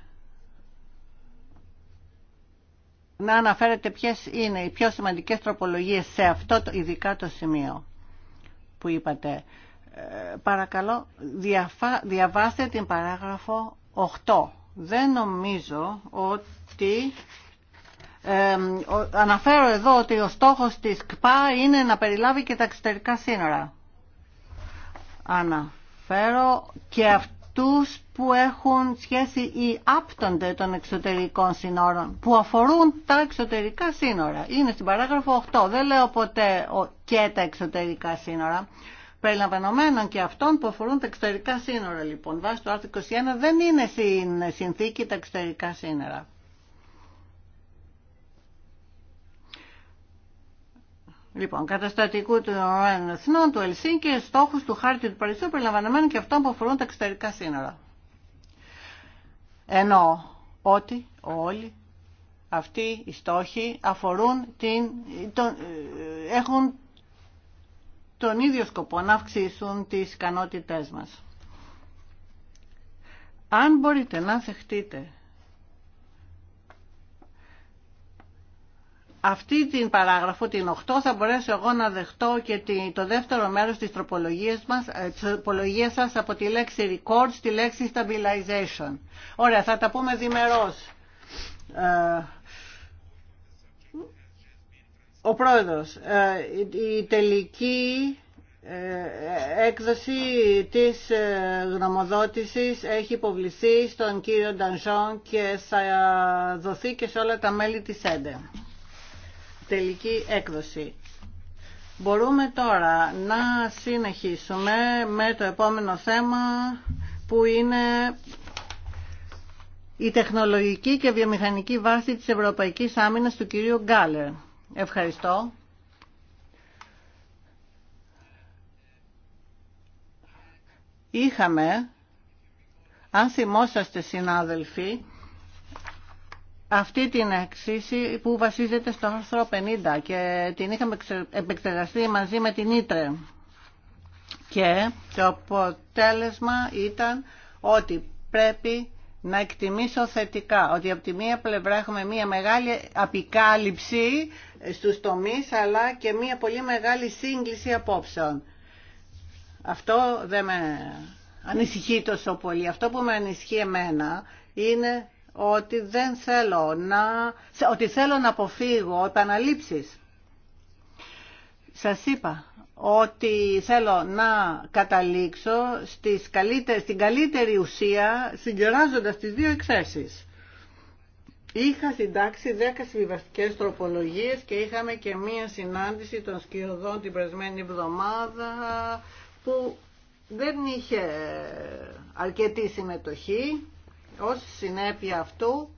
Speaker 2: να αναφέρετε ποιες είναι οι πιο σημαντικές τροπολογίες σε αυτό το ειδικά το σημείο που είπατε. Ε, παρακαλώ, διαβάστε την παράγραφο 8. Δεν νομίζω ότι... αναφέρω εδώ ότι ο στόχος της ΚΠΑ είναι να περιλάβει και τα εξωτερικά σύνορα. Αναφέρω και αυτό αυτούς που έχουν σχέση ή άπτονται των εξωτερικών σύνορων, που αφορούν τα εξωτερικά σύνορα. Είναι στην παράγραφο 8, δεν λέω ποτέ και τα εξωτερικά σύνορα. Περιλαμβανομένων και αυτών που αφορούν τα εξωτερικά σύνορα λοιπόν. Βάσει το άρθρο 21 δεν είναι στην συνθήκη τα εξωτερικά σύνορα. Λοιπόν, καταστατικού του εθνών του και στόχους του χάρτη του Παρισιού, περιλαμβανομένου και αυτών που αφορούν τα εξωτερικά σύνορα. Ενώ ότι όλοι αυτοί οι στόχοι αφορούν την, τον, ε, έχουν τον ίδιο σκοπό να αυξήσουν τις ικανότητές μας. Αν μπορείτε να δεχτείτε αυτή την παράγραφο, την 8, θα μπορέσω εγώ να δεχτώ και το δεύτερο μέρος της τροπολογίας, μας, ε, της τροπολογίας σας από τη λέξη record στη λέξη stabilization. Ωραία, θα τα πούμε διμερώς. Ε, ο πρόεδρος, ε, η τελική έκδοση της γνωμοδότησης έχει υποβληθεί στον κύριο Ντανζόν και θα δοθεί και σε όλα τα μέλη της ΕΔΕ τελική έκδοση. Μπορούμε τώρα να συνεχίσουμε με το επόμενο θέμα που είναι η τεχνολογική και βιομηχανική βάση της Ευρωπαϊκής Άμυνας του κυρίου Γκάλερ. Ευχαριστώ. Είχαμε, αν θυμόσαστε συνάδελφοι, αυτή την αξίση που βασίζεται στο άρθρο 50 και την είχαμε επεξεργαστεί μαζί με την Ήτρε. Και το αποτέλεσμα ήταν ότι πρέπει να εκτιμήσω θετικά ότι από τη μία πλευρά έχουμε μία μεγάλη απικάλυψη στους τομείς αλλά και μία πολύ μεγάλη σύγκληση απόψεων. Αυτό δεν με ανησυχεί τόσο πολύ. Αυτό που με ανησυχεί εμένα είναι ότι δεν θέλω να, ότι θέλω να αποφύγω επαναλήψεις. Σας είπα ότι θέλω να καταλήξω στις στην καλύτερη ουσία συγκεράζοντας τις δύο εξέσεις. Είχα συντάξει 10 συμβιβαστικέ τροπολογίες και είχαμε και μία συνάντηση των σκιωδών την περασμένη εβδομάδα που δεν είχε αρκετή συμμετοχή ως συνέπεια αυτού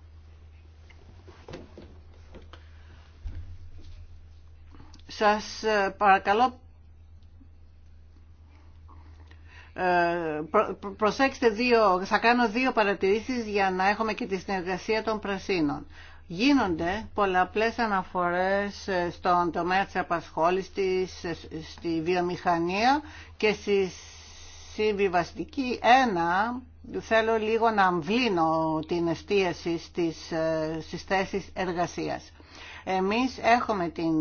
Speaker 2: σας ε, παρακαλώ ε, προσέξτε δύο, θα κάνω δύο παρατηρήσεις για να έχουμε και τη συνεργασία των πρασίνων. Γίνονται πολλαπλές αναφορές ε, στον τομέα της απασχόλησης, στη βιομηχανία και στη συμβιβαστική ένα θέλω λίγο να αμβλύνω την εστίαση στις, ε, στις θέσεις εργασίας. Εμείς έχουμε την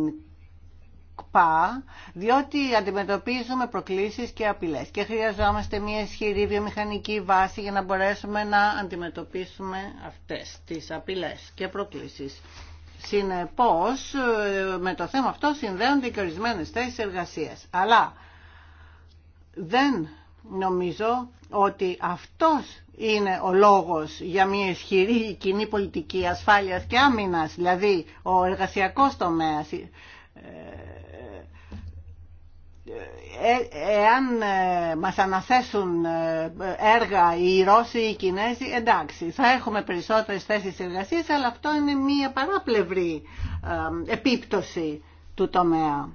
Speaker 2: ΚΠΑ διότι αντιμετωπίζουμε προκλήσεις και απειλές και χρειαζόμαστε μια ισχυρή βιομηχανική βάση για να μπορέσουμε να αντιμετωπίσουμε αυτές τις απειλές και προκλήσεις. Συνεπώς, ε, με το θέμα αυτό συνδέονται και ορισμένες θέσεις εργασίας. Αλλά δεν Νομίζω ότι αυτός είναι ο λόγος για μια ισχυρή κοινή πολιτική ασφάλειας και άμυνας, δηλαδή ο εργασιακός τομέας. Ε, ε, ε, εάν μας αναθέσουν έργα οι Ρώσοι ή οι Κινέζοι, εντάξει, θα έχουμε περισσότερες θέσεις εργασίας, αλλά αυτό είναι μια παράπλευρη επίπτωση του τομέα.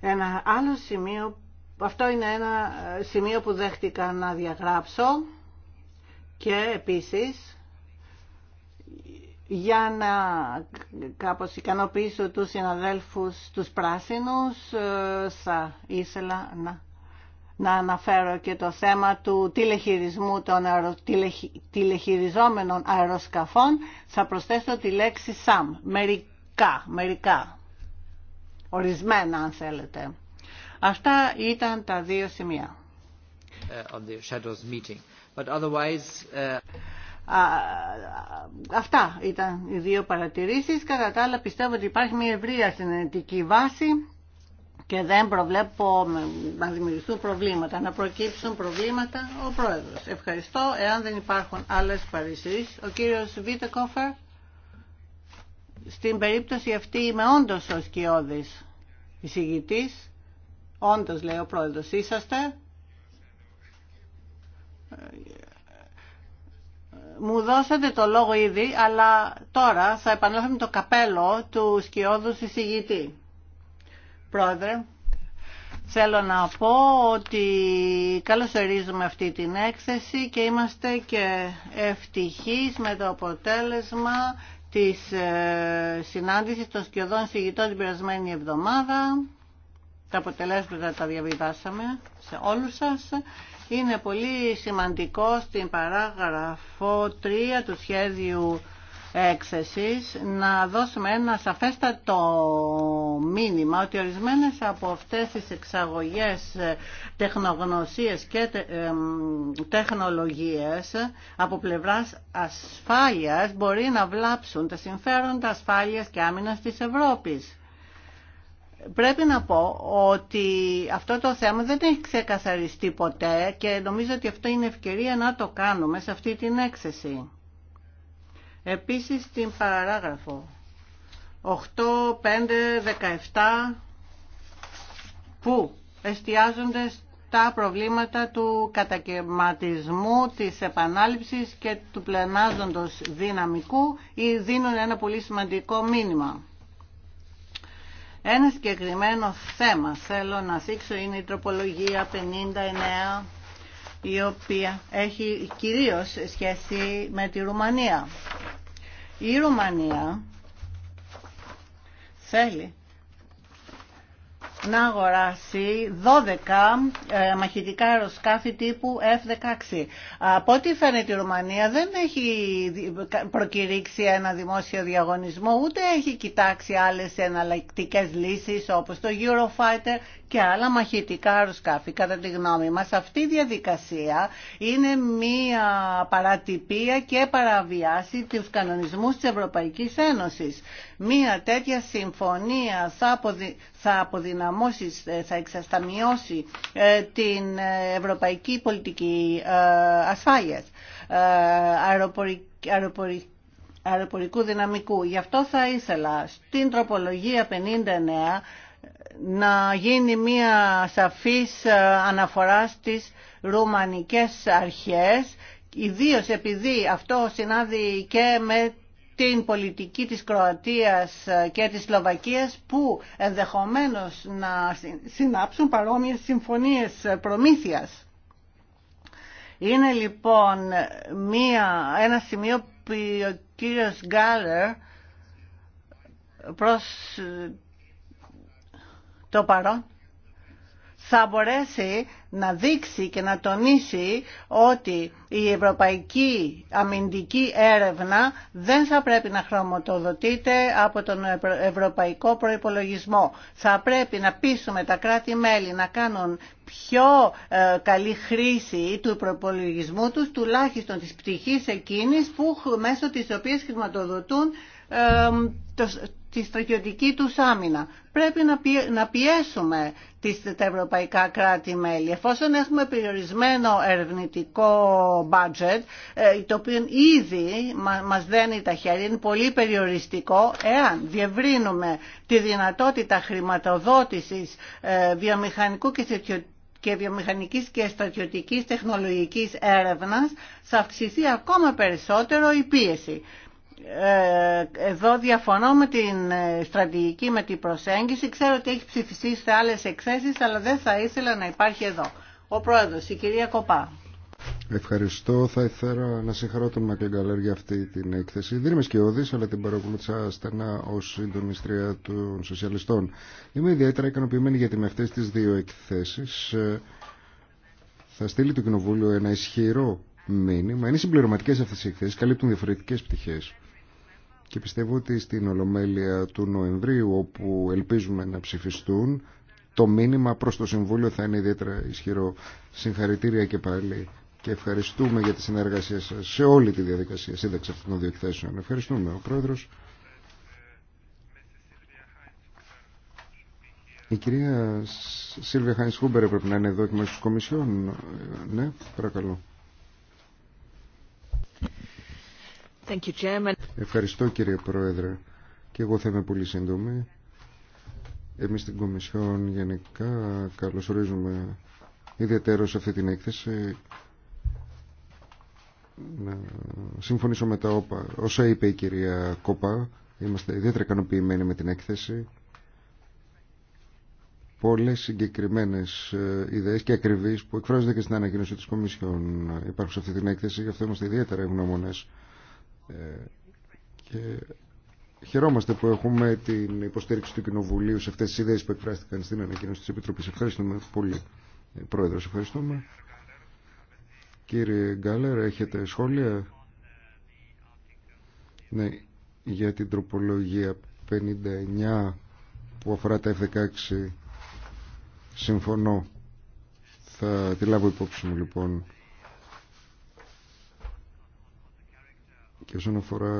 Speaker 2: Ένα άλλο σημείο αυτό είναι ένα ε, σημείο που δέχτηκα να διαγράψω και επίσης για να κάπως ικανοποιήσω τους συναδέλφους τους πράσινους ε, θα ήθελα να, να αναφέρω και το θέμα του τηλεχειρισμού των αερο, τηλεχειριζόμενων αεροσκαφών θα προσθέσω τη λέξη SAM, μερικά, μερικά, ορισμένα αν θέλετε. Αυτά ήταν τα δύο σημεία. Uh, the uh... αυτά ήταν οι δύο παρατηρήσεις. Κατά τα άλλα πιστεύω ότι υπάρχει μια ευρεία συνενετική βάση και δεν προβλέπω να δημιουργηθούν προβλήματα, να προκύψουν προβλήματα ο Πρόεδρος. Ευχαριστώ. Εάν δεν υπάρχουν άλλες παρατηρήσεις, ο κύριος Βίτεκοφερ, στην περίπτωση αυτή είμαι όντως ο σκιώδης εισηγητής Όντως, λέει ο πρόεδρος, είσαστε. Μου δώσατε το λόγο ήδη, αλλά τώρα θα επανέλθουμε με το καπέλο του σκιώδου συζητητή. Πρόεδρε, θέλω να πω ότι καλωσορίζουμε αυτή την έκθεση και είμαστε και ευτυχείς με το αποτέλεσμα της ε, συνάντησης των σκιωδών συγητών την περασμένη εβδομάδα τα αποτελέσματα τα διαβιβάσαμε σε όλους σας. Είναι πολύ σημαντικό στην παράγραφο 3 του σχέδιου έξεσης να δώσουμε ένα σαφέστατο μήνυμα ότι ορισμένες από αυτές τις εξαγωγές τεχνογνωσίες και τεχνολογίες από πλευράς ασφάλειας μπορεί να βλάψουν τα συμφέροντα ασφάλειας και άμυνας της Ευρώπης. Πρέπει να πω ότι αυτό το θέμα δεν έχει ξεκαθαριστεί ποτέ και νομίζω ότι αυτό είναι ευκαιρία να το κάνουμε σε αυτή την έκθεση. Επίσης στην παράγραφο 8, 5, 17 που εστιάζονται τα προβλήματα του κατακαιρματισμού, της επανάληψης και του πλενάζοντος δυναμικού ή δίνουν ένα πολύ σημαντικό μήνυμα. Ένα συγκεκριμένο θέμα θέλω να θίξω είναι η τροπολογία 59 η οποία έχει κυρίως σχέση με τη Ρουμανία. Η Ρουμανία θέλει να αγοράσει 12 ε, μαχητικά αεροσκάφη τύπου F-16. Από ό,τι φαίνεται η Ρουμανία δεν έχει προκηρύξει ένα δημόσιο διαγωνισμό, ούτε έχει κοιτάξει άλλες εναλλακτικές λύσεις όπως το Eurofighter και άλλα μαχητικά αεροσκάφη. Κατά τη γνώμη μας αυτή η διαδικασία είναι μία παρατυπία και παραβιάση του κανονισμούς της Ευρωπαϊκής Ένωσης. Μία τέτοια συμφωνία θα, αποδυ... θα αποδυναμώσει, ε, θα εξασταμιώσει ε, την ε, ευρωπαϊκή πολιτική ασφάλειας αεροπορική αεροπορικού δυναμικού. Γι' αυτό θα ήθελα στην τροπολογία 59 να γίνει μία σαφής ε, αναφορά στις ρουμανικές αρχές, ιδίως επειδή αυτό συνάδει και με την πολιτική της Κροατίας ε, και της Σλοβακίας που ενδεχομένως να συνάψουν παρόμοιες συμφωνίες ε, προμήθειας. Είναι λοιπόν μία, ένα σημείο που ο κύριος Γκάλερ προς το παρόν θα μπορέσει να δείξει και να τονίσει ότι η ευρωπαϊκή αμυντική έρευνα δεν θα πρέπει να χρωματοδοτείται από τον ευρωπαϊκό προϋπολογισμό. Θα πρέπει να πείσουμε τα κράτη-μέλη να κάνουν πιο ε, καλή χρήση του προϋπολογισμού τους, τουλάχιστον της πτυχής εκείνης που, μέσω της οποίας χρηματοδοτούν τη στρατιωτική τους άμυνα. Πρέπει να πιέσουμε τις, τα ευρωπαϊκά κράτη-μέλη. Εφόσον έχουμε περιορισμένο ερευνητικό budget, ε, το οποίο ήδη μας δένει τα χέρια, είναι πολύ περιοριστικό, εάν διευρύνουμε τη δυνατότητα χρηματοδότησης ε, βιομηχανικού και και βιομηχανικής και στρατιωτικής τεχνολογικής έρευνας θα αυξηθεί ακόμα περισσότερο η πίεση. Ε, εδώ διαφωνώ με την ε, στρατηγική, με την προσέγγιση. Ξέρω ότι έχει ψηφιστεί σε άλλες εκθέσεις, αλλά δεν θα ήθελα να υπάρχει εδώ. Ο Πρόεδρος, η κυρία Κοπά.
Speaker 3: Ευχαριστώ. Θα ήθελα να συγχαρώ τον Μακλεγκαλέρ για αυτή την έκθεση. Δεν είμαι σκιώδη, αλλά την παρακολούθησα στενά ω συντονιστρία των σοσιαλιστών. Είμαι ιδιαίτερα ικανοποιημένη γιατί με αυτέ τι δύο εκθέσει ε, θα στείλει το Κοινοβούλιο ένα ισχυρό μήνυμα. Είναι συμπληρωματικέ αυτέ οι εκθέσει, καλύπτουν διαφορετικέ πτυχέ και πιστεύω ότι στην Ολομέλεια του Νοεμβρίου όπου ελπίζουμε να ψηφιστούν το μήνυμα προς το Συμβούλιο θα είναι ιδιαίτερα ισχυρό. Συγχαρητήρια και πάλι και ευχαριστούμε για τη συνεργασία σας σε όλη τη διαδικασία σύνταξη αυτών των διεκθέσεων. Ευχαριστούμε. Ο Πρόεδρος. Η κυρία Σίλβια Χάινς Χούμπερ πρέπει να είναι εδώ και Κομισιόν. Ε, ναι, παρακαλώ. Ευχαριστώ κύριε Πρόεδρε. Και εγώ θα είμαι πολύ σύντομη. Εμείς στην Κομισιόν γενικά καλωσορίζουμε ιδιαίτερο σε αυτή την έκθεση να συμφωνήσω με τα όπα. Όσα είπε η κυρία Κόπα, είμαστε ιδιαίτερα ικανοποιημένοι με την έκθεση. Πολλές συγκεκριμένες ε, ιδέες και ακριβείς που εκφράζονται και στην ανακοίνωση της Κομισιόν υπάρχουν σε αυτή την έκθεση, γι' αυτό είμαστε ιδιαίτερα ευγνώμονες ε, και χαιρόμαστε που έχουμε την υποστήριξη του Κοινοβουλίου σε αυτές τις ιδέες που εκφράστηκαν στην ανακοίνωση τη Επιτροπή. Ευχαριστούμε πολύ, ε, Πρόεδρο Ευχαριστούμε. Κύριε Γκάλερ, έχετε σχόλια ναι, για την τροπολογία 59 που αφορά τα F-16. Συμφωνώ. Θα τη λάβω υπόψη μου λοιπόν. και όσον αφορά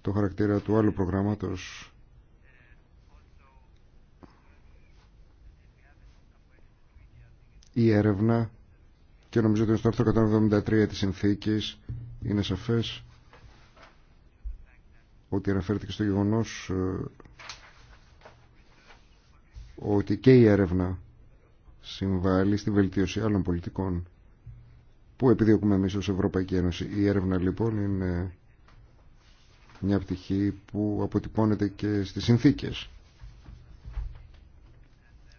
Speaker 3: το χαρακτήρα του άλλου προγράμματος η έρευνα και νομίζω ότι στο άρθρο 173 της συνθήκης είναι σαφές ότι αναφέρεται και στο γεγονός ε, ότι και η έρευνα συμβάλλει στη βελτίωση άλλων πολιτικών που επιδιώκουμε εμείς ως Ευρωπαϊκή Ένωση. Η έρευνα λοιπόν είναι μια πτυχή που αποτυπώνεται και στις συνθήκες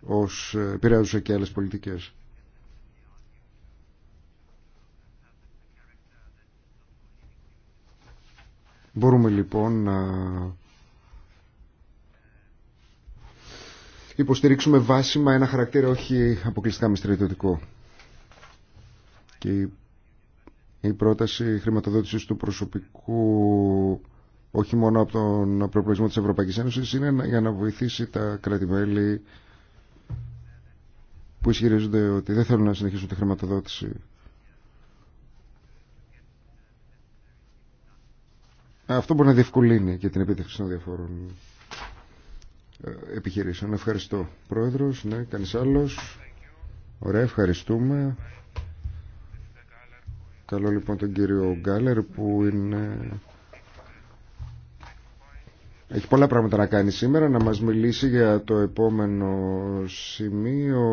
Speaker 3: ως επηρεάζουσα και άλλες πολιτικές. Μπορούμε λοιπόν να υποστηρίξουμε βάσιμα ένα χαρακτήρα όχι αποκλειστικά με στρατιωτικό και η πρόταση χρηματοδότησης του προσωπικού όχι μόνο από τον προπολογισμό της Ευρωπαϊκής Ένωσης είναι για να βοηθήσει τα κρατημέλη που ισχυρίζονται ότι δεν θέλουν να συνεχίσουν τη χρηματοδότηση. Αυτό μπορεί να διευκολύνει και την επίτευξη των διαφόρων ε, επιχειρήσεων. Ευχαριστώ. Πρόεδρος, ναι, κανείς άλλος. Ωραία, ευχαριστούμε. Καλό λοιπόν τον κύριο Γκάλερ που είναι... Έχει πολλά πράγματα να κάνει σήμερα, να μας μιλήσει για το επόμενο σημείο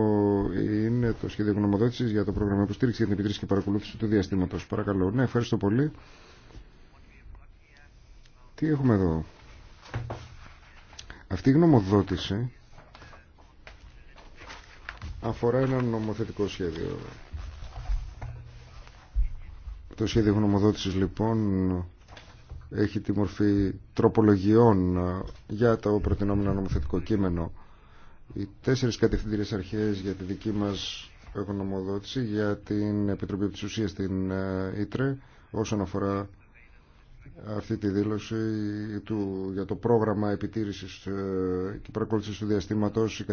Speaker 3: είναι το σχέδιο γνωμοδότησης για το πρόγραμμα υποστήριξη για την Επιτρήση και παρακολούθηση του διαστήματος. Παρακαλώ. Ναι, ευχαριστώ πολύ. Τι έχουμε εδώ. Αυτή η γνωμοδότηση αφορά ένα νομοθετικό σχέδιο το σχέδιο γνωμοδότησης λοιπόν έχει τη μορφή τροπολογιών για το προτινόμενο νομοθετικό κείμενο. Οι τέσσερις κατευθυντήριες αρχές για τη δική μας γνωμοδότηση για την Επιτροπή της Ουσίας στην ε, Ήτρε όσον αφορά αυτή τη δήλωση του, για το πρόγραμμα επιτήρησης ε, και παρακολούθησης του διαστήματος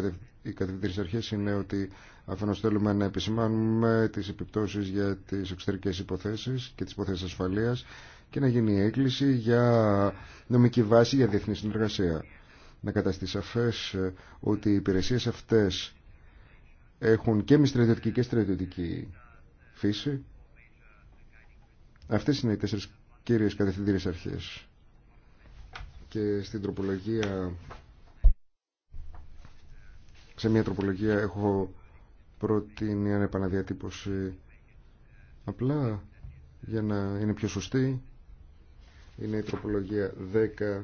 Speaker 3: οι κατευθυντήρες αρχές είναι ότι αφενός θέλουμε να επισημάνουμε τις επιπτώσεις για τις εξωτερικές υποθέσεις και τις υποθέσεις ασφαλείας και να γίνει έκκληση για νομική βάση για διεθνή συνεργασία. Να καταστεί σαφές ε, ότι οι υπηρεσίες αυτές έχουν και μη στρατιωτική και στρατιωτική φύση. Αυτές είναι οι τέσσερις κύριες κατευθυντήρες αρχές και στην τροπολογία σε μια τροπολογία έχω προτείνει ανεπαναδιατύπωση απλά για να είναι πιο σωστή είναι η τροπολογία 10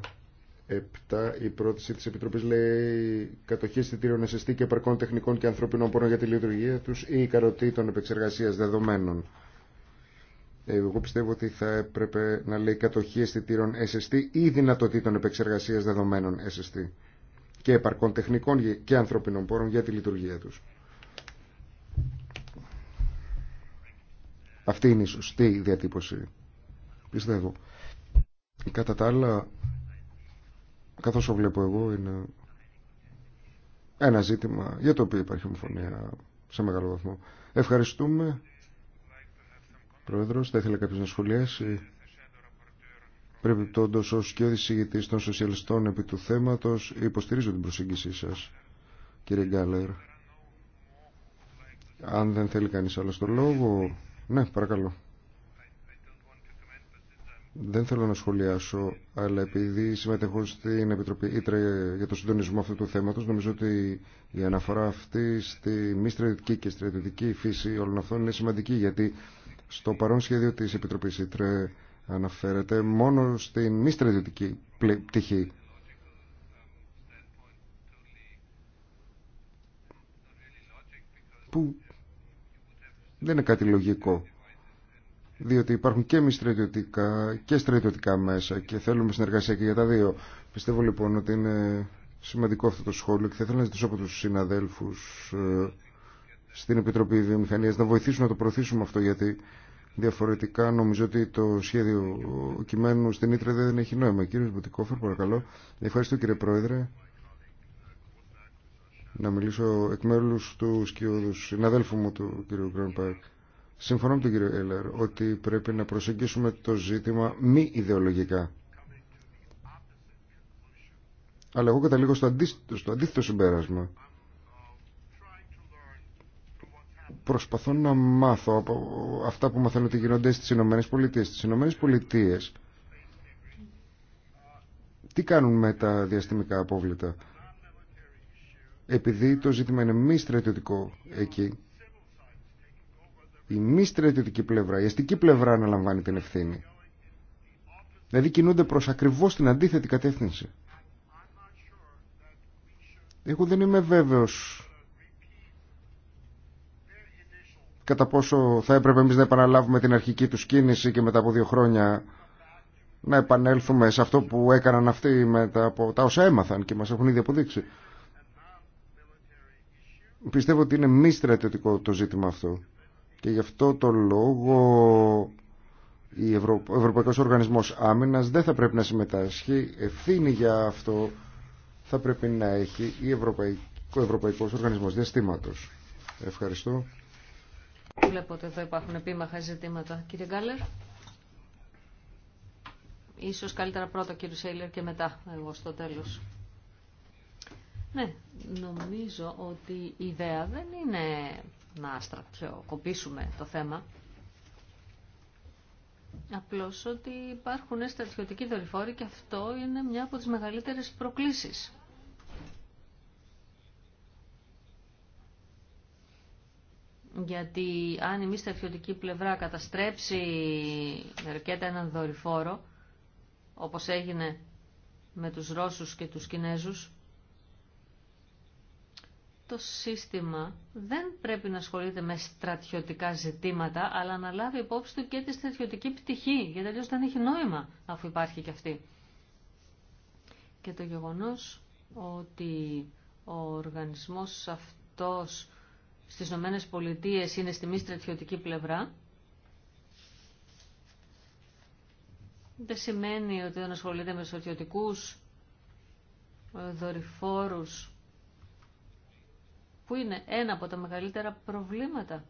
Speaker 3: η πρόταση τη Επιτροπή λέει κατοχή εισιτήριων εσεστή και επαρκών τεχνικών και ανθρωπινών πόρων για τη λειτουργία του ή ικανοτήτων επεξεργασία δεδομένων. Ε, εγώ πιστεύω ότι θα έπρεπε να λέει κατοχή αισθητήρων SST ή δυνατοτήτων επεξεργασίας δεδομένων SST και επαρκών τεχνικών και ανθρωπινών πόρων για τη λειτουργία τους. Αυτή είναι η σωστή διατύπωση, πιστεύω. Κατά τα άλλα, καθώς το βλέπω εγώ, είναι ένα ζήτημα για το οποίο υπάρχει ομοφωνία σε μεγάλο βαθμό. Ευχαριστούμε. Πρόεδρος, θα ήθελα κάποιος να σχολιάσει. Πρέπει τόντως ως και ηγητής των σοσιαλιστών επί του θέματος υποστηρίζω την προσέγγισή σας, κύριε Γκάλερ. Αν δεν θέλει κανείς άλλο το λόγο, ναι, παρακαλώ. Δεν θέλω να σχολιάσω, αλλά επειδή συμμετέχω στην Επιτροπή Ήτρα για το συντονισμό αυτού του θέματος, νομίζω ότι η αναφορά αυτή στη μη στρατιωτική και στρατιωτική φύση όλων αυτών είναι σημαντική, γιατί στο παρόν σχέδιο της Επιτροπής ΙΤΡΕ αναφέρεται μόνο στην μη στρατιωτική πτυχή. Που δεν είναι κάτι λογικό. Διότι υπάρχουν και μη στρατιωτικά και στρατιωτικά μέσα και θέλουμε συνεργασία και για τα δύο. Πιστεύω λοιπόν ότι είναι σημαντικό αυτό το σχόλιο και θα ήθελα να ζητήσω από τους συναδέλφους ε, στην Επιτροπή Βιομηχανίας να βοηθήσουμε να το προωθήσουμε αυτό γιατί διαφορετικά νομίζω ότι το σχέδιο κειμένου στην Ήτρε δεν έχει νόημα. Κύριε Μπουτικόφερ, παρακαλώ. Ευχαριστώ κύριε Πρόεδρε. Να μιλήσω εκ μέρου του σκιώδου συναδέλφου μου του κύριου Γκρόνπακ. Συμφωνώ με τον κύριο Έλλερ ότι πρέπει να προσεγγίσουμε το ζήτημα μη ιδεολογικά. Αλλά εγώ καταλήγω στο αντίθετο συμπέρασμα προσπαθώ να μάθω από αυτά που μαθαίνω ότι γίνονται στις Ηνωμένες Πολιτείες. Στις Ηνωμένες Πολιτείες τι κάνουν με τα διαστημικά απόβλητα. Επειδή το ζήτημα είναι μη στρατιωτικό εκεί, η μη στρατιωτική πλευρά, η αστική πλευρά αναλαμβάνει την ευθύνη. Δηλαδή κινούνται προς ακριβώς την αντίθετη κατεύθυνση. Εγώ δεν είμαι βέβαιος κατά πόσο θα έπρεπε εμείς να επαναλάβουμε την αρχική τους κίνηση και μετά από δύο χρόνια να επανέλθουμε σε αυτό που έκαναν αυτοί μετά από τα όσα έμαθαν και μας έχουν ήδη αποδείξει. Πιστεύω ότι είναι μη στρατιωτικό το ζήτημα αυτό και γι' αυτό το λόγο Ευρω... ο Ευρωπαϊκός Οργανισμός Άμυνας δεν θα πρέπει να συμμετάσχει. Ευθύνη για αυτό θα πρέπει να έχει η ο Ευρωπαϊκός Οργανισμός Διαστήματος. Ευχαριστώ.
Speaker 1: Βλέπω ότι εδώ υπάρχουν επίμαχα ζητήματα. Κύριε Γκάλερ. Ίσως καλύτερα πρώτα κύριο Σέιλερ και μετά εγώ στο τέλος. Ναι, νομίζω ότι η ιδέα δεν είναι να στρατιοκοπήσουμε το θέμα. Απλώς ότι υπάρχουν στρατιωτικοί δορυφόροι και αυτό είναι μια από τις μεγαλύτερες προκλήσεις. γιατί αν η μη στρατιωτική πλευρά καταστρέψει με ροκέτα έναν δορυφόρο, όπως έγινε με τους Ρώσους και τους Κινέζους, το σύστημα δεν πρέπει να ασχολείται με στρατιωτικά ζητήματα, αλλά να λάβει υπόψη του και τη στρατιωτική πτυχή, γιατί αλλιώς δεν έχει νόημα αφού υπάρχει και αυτή. Και το γεγονός ότι ο οργανισμός αυτός στις Ηνωμένες Πολιτείες είναι στη μη στρατιωτική πλευρά, δεν σημαίνει ότι δεν ασχολείται με στρατιωτικούς ε, δορυφόρους, που είναι ένα από τα μεγαλύτερα προβλήματα,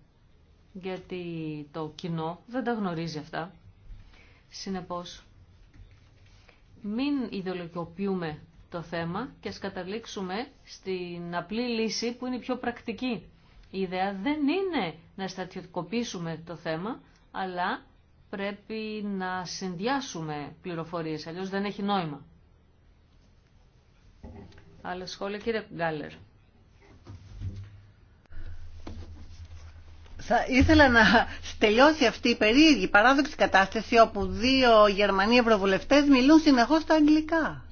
Speaker 1: γιατί το κοινό δεν τα γνωρίζει αυτά. Συνεπώς, μην ιδεολογικοποιούμε το θέμα και ας καταλήξουμε στην απλή λύση που είναι η πιο πρακτική. Η ιδέα δεν είναι να στατιωτικοποιήσουμε το θέμα, αλλά πρέπει να συνδυάσουμε πληροφορίες, αλλιώς δεν έχει νόημα. Άλλα σχόλια, κύριε Γκάλερ.
Speaker 2: Θα ήθελα να τελειώσει αυτή η περίεργη παράδοξη κατάσταση όπου δύο Γερμανοί ευρωβουλευτές μιλούν συνεχώς στα αγγλικά.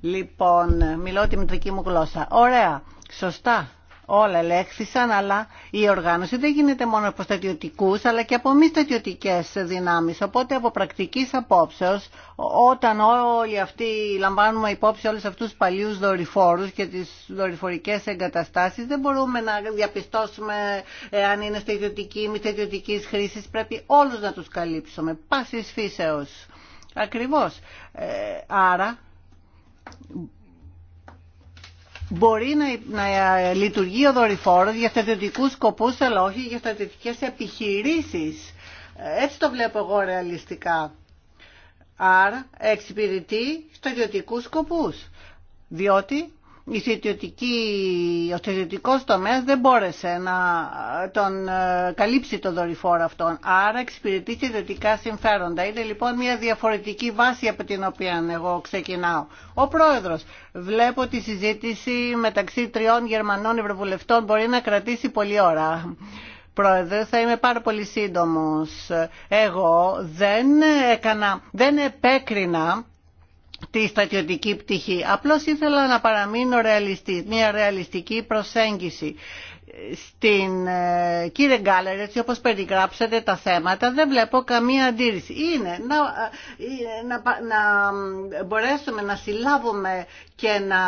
Speaker 2: Λοιπόν, μιλώ τη μητρική μου γλώσσα. Ωραία, σωστά όλα ελέγχθησαν, αλλά η οργάνωση δεν γίνεται μόνο από στρατιωτικού, αλλά και από μη στρατιωτικέ δυνάμει. Οπότε από πρακτική απόψεω, όταν όλοι αυτοί λαμβάνουμε υπόψη όλου αυτού του παλιού δορυφόρου και τι δορυφορικέ εγκαταστάσει, δεν μπορούμε να διαπιστώσουμε ε, αν είναι στρατιωτική ή μη στρατιωτική χρήση. Πρέπει όλου να του καλύψουμε. Πάση φύσεω. Ακριβώ. Ε, άρα μπορεί να, να λειτουργεί ο δορυφόρος για στρατιωτικούς σκοπούς αλλά όχι για στρατιωτικές επιχειρήσεις. Έτσι το βλέπω εγώ ρεαλιστικά. Άρα εξυπηρετεί στρατιωτικούς σκοπούς. Διότι ο θεωρητικός τομέας δεν μπόρεσε να τον ε, καλύψει το δορυφόρο αυτόν. Άρα εξυπηρετεί και συμφέροντα. Είναι λοιπόν μια διαφορετική βάση από την οποία εγώ ξεκινάω. Ο πρόεδρος, βλέπω τη συζήτηση μεταξύ τριών Γερμανών Ευρωβουλευτών μπορεί να κρατήσει πολλή ώρα. Πρόεδρε, θα είμαι πάρα πολύ σύντομος. Εγώ δεν έκανα, δεν επέκρινα τη στατιωτική πτυχή. Απλώς ήθελα να παραμείνω ρεαλιστή, μια ρεαλιστική προσέγγιση. Στην ε, κύριε Γκάλερ, έτσι όπως περιγράψατε τα θέματα, δεν βλέπω καμία αντίρρηση. Είναι να, ε, να, να μπορέσουμε να συλλάβουμε και να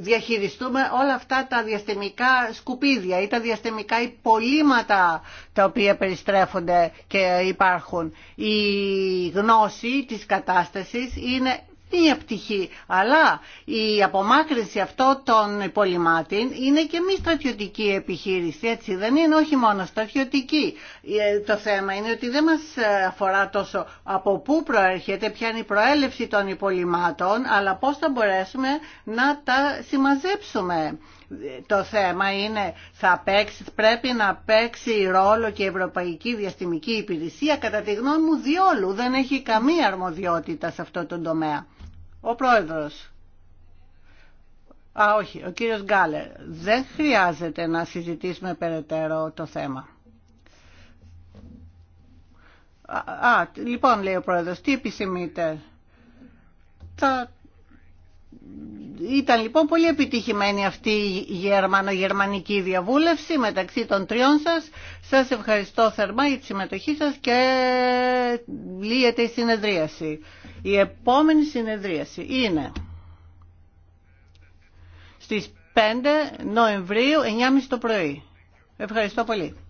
Speaker 2: διαχειριστούμε όλα αυτά τα διαστημικά σκουπίδια ή τα διαστημικά υπολείμματα τα οποία περιστρέφονται και υπάρχουν. Η γνώση της κατάστασης είναι μία πτυχή. Αλλά η απομάκρυνση αυτών των πολυμάτων είναι και μη στρατιωτική επιχείρηση, έτσι δεν είναι όχι μόνο στρατιωτική. Ε, το θέμα είναι ότι δεν μας ε, αφορά τόσο από πού προέρχεται, ποια είναι η προέλευση των υπολοιμάτων, αλλά πώς θα μπορέσουμε να τα συμμαζέψουμε. Το θέμα είναι θα παίξει, πρέπει να παίξει ρόλο και η Ευρωπαϊκή Διαστημική Υπηρεσία κατά τη γνώμη μου διόλου δεν έχει καμία αρμοδιότητα σε αυτό το τομέα. Ο πρόεδρος. Α, όχι, ο κύριος Γκάλερ. Δεν χρειάζεται να συζητήσουμε περαιτέρω το θέμα. Α, λοιπόν, λέει ο πρόεδρος, τι επισημείτε. Τα ήταν λοιπόν πολύ επιτυχημένη αυτή η γερμανογερμανική διαβούλευση μεταξύ των τριών σας. Σας ευχαριστώ θερμά για τη συμμετοχή σας και λύεται η συνεδρίαση. Η επόμενη συνεδρίαση είναι στις 5 Νοεμβρίου 9.30 το πρωί. Ευχαριστώ πολύ.